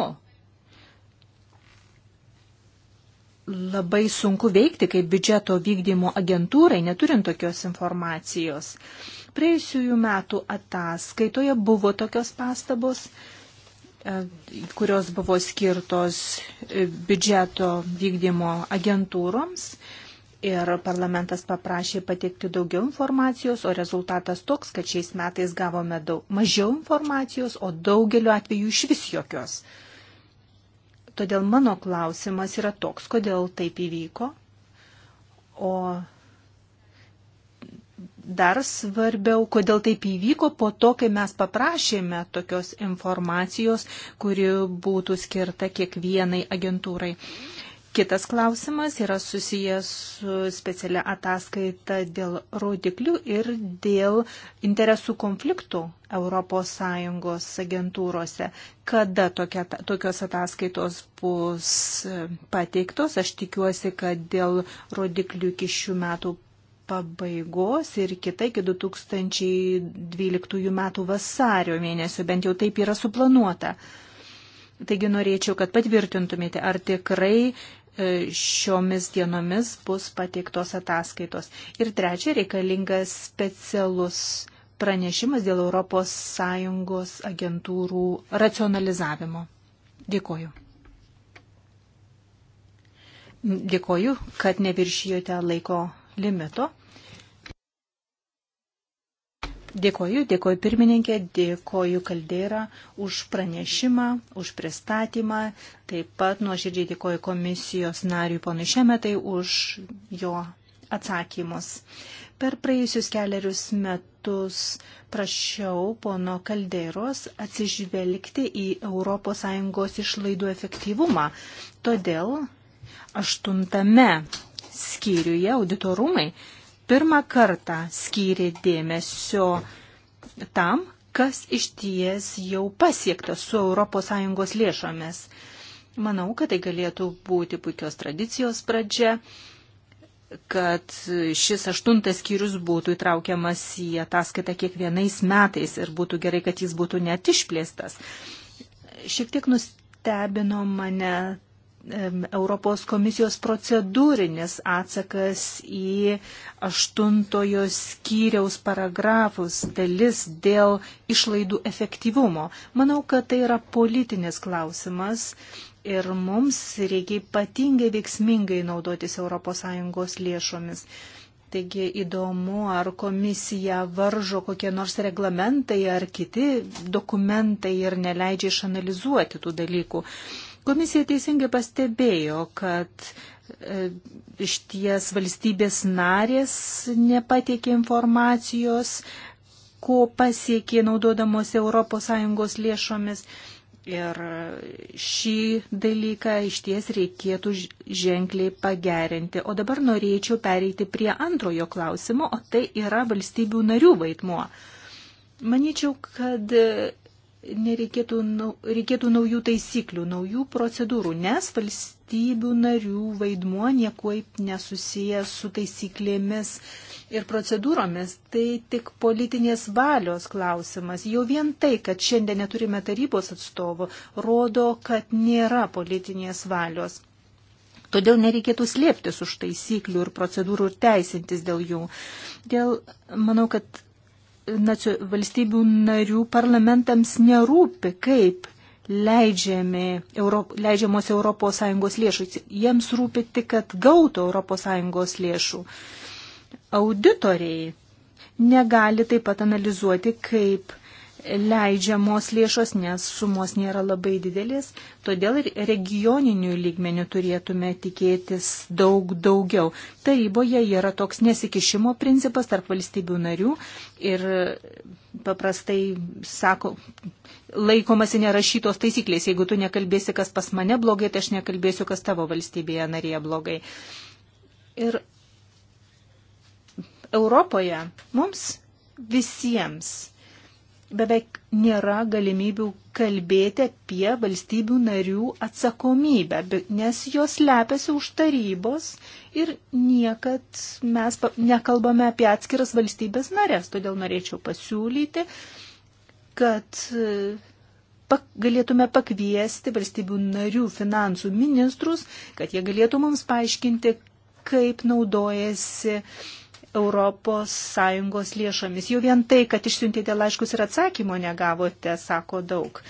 labai sunku veikti kaip biudžeto vykdymo agentūrai, neturint tokios informacijos. Praėjusiųjų metų ataskaitoje buvo tokios pastabos, e, kurios buvo skirtos biudžeto vykdymo agentūroms ir parlamentas paprašė pateikti daugiau informacijos, o rezultatas toks, kad šiais metais gavome daug, mažiau informacijos, o daugeliu atveju iš vis jokios. Todėl mano klausimas yra toks, kodėl taip įvyko. O dar svarbiau, kodėl taip įvyko po to, kai mes paprašėme tokios informacijos, kuri būtų skirta kiekvienai agentūrai. Uh, Kitas klausimas yra susijęs su specialia ataskaita dėl rodiklių ir dėl interesų konfliktų ES agentūrose. Kada tokia, tokios ataskaitos bus e, pateiktos? Aš tikiuosi, kad dėl rodiklių iki šių metų pabaigos ir kitai iki 2012 metų vasario mėnesio, bent jau taip yra suplanuota. Taigi norėčiau, kad patvirtintumėte, ar tikrai E, šiomis dienomis bus pateiktos ataskaitos. Ir trečia, reikalingas specialus pranešimas dėl ES agentūrų racionalizavimo. Dėkoju. Dėkoju, kad neviršijote laiko limito. Dėkoju, dėkoju pirmininkė, dėkoju Kaldėra už pranešimą, už pristatymą. Taip pat nuoširdžiai dėkoju komisijos nariui ponui Šemetai už jo atsakymus. Per praėjusius keliarius metus prašiau pono Kalderos atsižvelgti į ES išlaidų efektyvumą. Todėl aštuntame skyriuje auditorumai pirmą kartą skyrė dėmesio tam, kas iš ties jau pasiektas su ES lėšomis. Manau, kad tai galėtų būti puikios tradicijos pradžia, kad šis aštuntas skyrius būtų įtraukiamas į ataskaitą kiekvienais metais ir būtų gerai, kad jis būtų net išplėstas. Šiek tiek nustebino mane Europos komisijos procedūrinis atsakas į aštuntojo skyriaus paragrafus dalis dėl išlaidų efektyvumo. Manau, kad tai yra politinis klausimas ir mums reikia ypatingai veiksmingai naudotis ES lėšomis. Taigi įdomu, ar komisija varžo kokie nors reglamentai ar kiti dokumentai ir neleidžia išanalizuoti tų dalykų. Komisija teisingai pastebėjo, kad e, iš ties valstybės narės nepateikė informacijos, ko pasiekė naudodamos ES lėšomis. Ir šį dalyką iš ties reikėtų ženkliai pagerinti. O dabar norėčiau pereiti prie antrojo klausimo, o tai yra valstybių narių vaidmuo. Maničiau, kad nereikėtų reikėtų naujų taisyklių, naujų procedūrų, nes valstybių narių vaidmuo niekuoip nesusijęs su taisyklėmis ir procedūromis. Tai tik politinės valios klausimas. Jau vien tai, kad šiandien neturime tarybos atstovų, rodo, kad nėra politinės valios. Todėl nereikėtų slėptis už taisyklių ir procedūrų ir teisintis dėl jų. Dėl, manau, kad valstybių narių parlamentams nerūpi, kaip leidžiami, Europ, leidžiamos ES lėšus. Jiems rūpi tik, kad gautų ES lėšų. Auditoriai negali taip pat analizuoti, kaip leidžiamos lėšos, nes sumos nėra labai didelės, todėl ir regioninių lygmenių turėtume tikėtis daug daugiau. Taryboje yra toks nesikišimo principas tarp valstybių narių ir paprastai sako, laikomasi nerašytos taisyklės, jeigu tu nekalbėsi, kas pas mane blogai, tai aš nekalbėsiu, kas tavo valstybėje narėje blogai. Ir Europoje mums visiems beveik nėra galimybių kalbėti apie valstybių narių atsakomybę, nes jos lepiasi už tarybos ir niekad mes nekalbame apie atskiras valstybės narės. Todėl norėčiau pasiūlyti, kad e, pak, galėtume pakviesti valstybių narių finansų ministrus, kad jie galėtų mums paaiškinti, kaip naudojasi uh, ES lėšomis. Jau vien tai, kad išsiuntėte laiškus ir atsakymo negavote, sako daug.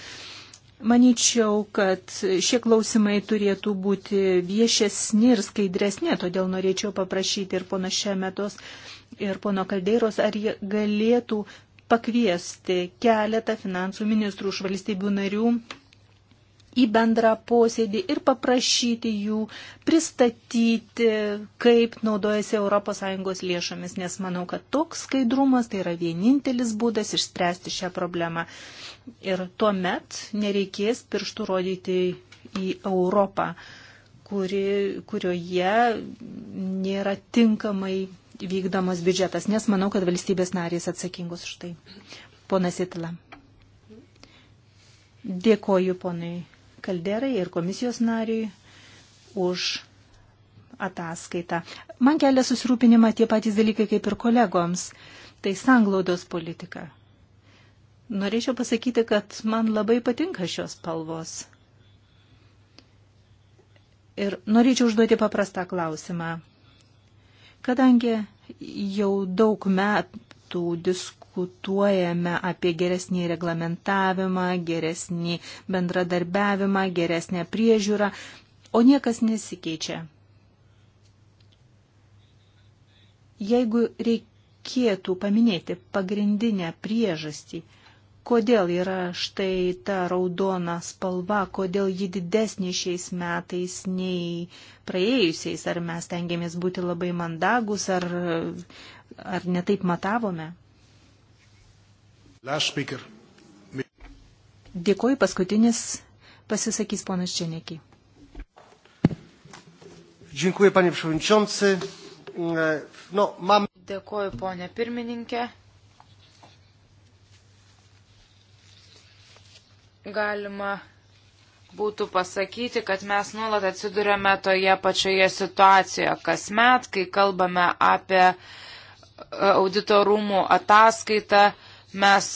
Manyčiau, kad šie klausimai turėtų būti viešesni ir skaidresni, todėl norėčiau paprašyti ir pono Šemetos, ir pono Kaldeiros, ar jie galėtų pakviesti keletą finansų ministrų iš valstybių narių į bendrą posėdį ir paprašyti jų pristatyti, kaip naudojasi ES lėšomis, nes manau, kad toks skaidrumas tai yra vienintelis būdas išspręsti šią problemą. Ir tuomet nereikės pirštų rodyti į Europą, kuri, kurioje nėra tinkamai vykdomas biudžetas, nes manau, kad valstybės narės atsakingos už tai. Ponas Itila. Dėkoju ponui Kalderai ir komisijos nariui už ataskaitą. Man kelia susirūpinimą tie patys dalykai kaip ir kolegoms. Tai sanglaudos politika. Norėčiau pasakyti, kad man labai patinka šios spalvos. Ir norėčiau užduoti paprastą klausimą. Kadangi jau daug met, metų diskutuojame apie geresnį reglamentavimą, geresnį bendradarbiavimą, geresnę priežiūrą, o niekas nesikeičia. Jeigu reikėtų paminėti pagrindinę priežastį, kodėl yra štai ta raudona spalva, kodėl ji didesnė šiais metais nei praėjusiais, ar mes tengiamės būti labai mandagus, ar, ar netaip matavome. Dėkuoju, paskutinis pasisakys ponas Čenekį. Dziękuję, panie przewodniczący. No, mam... Dėkuoju, ponė pirmininkė. galima būtų pasakyti, kad mes nuolat atsidurėme toje pačioje situacijoje kasmet, kai kalbame apie e, auditorumų ataskaitą, mes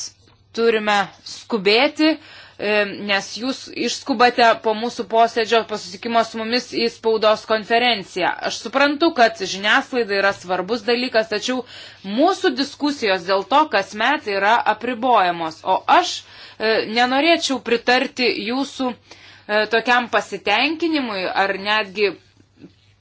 turime skubėti, E, nes jūs išskubate po mūsų posėdžio pasisikimo su mumis į spaudos konferenciją. Aš suprantu, kad žiniasklaida yra svarbus dalykas, tačiau mūsų diskusijos dėl to kasmet yra apribojamos. O aš e, nenorėčiau pritarti jūsų e, tokiam pasitenkinimui ar netgi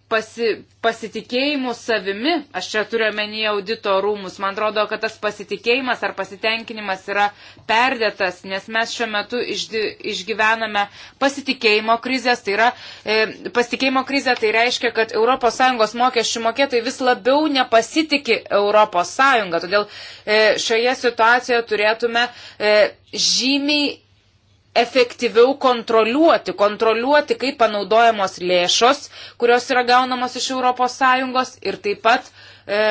pasi, pasitikėjimu savimi, aš čia turiu omenyje audito rūmus, man atrodo, kad tas pasitikėjimas ar pasitenkinimas yra perdėtas, nes mes šiuo metu išdi, išgyvename pasitikėjimo krizės, tai yra e, pasitikėjimo krizė, tai reiškia, kad ES mokesčių mokėtai vis labiau nepasitiki ES, todėl e, šioje situacijoje turėtume e, žymiai efektyviau kontroliuoti, kontroliuoti, kaip panaudojamos lėšos, kurios yra gaunamos iš ES ir taip pat e,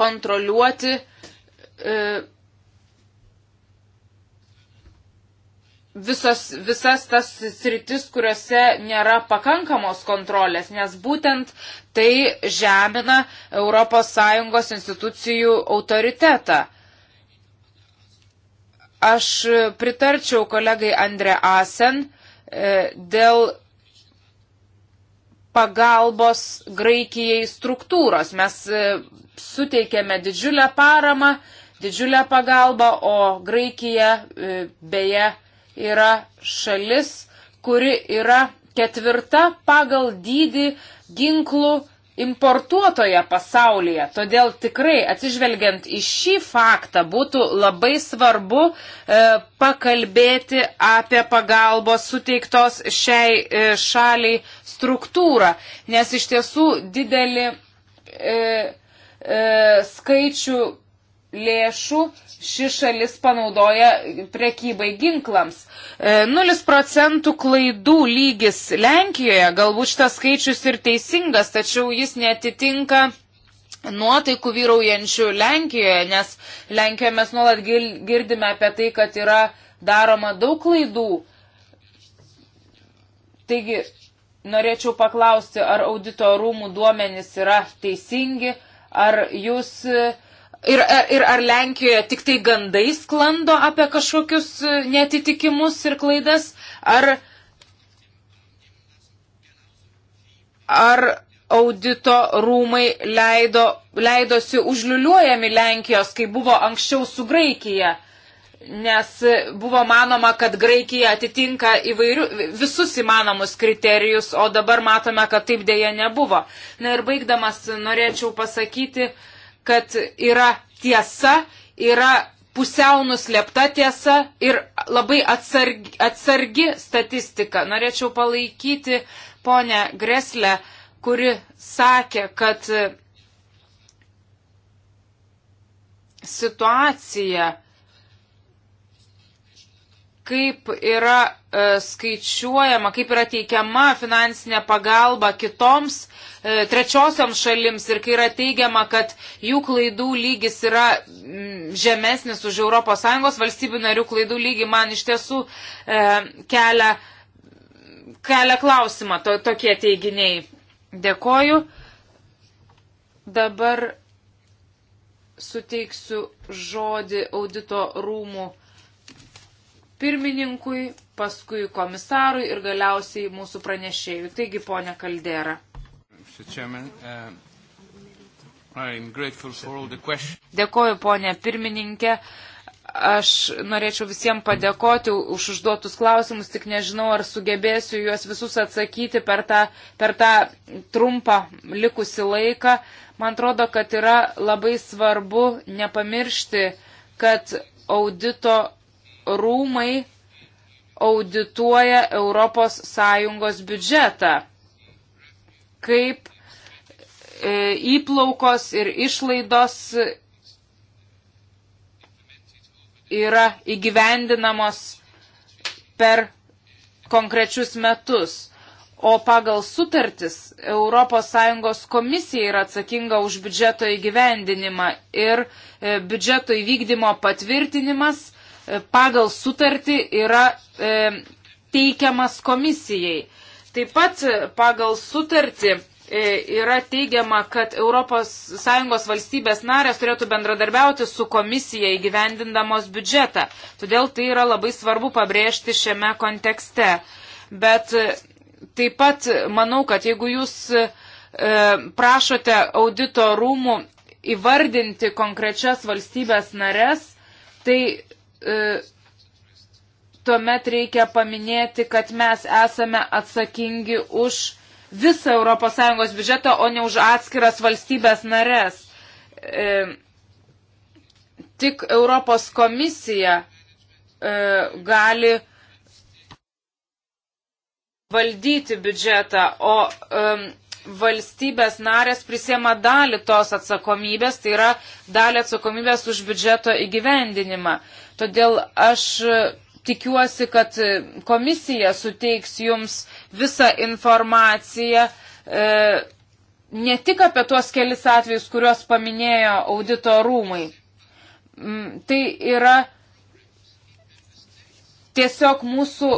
kontroliuoti e, visos, visas tas sritis, kuriuose nėra pakankamos kontrolės, nes būtent tai žemina ES institucijų autoritetą. Aš pritarčiau kolegai Andre Asen e, dėl pagalbos Graikijai struktūros. Mes e, suteikėme didžiulę paramą, didžiulę pagalbą, o Graikija e, beje yra šalis, kuri yra ketvirta pagal dydį ginklų importuotoje pasaulyje. Todėl tikrai atsižvelgiant į šį faktą būtų labai svarbu e, pakalbėti apie pagalbos suteiktos šiai e, šaliai struktūrą, nes iš tiesų didelį e, e, skaičių lėšų ši šalis panaudoja prekybai ginklams. 0 e, procentų klaidų lygis Lenkijoje, galbūt šitas skaičius ir teisingas, tačiau jis netitinka nuotaikų vyraujančių Lenkijoje, nes Lenkijoje mes nuolat girdime apie tai, kad yra daroma daug klaidų. Taigi, norėčiau paklausti, ar audito rūmų duomenys yra teisingi, ar jūs uh, Ir, e, ir ar Lenkijoje tik tai gandai sklando apie kažkokius e, netitikimus ir klaidas, ar, ar audito rūmai leido, leidosi užliuliuojami Lenkijos, kai buvo anksčiau su Graikija, nes e, buvo manoma, kad Graikija atitinka įvairių, visus įmanomus kriterijus, o dabar matome, kad taip dėja nebuvo. Na ir baigdamas norėčiau pasakyti, uh, kad yra tiesa, yra pusiau nuslėpta tiesa ir labai atsargi, atsargi statistika. Norėčiau palaikyti ponę Greslę, kuri sakė, kad situacija, kaip yra e, skaičiuojama, kaip yra teikiama finansinė pagalba kitoms e, E, trečiosiom šalims ir kai yra teigiama, kad jų klaidų lygis yra mm, žemesnis už ES valstybių narių klaidų lygį, man iš tiesų e, kelia, kelia klausimą to, tokie teiginiai. Dėkoju. Dabar suteiksiu žodį audito rūmų pirmininkui, paskui komisarui ir galiausiai mūsų pranešėjui. Taigi, ponia Kaldera. Mr. Chairman. Uh, I'm grateful for all the questions. Dėkoju, ponė pirmininkė. Aš norėčiau visiems padėkoti už užduotus klausimus, tik nežinau, ar sugebėsiu juos visus atsakyti per tą, per tą trumpą likusi laiką. Man atrodo, kad yra labai svarbu nepamiršti, kad audito rūmai audituoja ES biudžetą kaip e, įplaukos ir išlaidos yra įgyvendinamos per konkrečius metus. O pagal sutartis ES komisija yra atsakinga už biudžeto įgyvendinimą ir e, biudžeto įvykdymo patvirtinimas e, pagal sutartį yra e, teikiamas komisijai. Taip pat e, pagal sutartį e, yra teigiama, kad ES valstybės narės turėtų bendradarbiauti su komisija įgyvendindamos biudžetą. Todėl tai yra labai svarbu pabrėžti šiame kontekste. Bet e, taip pat manau, kad jeigu jūs prašote audito rūmų įvardinti konkrečias valstybės narės, tai tuomet reikia paminėti, kad mes esame atsakingi už visą ES biudžetą, o ne už atskiras valstybės nares. E, tik Europos komisija e, gali valdyti biudžetą, o e, valstybės narės prisėma dalį tos atsakomybės, tai yra dalį atsakomybės už biudžeto įgyvendinimą. Todėl aš tikiuosi, kad komisija suteiks jums visą informaciją e, ne tik apie tuos kelis atvejus, kuriuos paminėjo audito rūmai. Mm, tai yra tiesiog mūsų,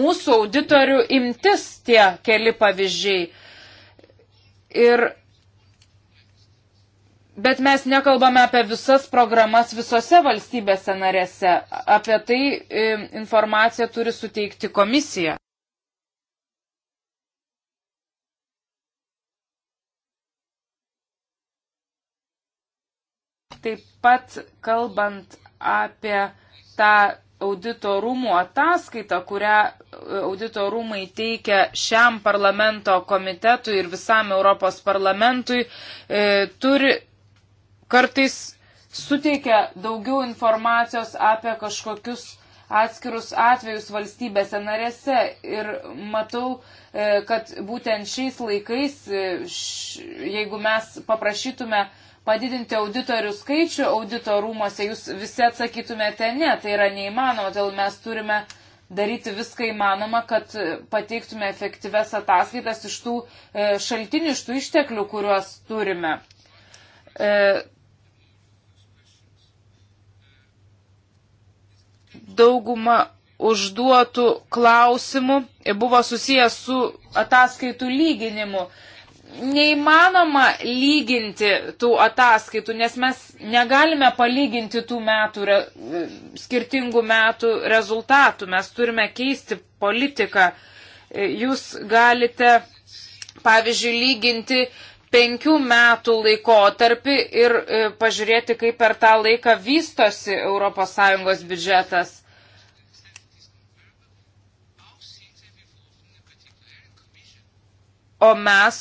mūsų auditorių imtis tie keli pavyzdžiai. Ir Bet mes nekalbame apie visas programas visose valstybėse narėse. Apie tai e, informaciją turi suteikti komisija. Taip pat kalbant apie tą audito rūmų ataskaitą, kurią e, audito rūmai teikia šiam parlamento komitetui ir visam Europos parlamentui, e, turi kartais suteikia daugiau informacijos apie kažkokius atskirus atvejus valstybėse narėse. Ir matau, e, kad būtent šiais laikais, e, jeigu mes paprašytume padidinti auditorių skaičių audito rūmose, jūs visi atsakytumėte ne, tai yra neįmanoma, todėl mes turime daryti viską įmanoma, kad pateiktume efektyves ataskaitas iš tų e, šaltinių, iš tų išteklių, kuriuos turime. dauguma užduotų klausimų buvo susijęs su ataskaitų lyginimu. Neįmanoma lyginti tų ataskaitų, nes mes negalime palyginti tų metų, re, skirtingų metų rezultatų. Mes turime keisti politiką. Jūs galite, pavyzdžiui, lyginti uh, penkių metų laikotarpį ir e, pažiūrėti, kaip per tą laiką vystosi ES biudžetas. O mes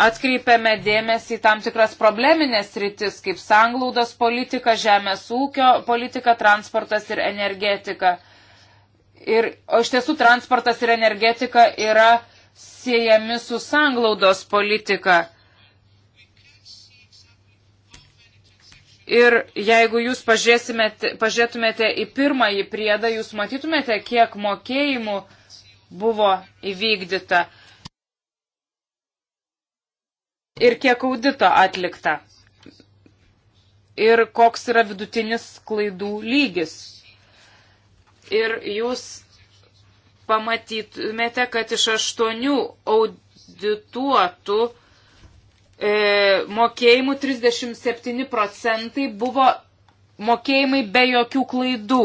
atkreipiame dėmesį į tam tikras probleminės rytis, kaip sanglaudos politika, žemės ūkio politika, transportas ir energetika. Ir, o iš tiesų transportas ir energetika yra siejami su sanglaudos politika. Ir jeigu jūs pažiūrėtumėte į pirmąjį priedą, jūs matytumėte, kiek mokėjimų buvo įvykdyta ir kiek audito atlikta. Ir koks yra vidutinis klaidų lygis. Ir jūs pamatytumėte, kad iš aštuonių audituotų e, mokėjimų 37 procentai buvo mokėjimai be jokių klaidų,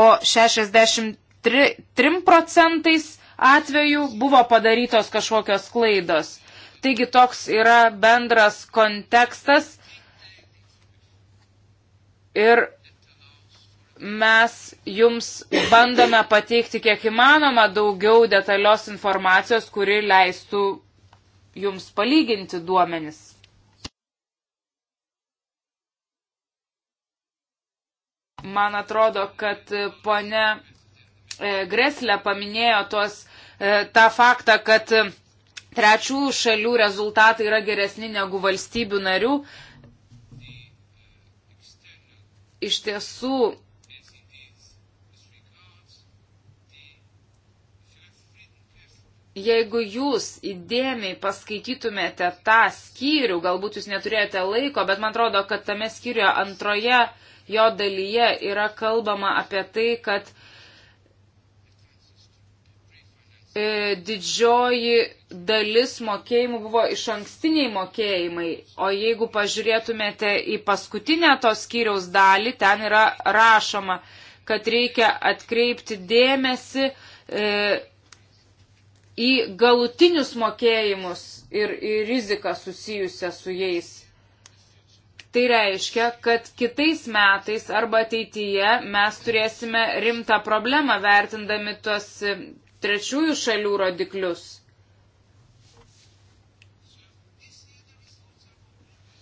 o 63 procentais atveju buvo padarytos kažkokios klaidos. Taigi toks yra bendras kontekstas ir mes jums bandome pateikti kiek įmanoma daugiau detalios informacijos, kuri leistų jums palyginti duomenis. Man atrodo, kad ponia e, Greslė paminėjo tos, e, tą faktą, kad trečių šalių rezultatai yra geresni negu valstybių narių. Iš tiesų, jeigu jūs įdėmiai paskaitytumėte tą skyrių, galbūt jūs neturėjote laiko, bet man atrodo, kad tame skyriuje antroje jo dalyje yra kalbama apie tai, kad e, didžioji dalis mokėjimų buvo iš ankstiniai mokėjimai, o jeigu pažiūrėtumėte į paskutinę to skyriaus dalį, ten yra rašoma, kad reikia atkreipti dėmesį, e, į galutinius mokėjimus ir į riziką susijusią su jais. Tai reiškia, kad kitais metais arba ateityje mes turėsime rimtą problemą vertindami tuos trečiųjų šalių rodiklius.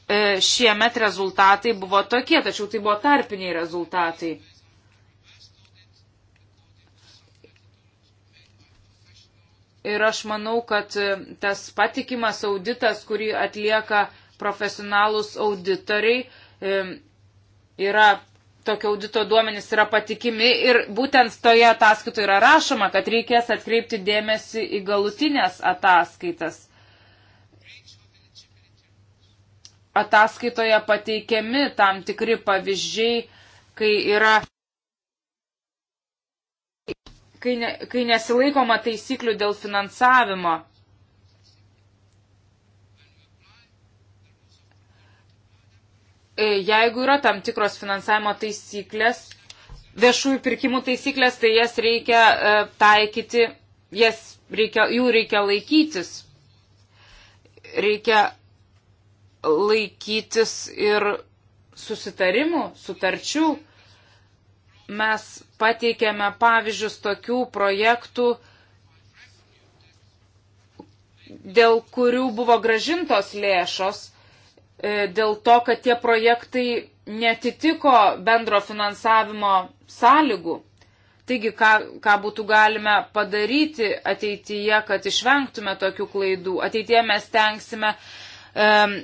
E, šiemet rezultatai buvo tokie, tačiau tai buvo tarpiniai rezultatai. Ir aš manau, kad e, tas patikimas auditas, kurį atlieka profesionalus auditoriai, e, yra tokio audito duomenys yra patikimi ir būtent toje ataskaitoje yra rašoma, kad reikės atkreipti dėmesį į galutinės ataskaitas. Ataskaitoje pateikiami tam tikri pavyzdžiai, kai yra kai, ne, kai nesilaikoma taisyklių dėl finansavimo. E, jeigu yra tam tikros finansavimo taisyklės, viešųjų pirkimų taisyklės, tai jas reikia e, taikyti, jas reikia, jų reikia laikytis. Reikia laikytis ir susitarimų, sutarčių mes pateikėme pavyzdžius tokių projektų, dėl kurių buvo gražintos lėšos, e, dėl to, kad tie projektai netitiko bendro finansavimo sąlygų. Taigi, ką, ką būtų galime padaryti ateityje, kad išvengtume tokių klaidų. Ateityje mes tenksime um,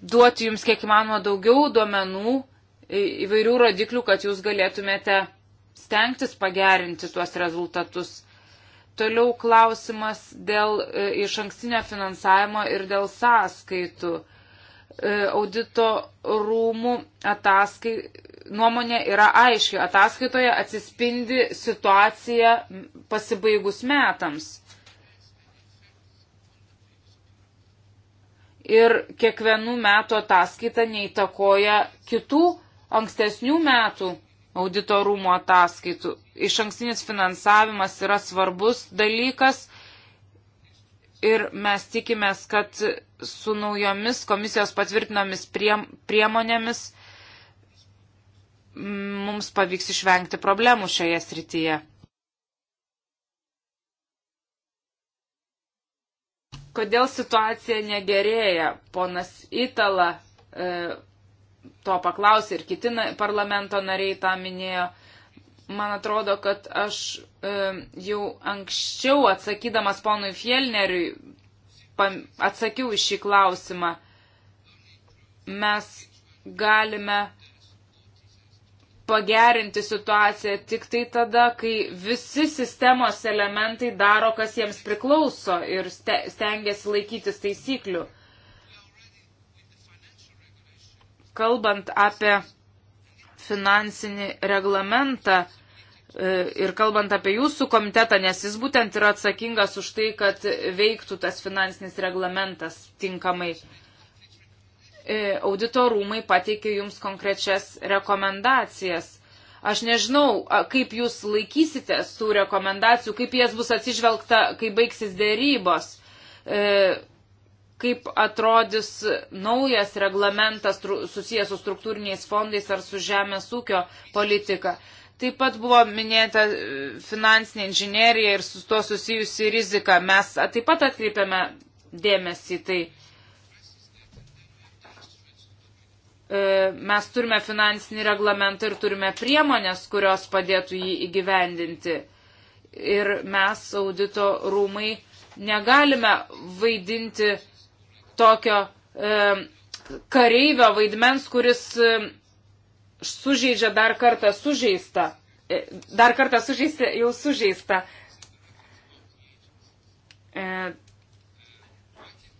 duoti jums kiek įmanoma daugiau duomenų, įvairių rodiklių, kad jūs galėtumėte stengtis pagerinti tuos rezultatus. Toliau klausimas dėl e, iš ankstinio finansavimo ir dėl sąskaitų. E, audito rūmų ataskai, nuomonė yra aiški. Ataskaitoje atsispindi situacija pasibaigus metams. Ir kiekvienų metų ataskaita neįtakoja kitų ankstesnių metų auditorumo ataskaitų. Iš ankstinis finansavimas yra svarbus dalykas ir mes tikimės, kad su naujomis komisijos patvirtinomis priemonėmis mums pavyks išvengti problemų šioje srityje. Kodėl situacija negerėja? Ponas Itala e, to paklausė ir kiti parlamento nariai tą minėjo. Man atrodo, kad aš e, jau anksčiau atsakydamas ponui Fielneriui atsakiau iš šį klausimą. Mes galime pagerinti situaciją tik tai tada, kai visi sistemos elementai daro, kas jiems priklauso ir stengiasi laikytis taisyklių. kalbant apie finansinį reglamentą e, ir kalbant apie jūsų komitetą, nes jis būtent yra atsakingas už tai, kad veiktų tas finansinis reglamentas tinkamai. E, auditorumai pateikė jums konkrečias rekomendacijas. Aš nežinau, kaip jūs laikysitės tų rekomendacijų, kaip jas bus atsižvelgta, kai baigsis dėrybos. E, kaip atrodys naujas reglamentas susijęs su struktūriniais fondais ar su žemės ūkio politika. Taip pat buvo minėta e, finansinė inžinierija ir su to susijusi rizika. Mes taip pat atkreipiame dėmesį tai. E, mes turime finansinį reglamentą ir turime priemonės, kurios padėtų jį įgyvendinti. Ir mes, audito rūmai, negalime vaidinti tokio e, kareivio vaidmens, kuris e, sužeidžia dar kartą sužeistą. E, dar kartą sužeistą, jau sužeistą. E,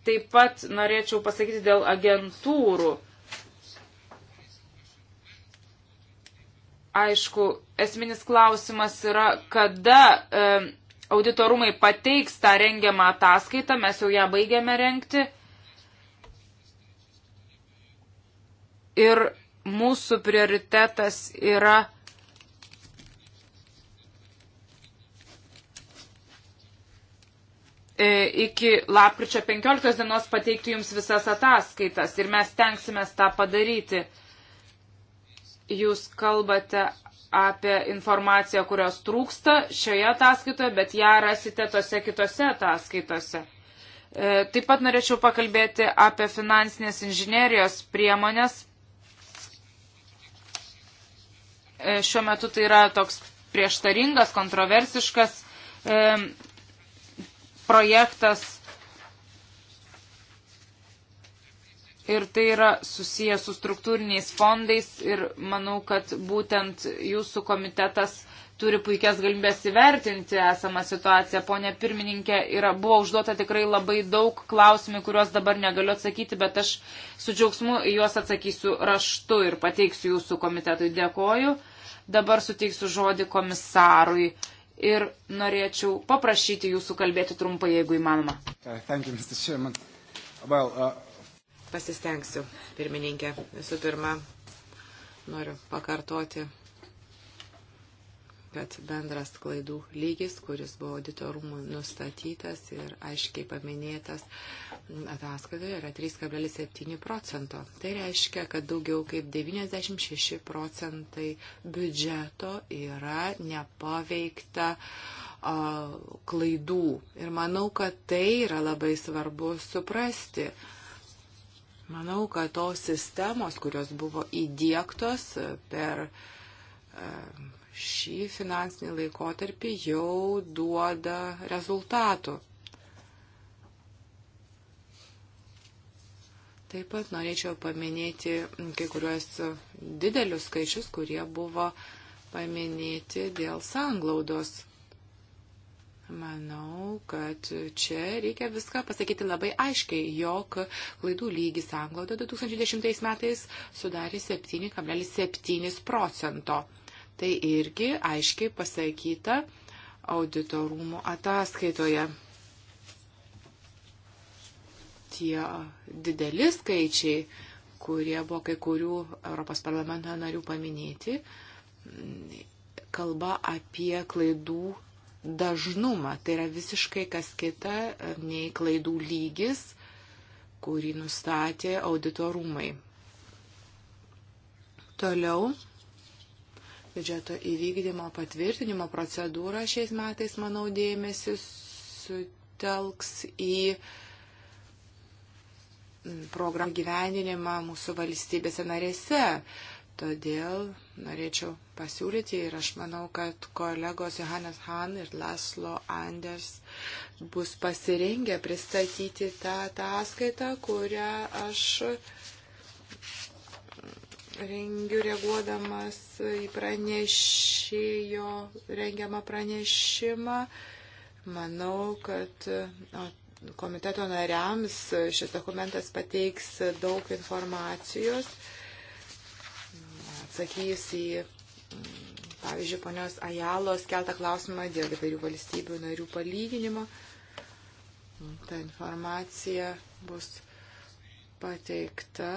taip pat norėčiau pasakyti dėl agentūrų. Aišku, esminis klausimas yra, kada e, auditorumai pateiks tą rengiamą ataskaitą, mes jau ją baigėme renkti. ir mūsų prioritetas yra e, iki lapkričio 15 dienos pateikti jums visas ataskaitas ir mes tenksime tą padaryti. Jūs kalbate apie informaciją, kurios trūksta šioje ataskaitoje, bet ją rasite tose kitose ataskaitose. E, taip pat norėčiau pakalbėti apie finansinės inžinerijos priemonės. E, šiuo metu tai yra toks prieštaringas, kontroversiškas e, projektas. Ir tai yra susijęs su struktūriniais fondais ir manau, kad būtent jūsų komitetas turi puikias galimybės įvertinti esamą situaciją. Pone pirmininkė, yra, buvo užduota tikrai labai daug klausimų, kuriuos dabar negaliu atsakyti, bet aš su džiaugsmu juos atsakysiu raštu ir pateiksiu jūsų komitetui. Dėkoju. Dabar suteiksiu žodį komisarui ir norėčiau paprašyti jūsų kalbėti trumpai, jeigu įmanoma. Uh, you, well, uh... Pasistengsiu, pirmininkė. Visų pirma, noriu pakartoti kad bendras klaidų lygis, kuris buvo auditorumų nustatytas ir aiškiai paminėtas ataskaitoje, yra 3,7 procento. Tai reiškia, kad daugiau kaip 96 procentai biudžeto yra nepaveikta a, klaidų. Ir manau, kad tai yra labai svarbu suprasti. Manau, kad tos sistemos, kurios buvo įdėktos per a, šį finansinį laikotarpį jau duoda rezultatų. Taip pat norėčiau paminėti kai kuriuos didelius skaičius, kurie buvo paminėti dėl sanglaudos. Manau, kad čia reikia viską pasakyti labai aiškiai, jog klaidų lygis sanglaudo 2010 metais sudarė 7,7 procento. Tai irgi aiškiai pasakyta auditorumų ataskaitoje. Tie dideli skaičiai, kurie buvo kai kurių Europos parlamento narių paminėti, kalba apie klaidų dažnumą. Tai yra visiškai kas kita nei klaidų lygis, kurį nustatė auditorumai. Toliau biudžeto įvykdymo patvirtinimo procedūra šiais metais, manau, dėmesį sutelks į mm, programų gyveninimą mūsų valstybėse narėse. Todėl norėčiau pasiūlyti ir aš manau, kad kolegos Johannes Han ir Laslo Anders bus pasirengę pristatyti tą ataskaitą, kurią aš rengiu reaguodamas į pranešėjo rengiamą pranešimą. Manau, kad o, komiteto nariams šis dokumentas pateiks daug informacijos, atsakys į, pavyzdžiui, ponios Ajalos keltą klausimą dėl įvairių valstybių narių palyginimo. Ta informacija bus pateikta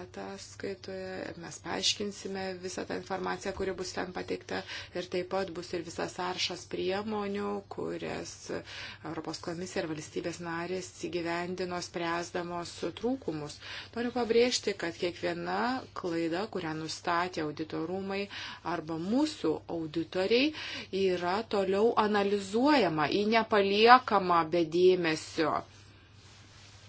ataskaitoje, mes paaiškinsime visą tą informaciją, kuri bus ten pateikta ir taip pat bus ir visas aršas priemonių, kurias Europos komisija ir valstybės narės įgyvendino spręsdamos trūkumus. Noriu pabrėžti, kad kiekviena klaida, kurią nustatė auditorumai arba mūsų auditoriai, yra toliau analizuojama, į nepaliekamą bedėmesio.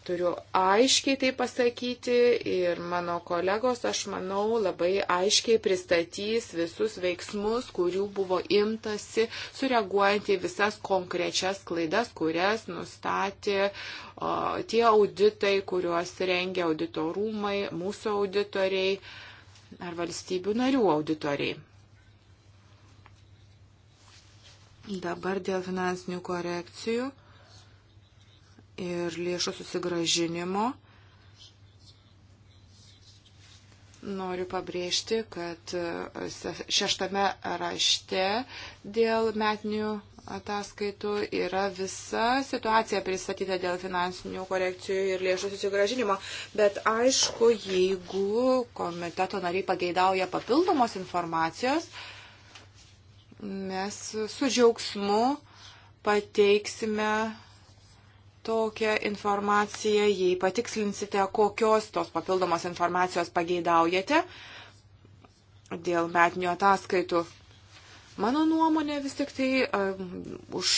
Turiu aiškiai tai pasakyti ir mano kolegos, aš manau, labai aiškiai pristatys visus veiksmus, kurių buvo imtasi, sureaguojant į visas konkrečias klaidas, kurias nustatė o, tie auditai, kuriuos rengia auditorumai, mūsų auditoriai ar valstybių narių auditoriai. Dabar dėl finansinių korekcijų ir lėšų susigražinimo. Noriu pabrėžti, kad e, šeštame rašte dėl metinių ataskaitų yra visa situacija pristatyta dėl finansinių korekcijų ir lėšų susigražinimo. Bet aišku, jeigu komiteto nariai pageidauja papildomos informacijos, mes su džiaugsmu pateiksime tokią informaciją, jei patikslinsite, kokios tos papildomos informacijos pageidaujate dėl metinių ataskaitų. Mano nuomonė vis tik tai uh, už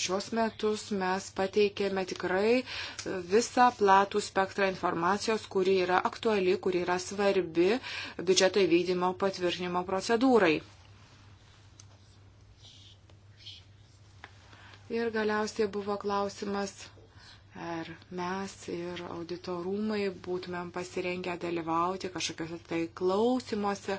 šios metus mes pateikėme tikrai visą platų spektrą informacijos, kuri yra aktuali, kuri yra svarbi biudžeto įvykdymo patvirtinimo procedūrai. Ir galiausiai buvo klausimas ar mes ir auditorumai būtumėm pasirengę dalyvauti kažkokiuose tai klausimuose.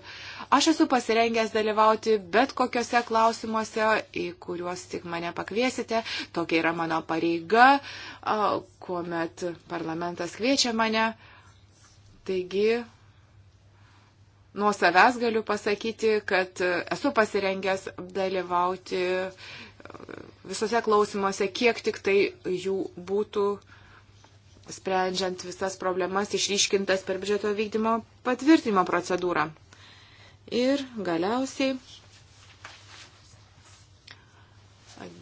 Aš esu pasirengęs dalyvauti bet kokiuose klausimuose, į kuriuos tik mane pakviesite. Tokia yra mano pareiga, kuomet parlamentas kviečia mane. Taigi, nuo savęs galiu pasakyti, kad esu pasirengęs dalyvauti visose klausimuose, kiek tik tai jų būtų sprendžiant visas problemas išryškintas per biudžeto vykdymo patvirtinimo procedūrą. Ir galiausiai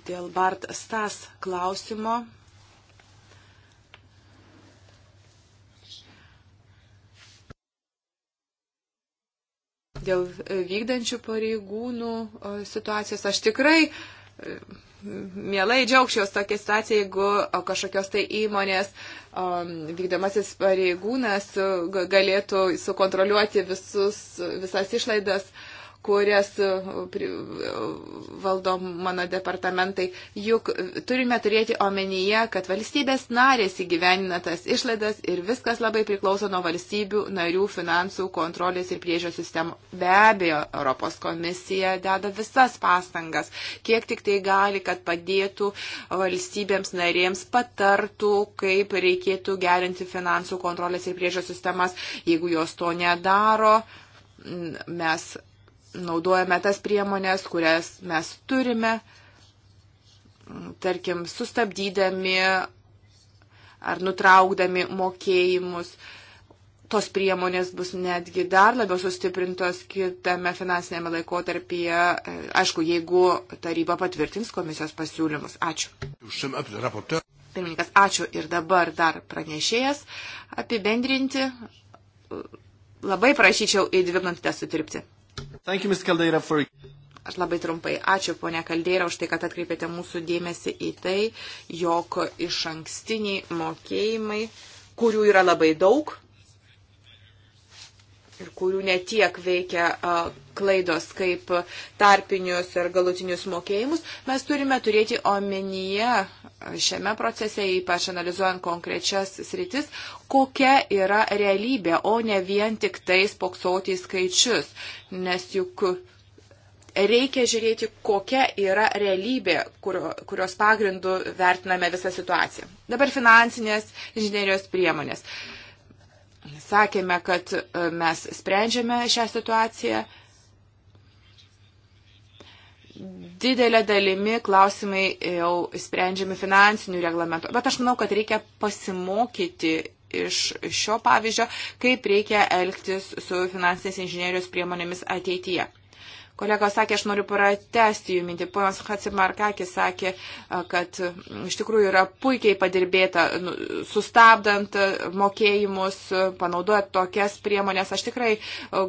dėl Bart Stas klausimo. Dėl vykdančių pareigūnų situacijos aš tikrai uh, mielai džiaugčiaus tokia situacija, jeigu kažkokios tai įmonės um, vykdomasis pareigūnas uh, galėtų sukontroliuoti visus, visas išlaidas kurias e, e, valdo mano departamentai. Juk turime turėti omenyje, kad valstybės narės įgyvenina tas išlaidas ir viskas labai priklauso nuo valstybių narių finansų kontrolės ir priežios sistemų. Be abejo, Europos komisija deda visas pastangas, kiek tik tai gali, kad padėtų valstybėms narėms patartų, kaip reikėtų gerinti finansų kontrolės ir priežios sistemas, jeigu jos to nedaro. Mes naudojame tas priemonės, kurias mes turime, tarkim, sustabdydami ar nutraukdami mokėjimus. Tos priemonės bus netgi dar labiau sustiprintos kitame finansinėme laikotarpyje, aišku, jeigu taryba patvirtins komisijos pasiūlymus. Ačiū. Pirmininkas, ačiū ir dabar dar pranešėjas apibendrinti. Labai prašyčiau į dvi minutės sutirpti. Thank you, Ms. Caldeira, for... Aš labai trumpai. Ačiū, ponia Kaldeira, už tai, kad atkreipėte mūsų dėmesį į tai, jog iš ankstiniai mokėjimai, kurių yra labai daug, ir kurių netiek veikia klaidos kaip tarpinius ir galutinius mokėjimus, mes turime turėti omenyje šiame procese, ypač analizuojant konkrečias sritis, kokia yra realybė, o ne vien tik tai spoksoti į skaičius, nes juk reikia žiūrėti, kokia yra realybė, kurio, kurios pagrindų vertiname visą situaciją. Dabar finansinės inžinierijos priemonės. Uh, sakėme, kad e, mes sprendžiame šią situaciją. Didelė dalimi klausimai jau sprendžiami finansinių reglamentų, bet aš manau, kad reikia pasimokyti iš šio pavyzdžio, kaip reikia elgtis su finansinės inžinierijos priemonėmis ateityje. Kolegos sakė, aš noriu pratesti jų mintį. Ponas Hatsimarkakis sakė, kad iš tikrųjų yra puikiai padirbėta, nu, sustabdant mokėjimus, panaudojant tokias priemonės. Aš tikrai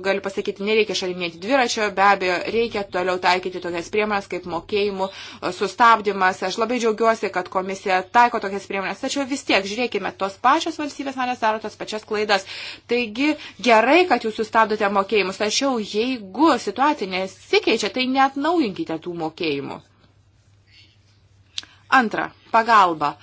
galiu pasakyti, nereikia šaliminėti dviračio, be abejo, reikia toliau taikyti tokias priemonės kaip mokėjimų sustabdymas. Aš labai džiaugiuosi, kad komisija taiko tokias priemonės, tačiau vis tiek, žiūrėkime, tos pačios valstybės narės daro tas pačias klaidas. Taigi gerai, kad jūs sustabdote mokėjimus, tačiau jeigu situacija nes nepasikeičia, tai net naujinkite tų mokėjimų. Antra, pagalba.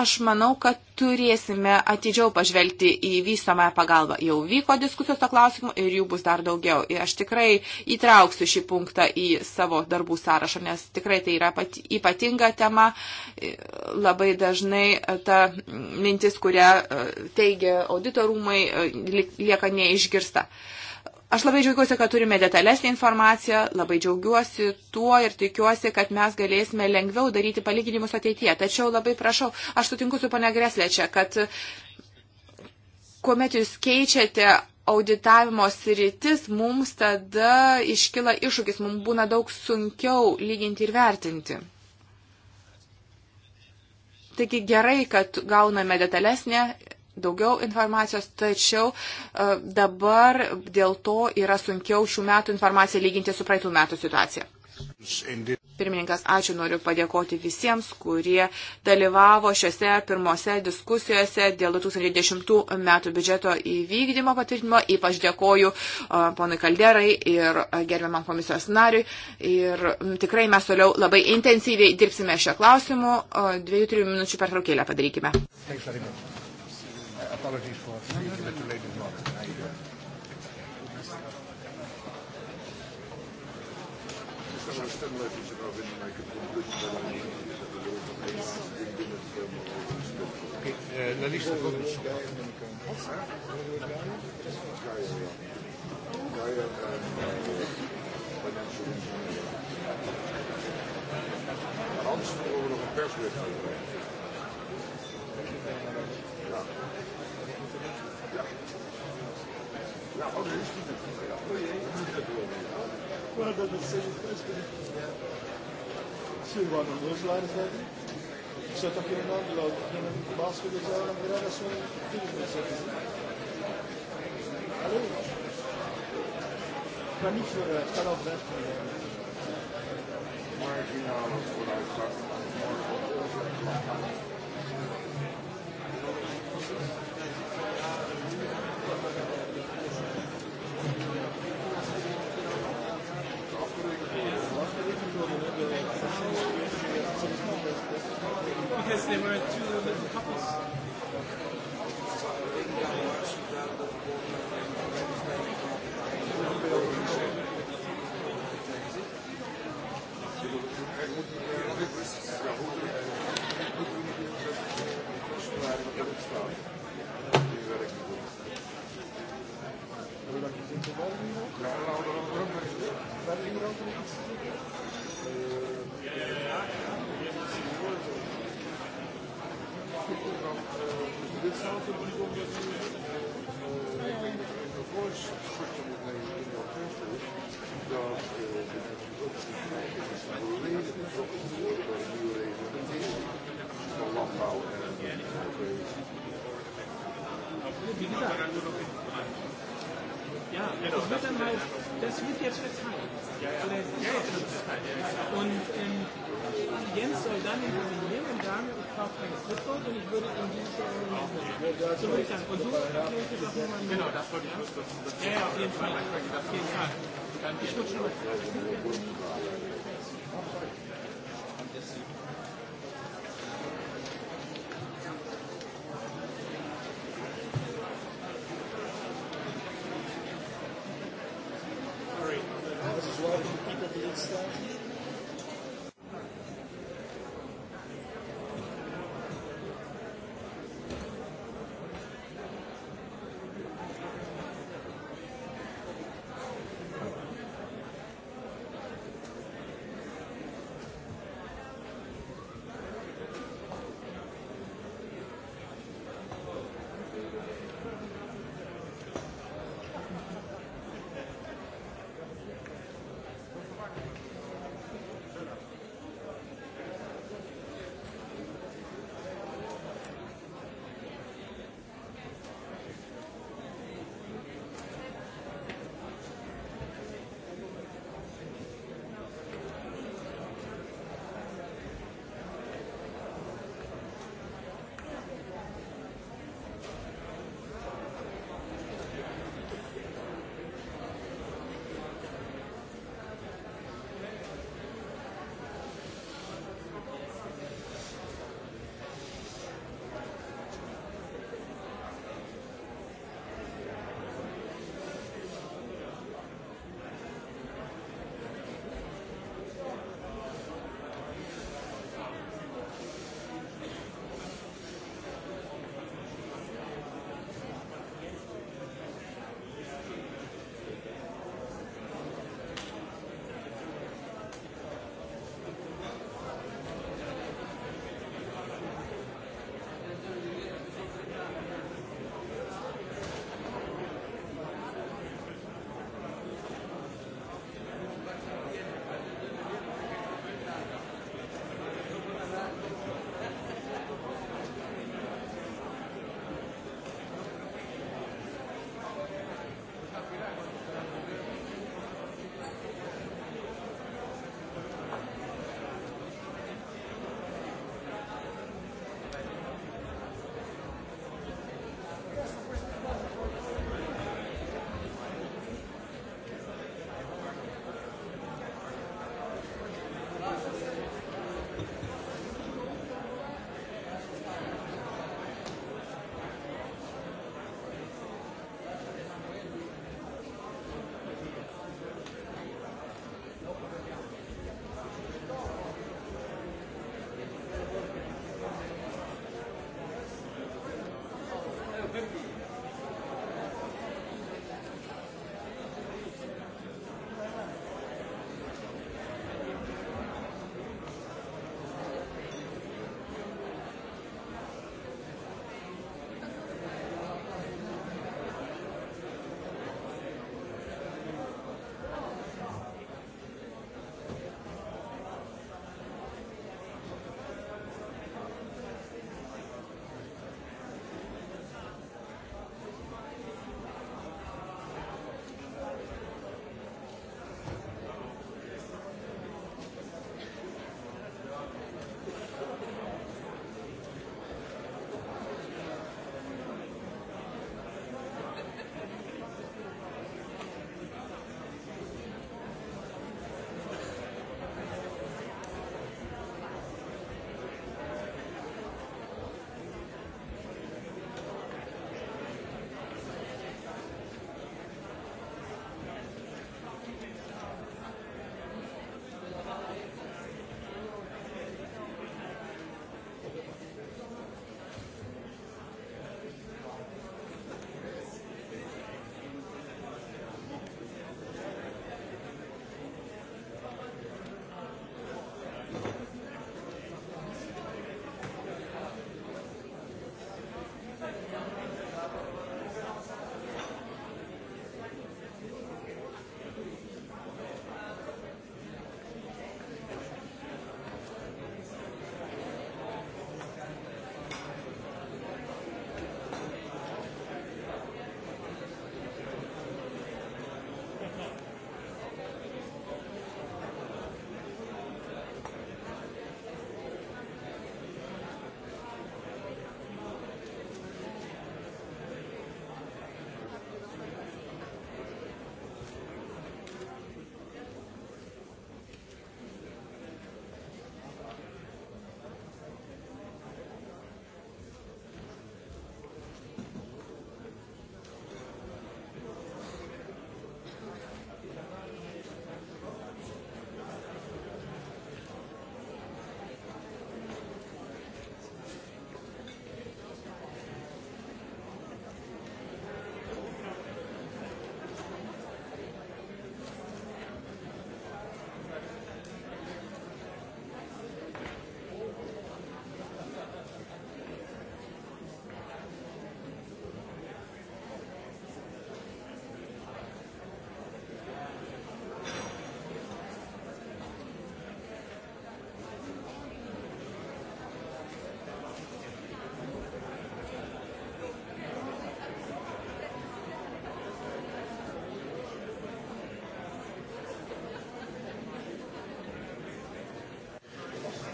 Aš manau, kad turėsime atidžiau pažvelgti į vystamąją pagalbą. Jau vyko diskusijos to klausimu ir jų bus dar daugiau. Ir aš tikrai įtrauksiu šį punktą į savo darbų sąrašą, nes tikrai tai yra pat, ypatinga tema. Labai dažnai ta mintis, kurią e, teigia auditorumai, e, lieka neišgirsta. Uh, Aš labai džiaugiuosi, kad turime detalesnį informaciją, labai džiaugiuosi tuo ir tikiuosi, kad mes galėsime lengviau daryti palyginimus ateityje. Tačiau labai prašau, aš sutinku su pane Greslečia, kad kuomet jūs keičiate auditavimo sritis, mums tada iškyla iššūkis, mums būna daug sunkiau lyginti ir vertinti. Taigi gerai, kad gauname detalesnę daugiau informacijos, tačiau e, dabar dėl to yra sunkiau šių metų informaciją lyginti su praeitų metų situacija. Pirmininkas, ačiū, noriu padėkoti visiems, kurie dalyvavo šiuose pirmose diskusijose dėl 2010 metų biudžeto įvykdymo patvirtinimo. Ypač dėkoju e, ponui Kalderai ir gerbiamam komisijos nariui. Ir tikrai mes toliau labai intensyviai dirbsime šio klausimu. E, dviejų, trijų minučių pertraukėlę padarykime. Thanks, apologies for using the two ladies' box. I, uh, sono esterno e ci sono venuti anche completi la lista come Hans vroeg nog een perswedstrijd. Mana does the same thing. Sul vanno due slide slide. Sotto a pieno l'ho basso che c'era una grana su Allora. Maar niet voor uh, het kan ook weg. Maar ik ging nou wat voor de uitslag. Und ähm, Jens soll dann intervenieren und sagen, ich kaufe kein Scriptboard und ich würde in dieses Jahr investieren. So würde ich sagen. Und so erkläre ich das auch nochmal. Genau, das wollte ich ausdrücken. Ja, ja, auf jeden Fall. Auf jeden Fall. Ich rutsche los.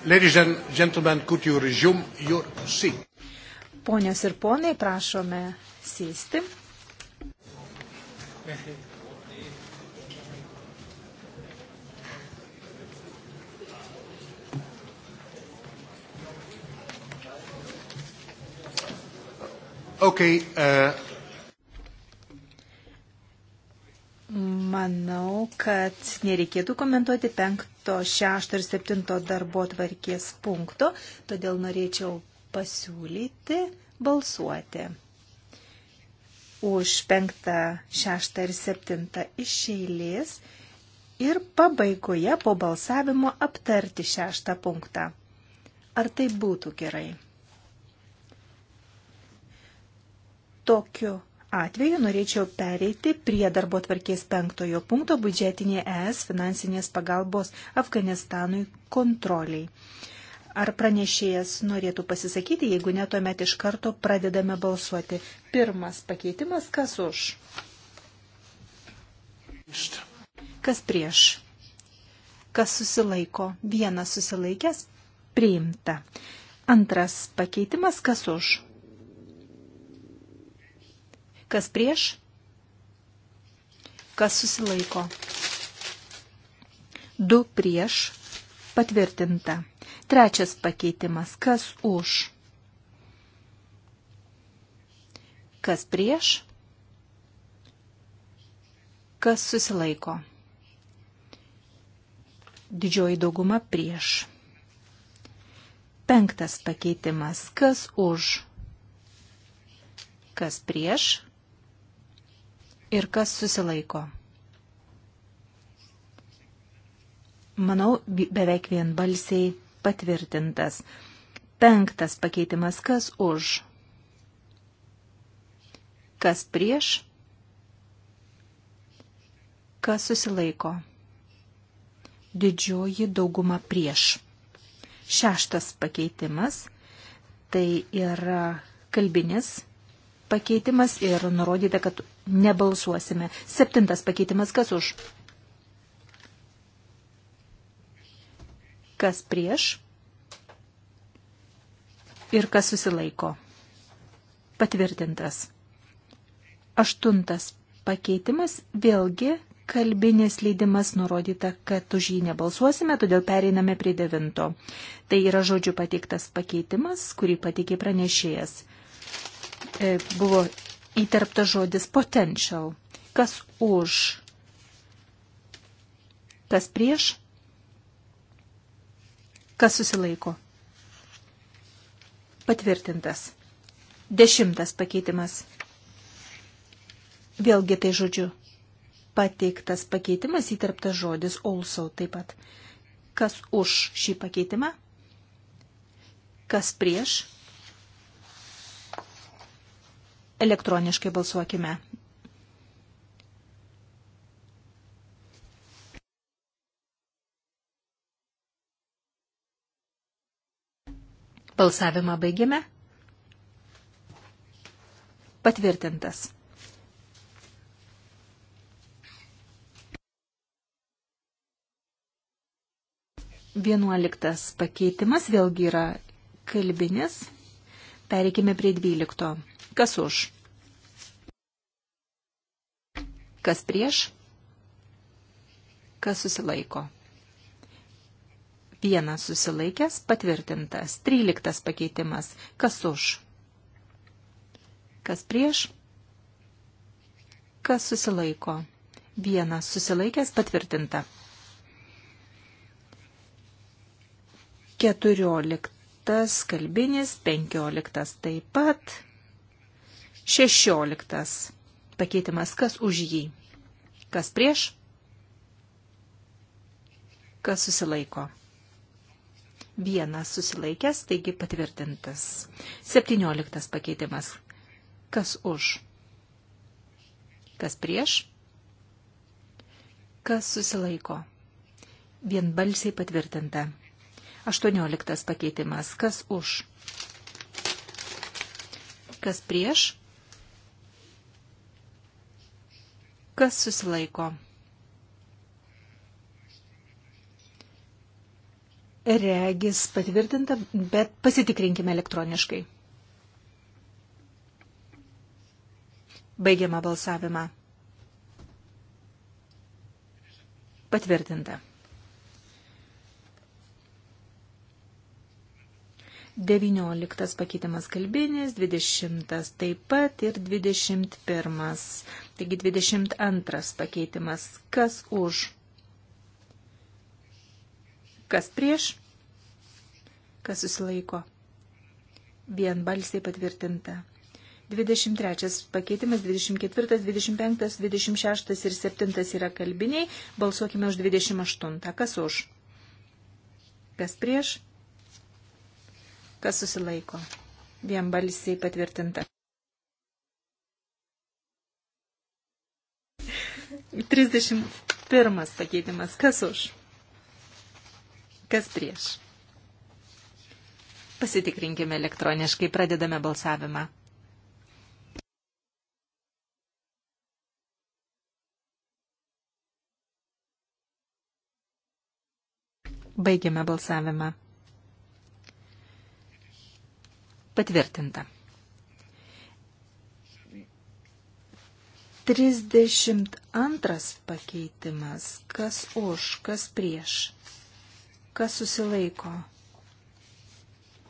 Ladies and gentlemen, could you resume your seat? Ponios ir ponai, prašome sėsti. Okay, uh, kad nereikėtų komentuoti penkto, šešto ir septinto darbo tvarkės punkto, todėl norėčiau pasiūlyti balsuoti už penktą, šeštą ir septintą iš eilės ir pabaigoje po balsavimo aptarti šeštą punktą. Ar tai būtų gerai? Tokiu atveju norėčiau pereiti prie darbo tvarkės penktojo punkto biudžetinė ES finansinės pagalbos Afganistanui kontroliai. Ar pranešėjas norėtų pasisakyti, jeigu ne, tuomet iš karto pradedame balsuoti. Pirmas pakeitimas, kas už? Kas prieš? Kas susilaiko? Vienas susilaikęs? Priimta. Antras pakeitimas, kas už? Kas prieš? Kas susilaiko? 2 prieš. Patvirtinta. Trečias pakeitimas. Kas už? Kas prieš? Kas susilaiko? Didžioji dauguma prieš. Penktas pakeitimas. Kas už? Kas prieš? ir kas susilaiko. Manau, beveik vienbalsiai patvirtintas. Penktas pakeitimas, kas už, kas prieš, kas susilaiko. Didžioji dauguma prieš. Šeštas pakeitimas, tai yra kalbinis pakeitimas ir nurodyta, kad nebalsuosime. Septintas pakeitimas, kas už? Kas prieš? Ir kas susilaiko? Patvirtintas. Aštuntas pakeitimas, vėlgi kalbinės leidimas nurodyta, kad už jį nebalsuosime, todėl pereiname prie devinto. Tai yra žodžių pateiktas pakeitimas, kurį pateikė pranešėjas. E, buvo įterpta žodis potential. Kas už? Kas prieš? Kas susilaiko? Patvirtintas. Dešimtas pakeitimas. Vėlgi tai žodžiu. Pateiktas pakeitimas įtarptas žodis also taip pat. Kas už šį pakeitimą? Kas prieš? Elektroniškai balsuokime. Balsavimą baigėme. Patvirtintas. Vienuoliktas pakeitimas vėlgi yra kalbinis. Pereikime prie dvylikto. Kas už? Kas prieš? Kas susilaiko? Vienas susilaikęs patvirtintas. Tryliktas pakeitimas. Kas už? Kas prieš? Kas susilaiko? Vienas susilaikęs patvirtinta. Keturioliktas kalbinis, penkioliktas taip pat. 16. Pakeitimas kas už jį? Kas prieš? Kas susilaiko? Vienas susilaikęs, taigi patvirtintas. 17. Pakeitimas. Kas už? Kas prieš? Kas susilaiko? Vienbalsiai patvirtinta. 18. Pakeitimas. Kas už? Kas prieš? Kas susilaiko? Regis patvirtinta, bet pasitikrinkime elektroniškai. Baigiama balsavimą. Patvirtinta. 19 pakeitimas kalbinis, 20 taip pat ir 21. Taigi 22 pakeitimas. Kas už? Kas prieš? Kas susilaiko? Vienbalsiai patvirtinta. 23 pakeitimas, 24, 25, 26 ir 7 yra kalbiniai. Balsuokime už 28. Kas už? Kas prieš? Kas susilaiko? Vienbalsiai patvirtinta. 31 pakeitimas. Kas už? Kas prieš? Pasitikrinkime elektroniškai, pradedame balsavimą. Baigiame balsavimą. Patvirtinta. 32 pakeitimas. Kas už, kas prieš. Kas susilaiko.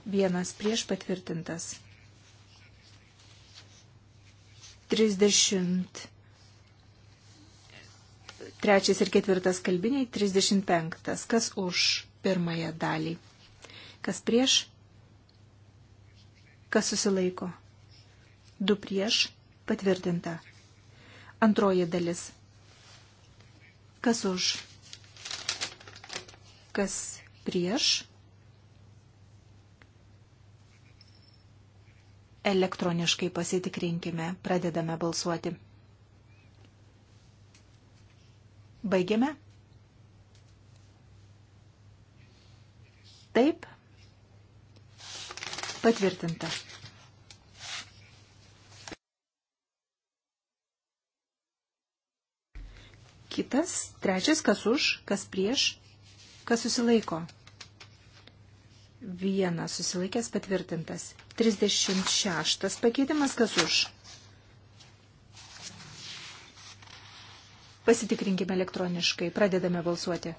Vienas prieš patvirtintas. 30. Trečias ir ketvirtas kalbiniai. 35. Kas už pirmąją dalį. Kas prieš Kas susilaiko? Du prieš. Patvirtinta. Antroji dalis. Kas už? Kas prieš? Elektroniškai pasitikrinkime. Pradedame balsuoti. Baigiame. Taip, Patvirtinta. Kitas, trečias, kas už, kas prieš, kas susilaiko. Vienas susilaikęs patvirtintas. 36 pakeitimas, kas už. Pasitikrinkime elektroniškai, pradedame balsuoti.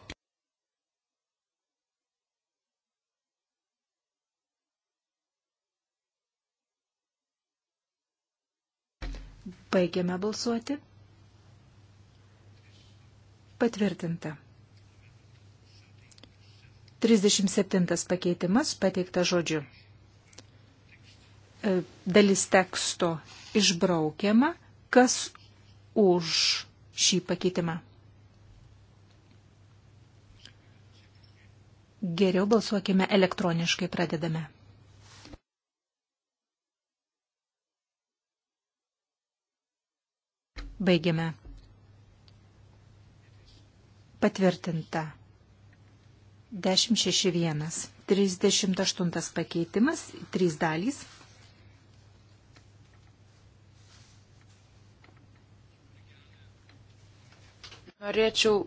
Baigiame balsuoti. Patvirtinta. 37 pakeitimas pateikta žodžiu. E, dalis teksto išbraukiama. Kas už šį pakeitimą? Geriau balsuokime elektroniškai, pradedame. Baigiame. Patvirtinta. 1061. 38 pakeitimas, 3 dalys. Norėčiau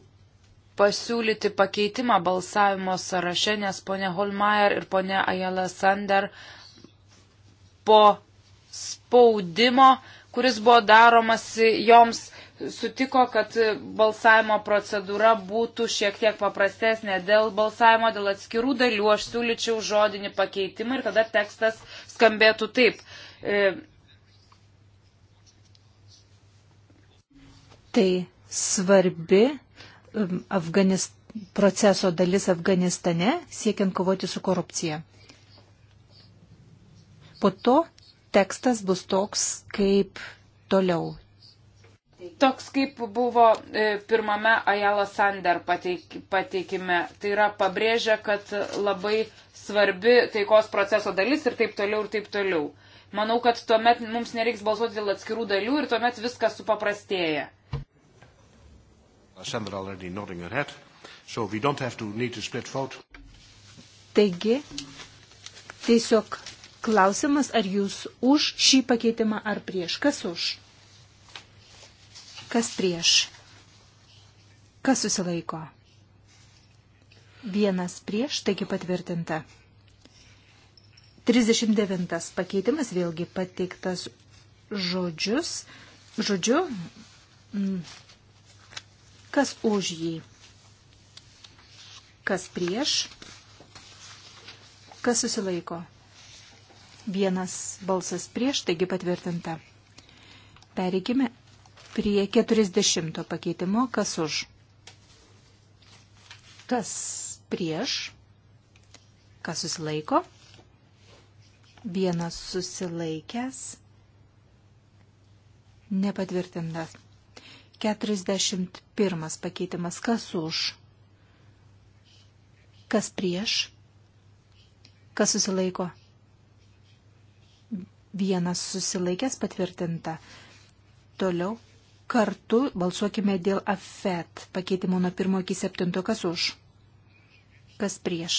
pasiūlyti pakeitimą balsavimo sąraše, nes ponė Holmeier ir ponė Ajala Sander po spaudimo kuris buvo daromas joms, sutiko, kad balsavimo procedūra būtų šiek tiek paprastesnė. Dėl balsavimo, dėl atskirų dalių aš siūlyčiau žodinį pakeitimą ir tada tekstas skambėtų taip. E, tai svarbi Afganist... proceso dalis Afganistane siekiant kovoti su korupcija. Po to tekstas bus toks, kaip toliau. Toks kaip buvo e, pirmame Ajala Sander pateikime. Tai yra pabrėžia, kad labai svarbi taikos proceso dalis ir taip toliau ir taip toliau. Manau, kad tuomet mums nereiks balsuoti dėl atskirų dalių ir tuomet viskas supaprastėja. Sander already nodding her head, so we don't have to need to split vote. Taigi, tiesiog Klausimas, ar jūs už šį pakeitimą ar prieš? Kas už? Kas prieš? Kas susilaiko? Vienas prieš, taigi patvirtinta. 39 pakeitimas vėlgi pateiktas žodžius. Žodžiu, mm, kas už jį, kas prieš, kas susilaiko vienas balsas prieš, taigi patvirtinta. Pereikime prie 40 pakeitimo, kas už, kas prieš, kas susilaiko, vienas susilaikęs, nepatvirtintas. 41 pakeitimas, kas už, kas prieš, kas susilaiko, vienas susilaikęs patvirtinta. Toliau kartu balsuokime dėl AFET pakeitimo nuo 1 iki 7. Kas už? Kas prieš?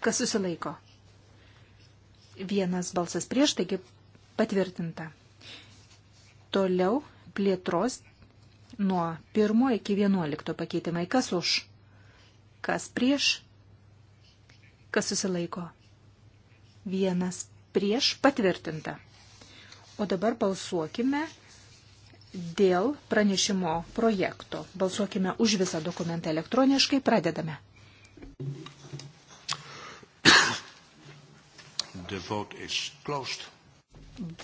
Kas susilaiko? Vienas balsas prieš, taigi patvirtinta. Toliau plėtros nuo 1 iki 11 pakeitimai. Kas už? Kas prieš? Kas susilaiko? Vienas prieš patvirtinta. O dabar balsuokime dėl pranešimo projekto. Balsuokime už visą dokumentą elektroniškai. Pradedame.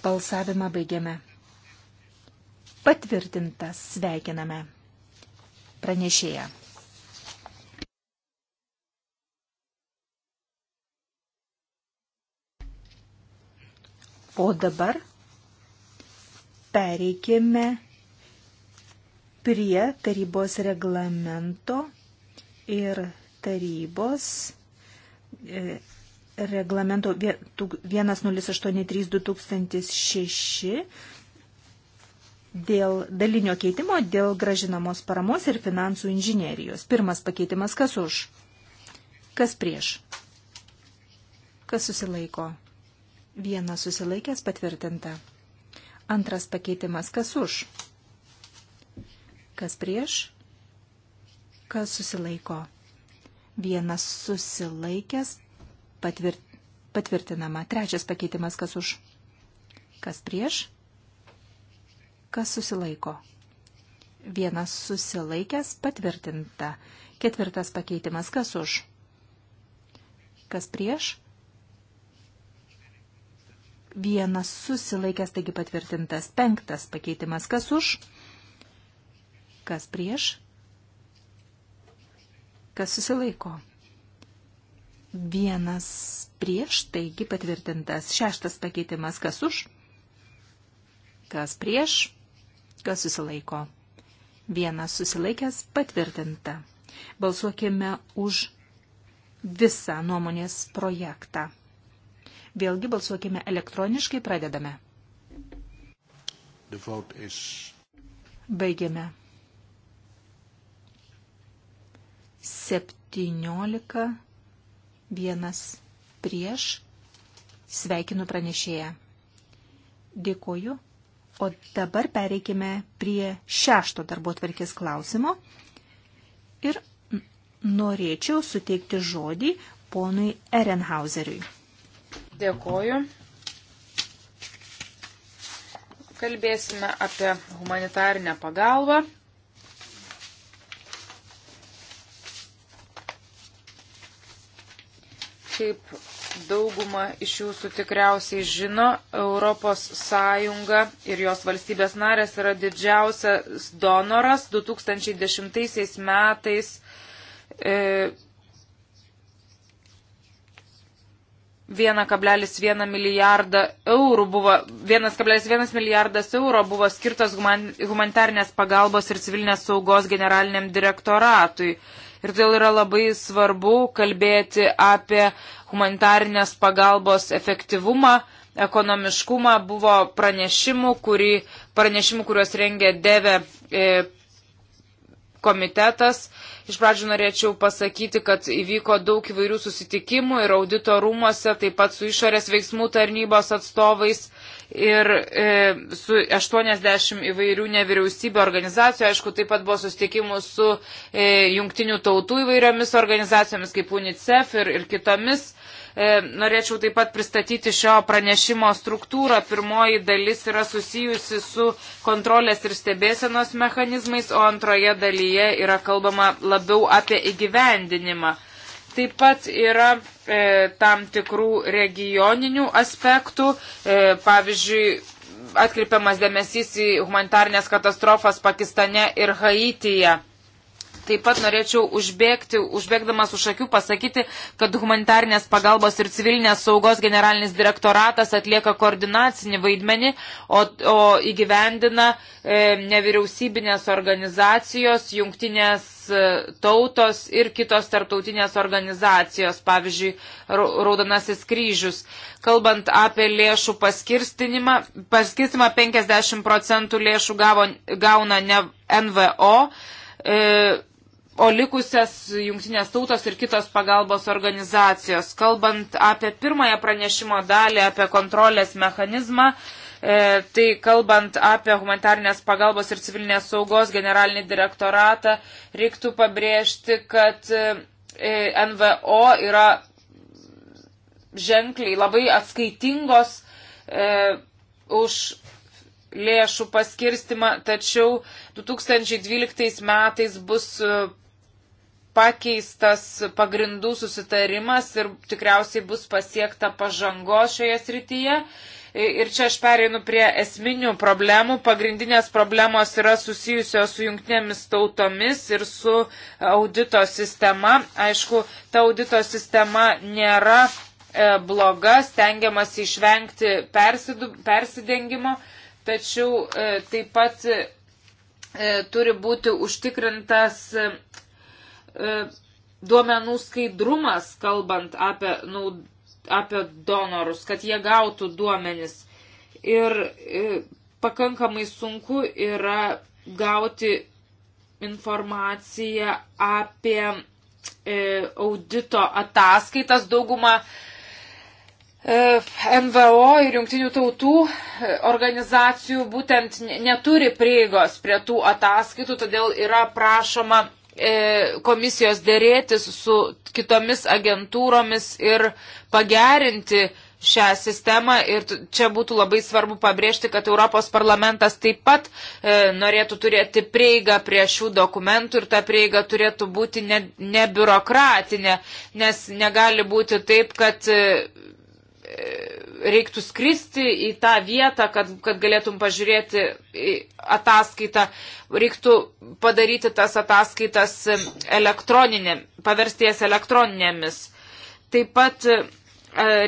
Balsavimą baigiame. Patvirtintas sveikiname pranešėją. O dabar pereikime prie tarybos reglamento ir tarybos e, reglamento 1083-2006 dėl dalinio keitimo, dėl gražinamos paramos ir finansų inžinierijos. Pirmas pakeitimas kas už? Kas prieš? Kas susilaiko? Vienas susilaikęs patvirtinta. Antras pakeitimas kas už? Kas prieš? Kas susilaiko? Vienas susilaikęs patvirt, patvirtinama. Trečias pakeitimas kas už? Kas prieš? Kas susilaiko? Vienas susilaikęs patvirtinta. Ketvirtas pakeitimas kas už? Kas prieš? vienas susilaikęs, taigi patvirtintas penktas pakeitimas. Kas už? Kas prieš? Kas susilaiko? Vienas prieš, taigi patvirtintas šeštas pakeitimas. Kas už? Kas prieš? Kas susilaiko? Vienas susilaikęs patvirtinta. Balsuokime už visą nuomonės projektą. Vėlgi balsuokime elektroniškai, pradedame. Is... Baigiame. 17, 1 prieš. Sveikinu pranešėją. Dėkoju. O dabar pereikime prie šešto darbo tvarkės klausimo. Ir norėčiau suteikti žodį ponui Erenhauseriui. Dėkoju. Kalbėsime apie humanitarinę pagalbą. Kaip dauguma iš jūsų tikriausiai žino, ES ir jos valstybės narės yra didžiausias donoras. 2010 metais e, 1,1 milijardą eurų buvo, 1,1 milijardas eurų buvo skirtas human, humanitarnės pagalbos ir civilinės saugos generaliniam direktoratui. Ir todėl yra labai svarbu kalbėti apie humanitarnės pagalbos efektyvumą, ekonomiškumą. Buvo pranešimų, kurį, pranešimų kuriuos rengė Deve e, komitetas. Iš pradžių norėčiau pasakyti, kad įvyko daug įvairių susitikimų ir audito rūmose, taip pat su išorės veiksmų tarnybos atstovais ir e, su 80 įvairių nevyriausybių organizacijų. Aišku, taip pat buvo susitikimų su e, jungtinių tautų įvairiomis organizacijomis kaip UNICEF ir, ir kitomis. E, norėčiau taip pat pristatyti šio pranešimo struktūrą. Pirmoji dalis yra susijusi su kontrolės ir stebėsenos mechanizmais, o antroje dalyje yra kalbama labiau apie įgyvendinimą. Taip pat yra e, tam tikrų regioninių aspektų, e, pavyzdžiui, atkreipiamas dėmesys į humanitarnės katastrofas Pakistane ir Haityje. Taip pat norėčiau užbėgti, užbėgdamas už akių pasakyti, kad humanitarnės pagalbos ir civilinės saugos generalinis direktoratas atlieka koordinacinį vaidmenį, o, o įgyvendina e, nevyriausybinės organizacijos, jungtinės e, tautos ir kitos tarptautinės organizacijos, pavyzdžiui, Raudonasis kryžius. Kalbant apie lėšų paskirstinimą, paskirstimą 50 procentų lėšų gavo, gauna ne NVO. E, o likusias jungtinės tautos ir kitos pagalbos organizacijos. Kalbant apie pirmąją pranešimo dalį, apie kontrolės mechanizmą, e, tai kalbant apie humanitarnės pagalbos ir civilinės saugos generalinį direktoratą, reiktų pabrėžti, kad e, e NVO yra ženkliai labai atskaitingos e, už lėšų paskirstimą, tačiau 2012 metais bus e, pakeistas pagrindų susitarimas ir tikriausiai bus pasiekta pažangos šioje srityje. Ir čia aš pereinu prie esminių problemų. Pagrindinės problemos yra susijusios su jungtinėmis tautomis ir su audito sistema. Aišku, ta audito sistema nėra e, bloga, stengiamas išvengti persidu, persidengimo, tačiau e, taip pat e, turi būti užtikrintas E, duomenų skaidrumas, kalbant apie, nu, apie donorus, kad jie gautų duomenis. Ir e, pakankamai sunku yra gauti informaciją apie e, audito ataskaitas. Dauguma NVO ir jungtinių tautų organizacijų būtent neturi prieigos prie tų ataskaitų, todėl yra prašoma E, komisijos dėrėtis su kitomis agentūromis ir pagerinti šią sistemą ir čia būtų labai svarbu pabrėžti, kad Europos parlamentas taip pat e, norėtų turėti prieigą prie šių dokumentų ir ta prieiga turėtų būti nebiurokratinė, ne, ne nes negali būti taip, kad e, e reiktų skristi į tą vietą, kad, kad galėtum pažiūrėti ataskaitą, reiktų padaryti tas ataskaitas elektroninė, paversti jas elektroninėmis. Taip pat e,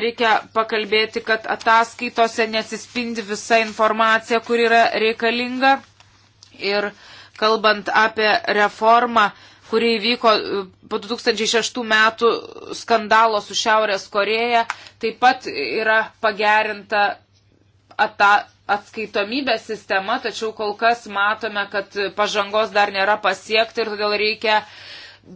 reikia pakalbėti, kad ataskaitose nesispindi visa informacija, kur yra reikalinga. Ir kalbant apie reformą, kuri įvyko e, po 2006 metų skandalo su Šiaurės Koreja, taip pat yra pagerinta ata, atskaitomybės sistema, tačiau kol kas matome, kad pažangos dar nėra pasiekta ir todėl reikia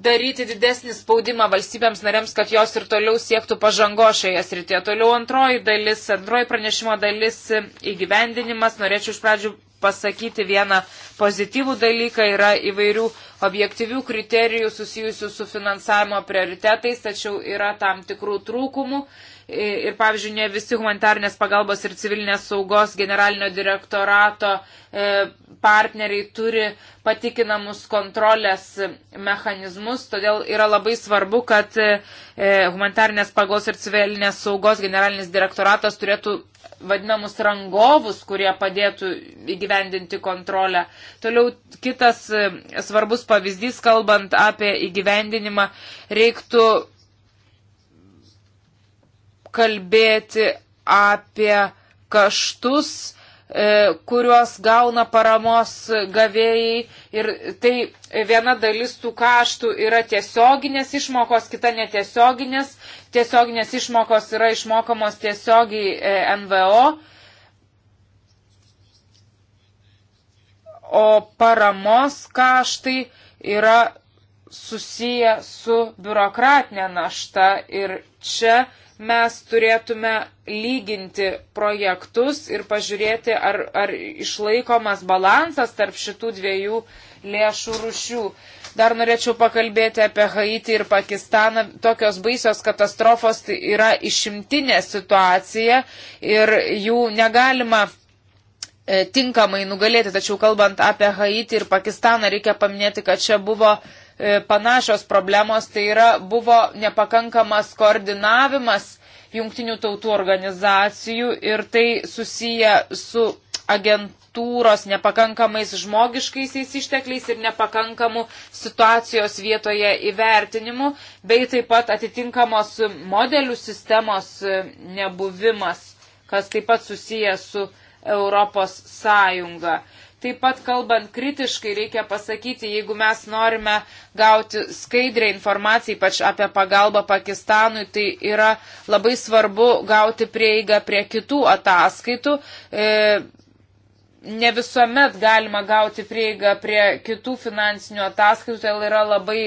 daryti didesnį spaudimą valstybėms narėms, kad jos ir toliau siektų pažango šioje srityje. Toliau antroji dalis, antroji pranešimo dalis įgyvendinimas. Norėčiau iš pradžių pasakyti vieną pozityvų dalyką, yra įvairių objektyvių kriterijų susijusių su finansavimo prioritetais, tačiau yra tam tikrų trūkumų. E, ir, pavyzdžiui, ne visi humanitarnės pagalbos ir civilinės saugos generalinio direktorato e, partneriai turi patikinamus kontrolės mechanizmus, todėl yra labai svarbu, kad e, humanitarnės pagalbos ir civilinės saugos generalinis direktoratas turėtų vadinamus rangovus, kurie padėtų įgyvendinti kontrolę. Toliau kitas e, svarbus pavyzdys, kalbant apie įgyvendinimą, reiktų kalbėti apie kaštus, e, kuriuos gauna paramos gavėjai. Ir tai viena dalis tų kaštų yra tiesioginės išmokos, kita netiesioginės. Tiesioginės išmokos yra išmokamos tiesiogiai e, NVO. O paramos kaštai yra susiję su biurokratinė našta ir čia mes turėtume lyginti projektus ir pažiūrėti, ar, ar išlaikomas balansas tarp šitų dviejų lėšų rušių. Dar norėčiau pakalbėti apie Haitį ir Pakistaną. Tokios baisios katastrofos tai yra išimtinė situacija ir jų negalima e, tinkamai nugalėti. Tačiau kalbant apie Haitį ir Pakistaną, reikia paminėti, kad čia buvo uh, E, panašios problemos, tai yra buvo nepakankamas koordinavimas jungtinių tautų organizacijų ir tai susiję su agentūros nepakankamais žmogiškaisiais ištekliais ir nepakankamu situacijos vietoje įvertinimu, bei taip pat atitinkamos modelių sistemos nebuvimas, kas taip pat susiję su Europos Sąjunga. Taip pat kalbant kritiškai reikia pasakyti, jeigu mes norime gauti skaidrę informaciją, ypač apie pagalbą Pakistanui, tai yra labai svarbu gauti prieigą prie kitų ataskaitų. E, ne visuomet galima gauti prieigą prie kitų finansinių ataskaitų, todėl yra labai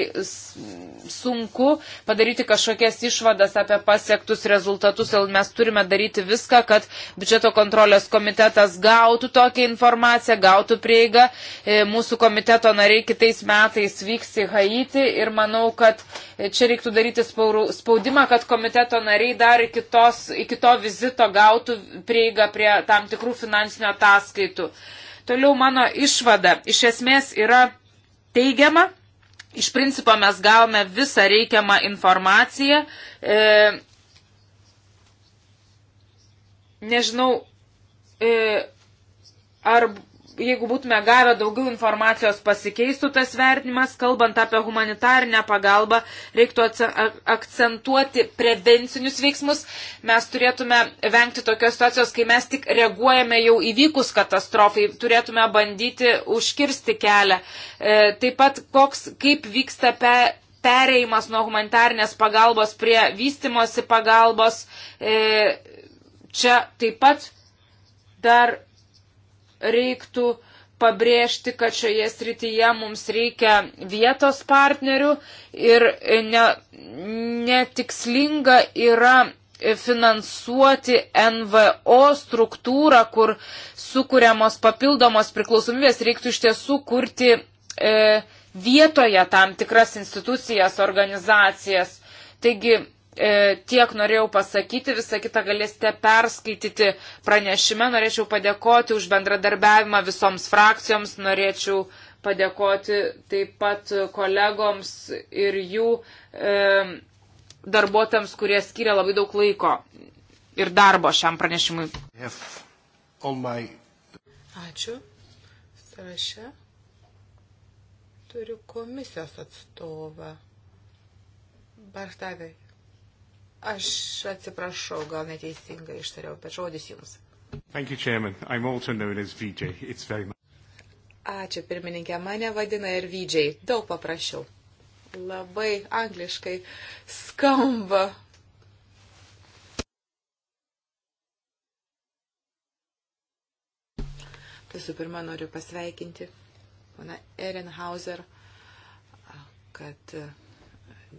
sunku padaryti kažkokias išvadas apie pasiektus rezultatus, todėl mes turime daryti viską, kad biudžeto kontrolės komitetas gautų tokią informaciją, gautų prieigą. E, mūsų komiteto nariai kitais metais vyks į Haiti ir manau, kad e, čia reiktų daryti spaudimą, kad komiteto nariai dar iki, tos, iki to vizito gautų prieigą prie tam tikrų finansinių ataskaitų metų. Toliau mano išvada iš esmės yra teigiama. Iš principo mes gavome visą reikiamą informaciją. E, nežinau, e, ar jeigu būtume gavę daugiau informacijos, pasikeistų tas vertinimas. Kalbant apie humanitarinę pagalbą, reiktų akcentuoti prevencinius veiksmus. Mes turėtume vengti tokios situacijos, kai mes tik reaguojame jau įvykus katastrofai, turėtume bandyti užkirsti kelią. E, taip pat, koks, kaip vyksta pe, pereimas nuo humanitarnės pagalbos prie vystimosi pagalbos. E, čia taip pat dar reiktų pabrėžti, kad šioje srityje mums reikia vietos partnerių ir e, ne, netikslinga yra finansuoti NVO struktūrą, kur sukūriamos papildomos priklausomybės, reiktų iš tiesų kurti e, vietoje tam tikras institucijas, organizacijas. Taigi E, tiek norėjau pasakyti, visą kitą galėsite perskaityti pranešime. Norėčiau padėkoti už bendradarbiavimą visoms frakcijoms, norėčiau padėkoti taip pat kolegoms ir jų e, darbuotams, kurie skiria labai daug laiko ir darbo šiam pranešimui. My... Ačiū. Sąraše turiu komisijos atstovą. Bartavai. Aš atsiprašau, gal neteisingai ištariau, bet žodis jums. Thank you, Chairman. I'm also known as VJ. It's very much. Ačiū, pirmininkė. Mane vadina ir VJ. Daug paprašiau. Labai angliškai skamba. Visų pirma, noriu pasveikinti pana Erenhauser, kad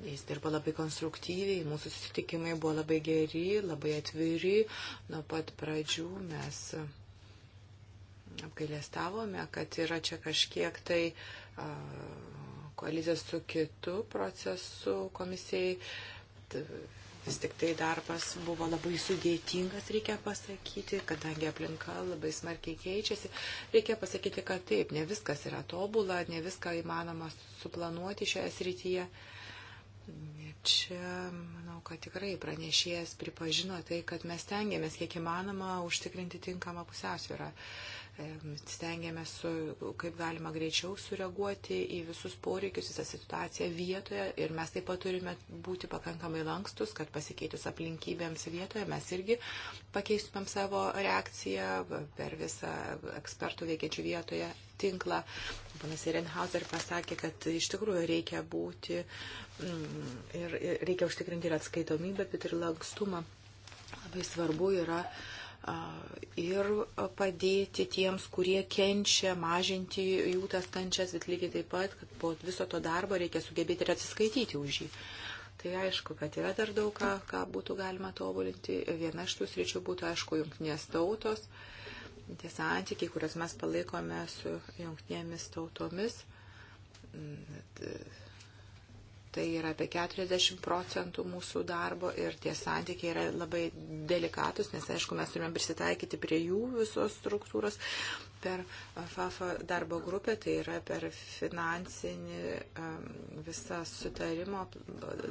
Jis dirbo labai konstruktyviai, mūsų susitikimai buvo labai geri, labai atviri. Nuo pat pradžių mes apgailestavome, kad yra čia kažkiek tai koalizija su kitu procesu komisijai. Vis tik tai darbas buvo labai sudėtingas, reikia pasakyti, kadangi aplinka labai smarkiai keičiasi. Reikia pasakyti, kad taip, ne viskas yra tobula, ne viską įmanoma suplanuoti šioje srityje. Uh, Čia, manau, kad tikrai pranešėjas pripažino tai, kad mes tengiamės kiek įmanoma užtikrinti tinkamą pusiausvyrą stengiamės su, kaip galima greičiau sureaguoti į visus poreikius, visą situaciją vietoje ir mes taip pat turime būti pakankamai lankstus, kad pasikeitus aplinkybėms vietoje mes irgi pakeistumėm savo reakciją per visą ekspertų veikiančių vietoje tinklą. Panas Renhauser pasakė, kad iš tikrųjų reikia būti mm, ir reikia užtikrinti ir atskaitomybę, bet ir lankstumą. Labai svarbu yra uh, ir padėti tiems, kurie kenčia, mažinti jų tas kančias, bet lygiai taip pat, kad po viso to darbo reikia sugebėti ir atsiskaityti už jį. Tai aišku, kad yra dar daug, ką, ką būtų galima tobulinti. Viena iš tų sričių būtų, aišku, jungtinės tautos, tie santykiai, kuriuos mes palaikome su jungtinėmis tautomis. Tai tai yra apie 40 procentų mūsų darbo ir tie santykiai yra labai delikatus, nes aišku, mes turime prisitaikyti prie jų visos struktūros per FAFA darbo grupę, tai yra per finansinį visą sutarimo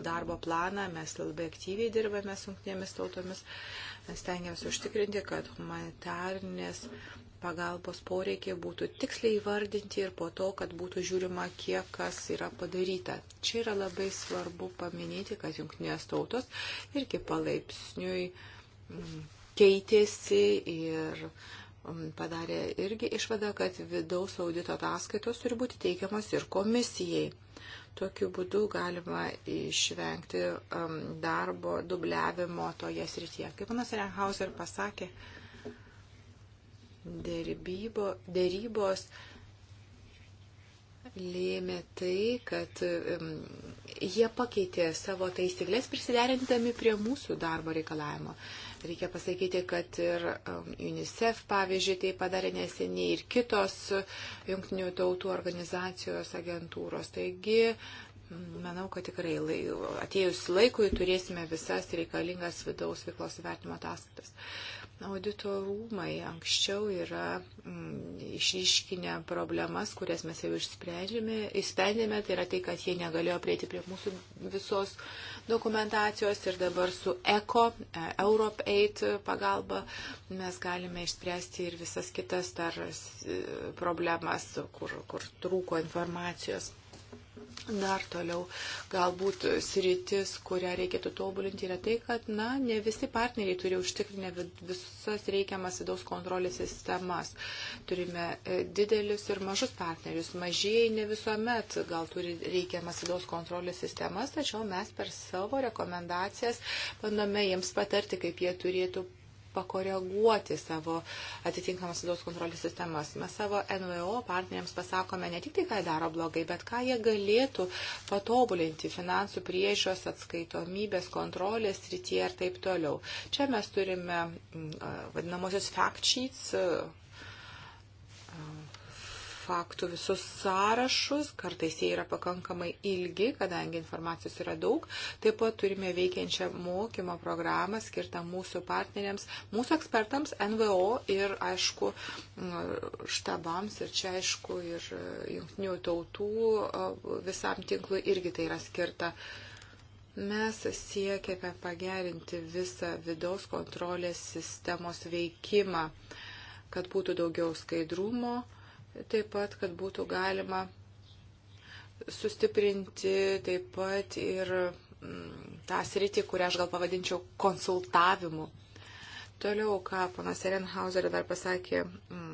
darbo planą, mes labai aktyviai dirbame su jungtinėmis tautomis, mes tengiamės užtikrinti, kad humanitarnės pagalbos poreikiai būtų tiksliai įvardinti ir po to, kad būtų žiūrima, kiek kas yra padaryta. Čia yra labai svarbu paminėti, kad jungtinės tautos irgi palaipsniui mm, keitėsi ir mm, padarė irgi išvadą, kad vidaus audito ataskaitos turi būti teikiamas ir komisijai. Tokiu būdu galima išvengti um, darbo dubliavimo toje srityje. Kaip panas Rehauser pasakė, uh, dėrybybo, dėrybos lėmė tai, kad jie pakeitė savo taisyklės prisiderintami prie mūsų darbo reikalavimo. Reikia pasakyti, kad ir UNICEF, pavyzdžiui, tai padarė neseniai ir kitos jungtinių tautų organizacijos agentūros. Taigi, manau, kad tikrai lai, atėjus laikui turėsime visas reikalingas vidaus veiklos vertimo ataskaitas. Audito rūmai anksčiau yra mm, išryškinę problemas, kurias mes jau išsprendėme, tai yra tai, kad jie negalėjo prieiti prie mūsų visos dokumentacijos ir dabar su ECO, e, Europe Aid pagalba mes galime išspręsti ir visas kitas dar e, problemas, kur, kur trūko informacijos. Dar toliau, galbūt sritis, kurią reikėtų tobulinti, yra tai, kad na, ne visi partneriai turi užtikrinę visas reikiamas vidaus kontrolės sistemas. Turime e, didelius ir mažus partnerius. Mažieji ne visuomet gal turi reikiamas vidaus kontrolės sistemas, tačiau mes per savo rekomendacijas bandome jiems patarti, kaip jie turėtų pakoreguoti savo atitinkamas vidaus kontrolės sistemas. Mes savo NVO partneriams pasakome ne tik tai, ką daro blogai, bet ką jie galėtų patobulinti finansų priežios atskaitomybės kontrolės srityje ir taip toliau. Čia mes turime mm, vadinamosios fact sheets faktų visus sąrašus, kartais jie yra pakankamai ilgi, kadangi informacijos yra daug. Taip pat turime veikiančią mokymo programą skirtą mūsų partneriams, mūsų ekspertams, NVO ir, aišku, štabams ir čia, aišku, ir jungtinių tautų visam tinklui irgi tai yra skirta. Mes siekiame pagerinti visą vidaus kontrolės sistemos veikimą, kad būtų daugiau skaidrumo, taip pat, kad būtų galima sustiprinti taip pat ir mm, tą sritį, kurią aš gal pavadinčiau konsultavimu. Toliau, ką panas Erenhauser dar pasakė mm,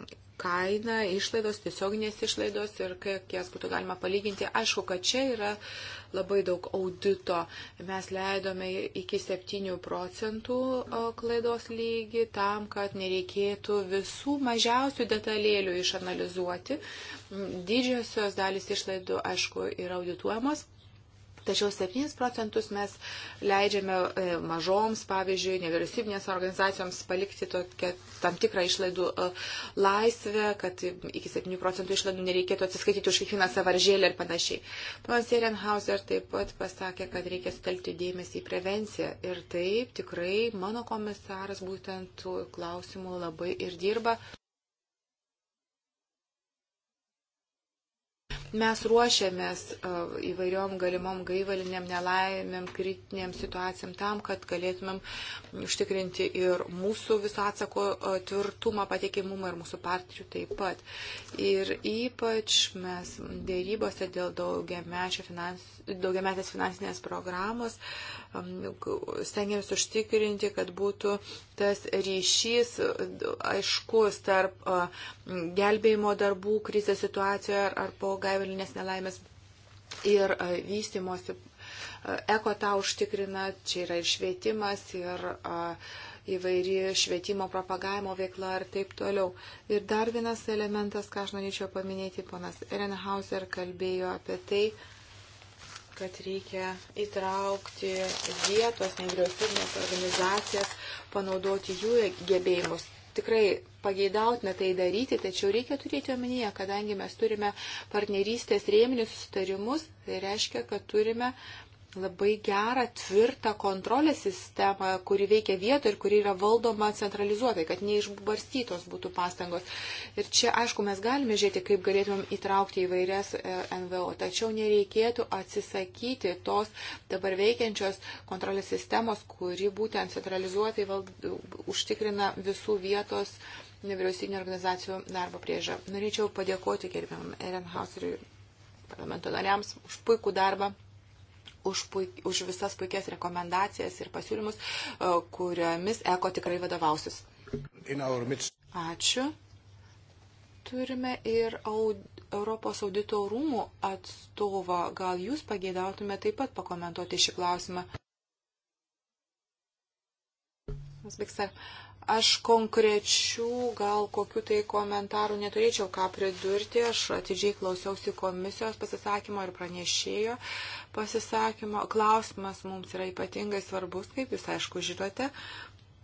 kaina, išlaidos, tiesioginės išlaidos ir kiek jas būtų galima palyginti. Aišku, kad čia yra labai daug audito. Mes leidome iki 7 procentų klaidos lygį tam, kad nereikėtų visų mažiausių detalėlių išanalizuoti. Didžiosios dalis išlaidų, aišku, yra audituojamos. Tačiau 7 procentus mes leidžiame e, mažoms, pavyzdžiui, nevyriausybinės organizacijoms palikti tokia, tam tikrą išlaidų e, laisvę, kad iki 7 procentų išlaidų nereikėtų atsiskaityti už kiekvieną savaržėlį ir panašiai. Ponas Ehrenhauser taip pat pasakė, kad reikia sutelkti dėmesį į prevenciją. Ir taip tikrai mano komisaras būtent klausimų labai ir dirba. Mes ruošiamės e, įvairiom galimom gaivaliniam nelaimėm, kritiniam situacijam tam, kad galėtumėm užtikrinti ir mūsų viso atsako e, tvirtumą, patikimumą ir mūsų partijų taip pat. Ir ypač mes dėrybose dėl daugiametės finans, daugia finansinės programos stengiamės užtikrinti, kad būtų tas ryšys e, aiškus tarp gelbėjimo darbų krizės situacijoje ar po gaivų avialinės nelaimės ir e, vystimosi. E, eko tą užtikrina, čia yra ir švietimas, ir įvairi švietimo propagavimo veikla ir taip toliau. Ir dar vienas elementas, ką aš norėčiau paminėti, ponas Erenhauser kalbėjo apie tai, kad reikia įtraukti vietos nevyriausybinės organizacijas, panaudoti jų gebėjimus. Tikrai pageidautina tai daryti, tačiau reikia turėti omenyje, kadangi mes turime partnerystės rėminius sustarimus, tai reiškia, kad turime labai gerą, tvirtą kontrolės sistemą, kuri veikia vietoje ir kuri yra valdoma centralizuotai, kad neišbarstytos būtų pastangos. Ir čia, aišku, mes galime žiūrėti, kaip galėtumėm įtraukti įvairias e, NVO, tačiau nereikėtų atsisakyti tos dabar veikiančios kontrolės sistemos, kuri būtent centralizuotai vald... užtikrina visų vietos uh, nevyriausybinio organizacijų darbo priežą. Norėčiau padėkoti gerbiam Ehrenhauseriui parlamento nariams už puikų darbą. Už, puik, už visas puikias rekomendacijas ir pasiūlymus, kuriomis ECO tikrai vadovausis. Ačiū. Turime ir aud, Europos audito rūmų atstovą. Gal jūs pageidautume taip pat pakomentuoti šį klausimą? Uzbekistan. Aš konkrečių gal kokių tai komentarų neturėčiau ką pridurti. Aš atidžiai klausiausi komisijos pasisakymo ir pranešėjo pasisakymo. Klausimas mums yra ypatingai svarbus, kaip jūs aišku žinote.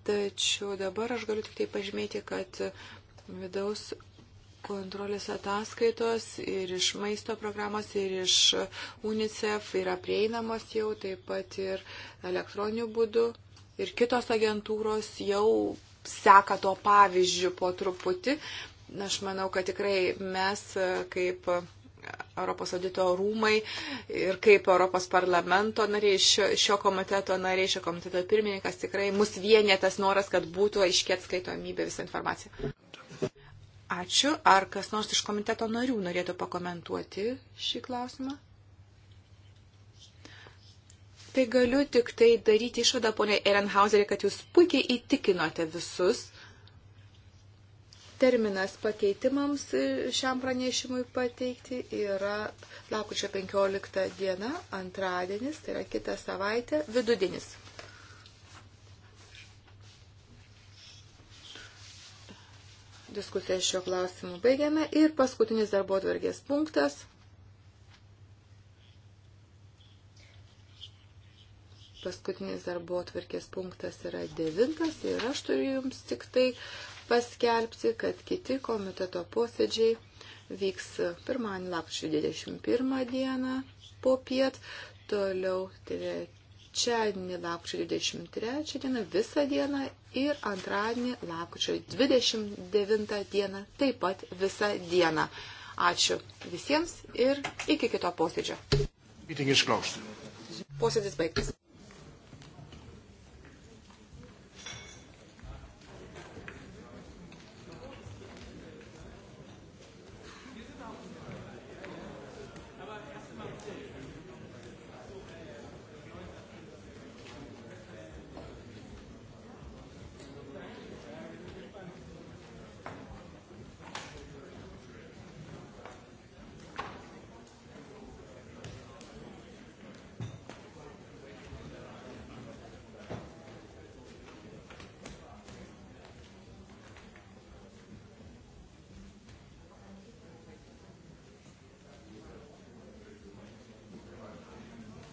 Tačiau dabar aš galiu tik tai pažymėti, kad vidaus kontrolės ataskaitos ir iš maisto programos ir iš UNICEF yra prieinamos jau taip pat ir elektroniniu būdu. Ir kitos agentūros jau seka to pavyzdžių po truputį. Aš manau, kad tikrai mes e, kaip e, Europos audito rūmai ir kaip Europos parlamento nariai, šio, šio komiteto nariai, šio komiteto pirmininkas tikrai mus vienė tas noras, kad būtų aiškiai atskaitomybė visą informaciją. Ačiū. Ar kas nors iš komiteto narių norėtų pakomentuoti šį klausimą? Tai galiu tik tai daryti išvadą, ponė Ehrenhauserį, kad jūs puikiai įtikinote visus. Terminas pakeitimams šiam pranešimui pateikti yra lakučio 15 diena, antradienis, tai yra kita savaitė, vidudinis. Diskusiją šio klausimu baigiame ir paskutinis darbo tvarkės punktas – paskutinis darbo atvarkės punktas yra devintas ir aš turiu jums tik tai paskelbti, kad kiti komiteto posėdžiai vyks pirmąjį lapkričio 21 dieną po piet, toliau trečiadienį lapkričio 23 dieną visą dieną ir antradienį lapkričio 29 dieną taip pat visą dieną. Ačiū visiems ir iki kito posėdžio. Posėdis baigtas.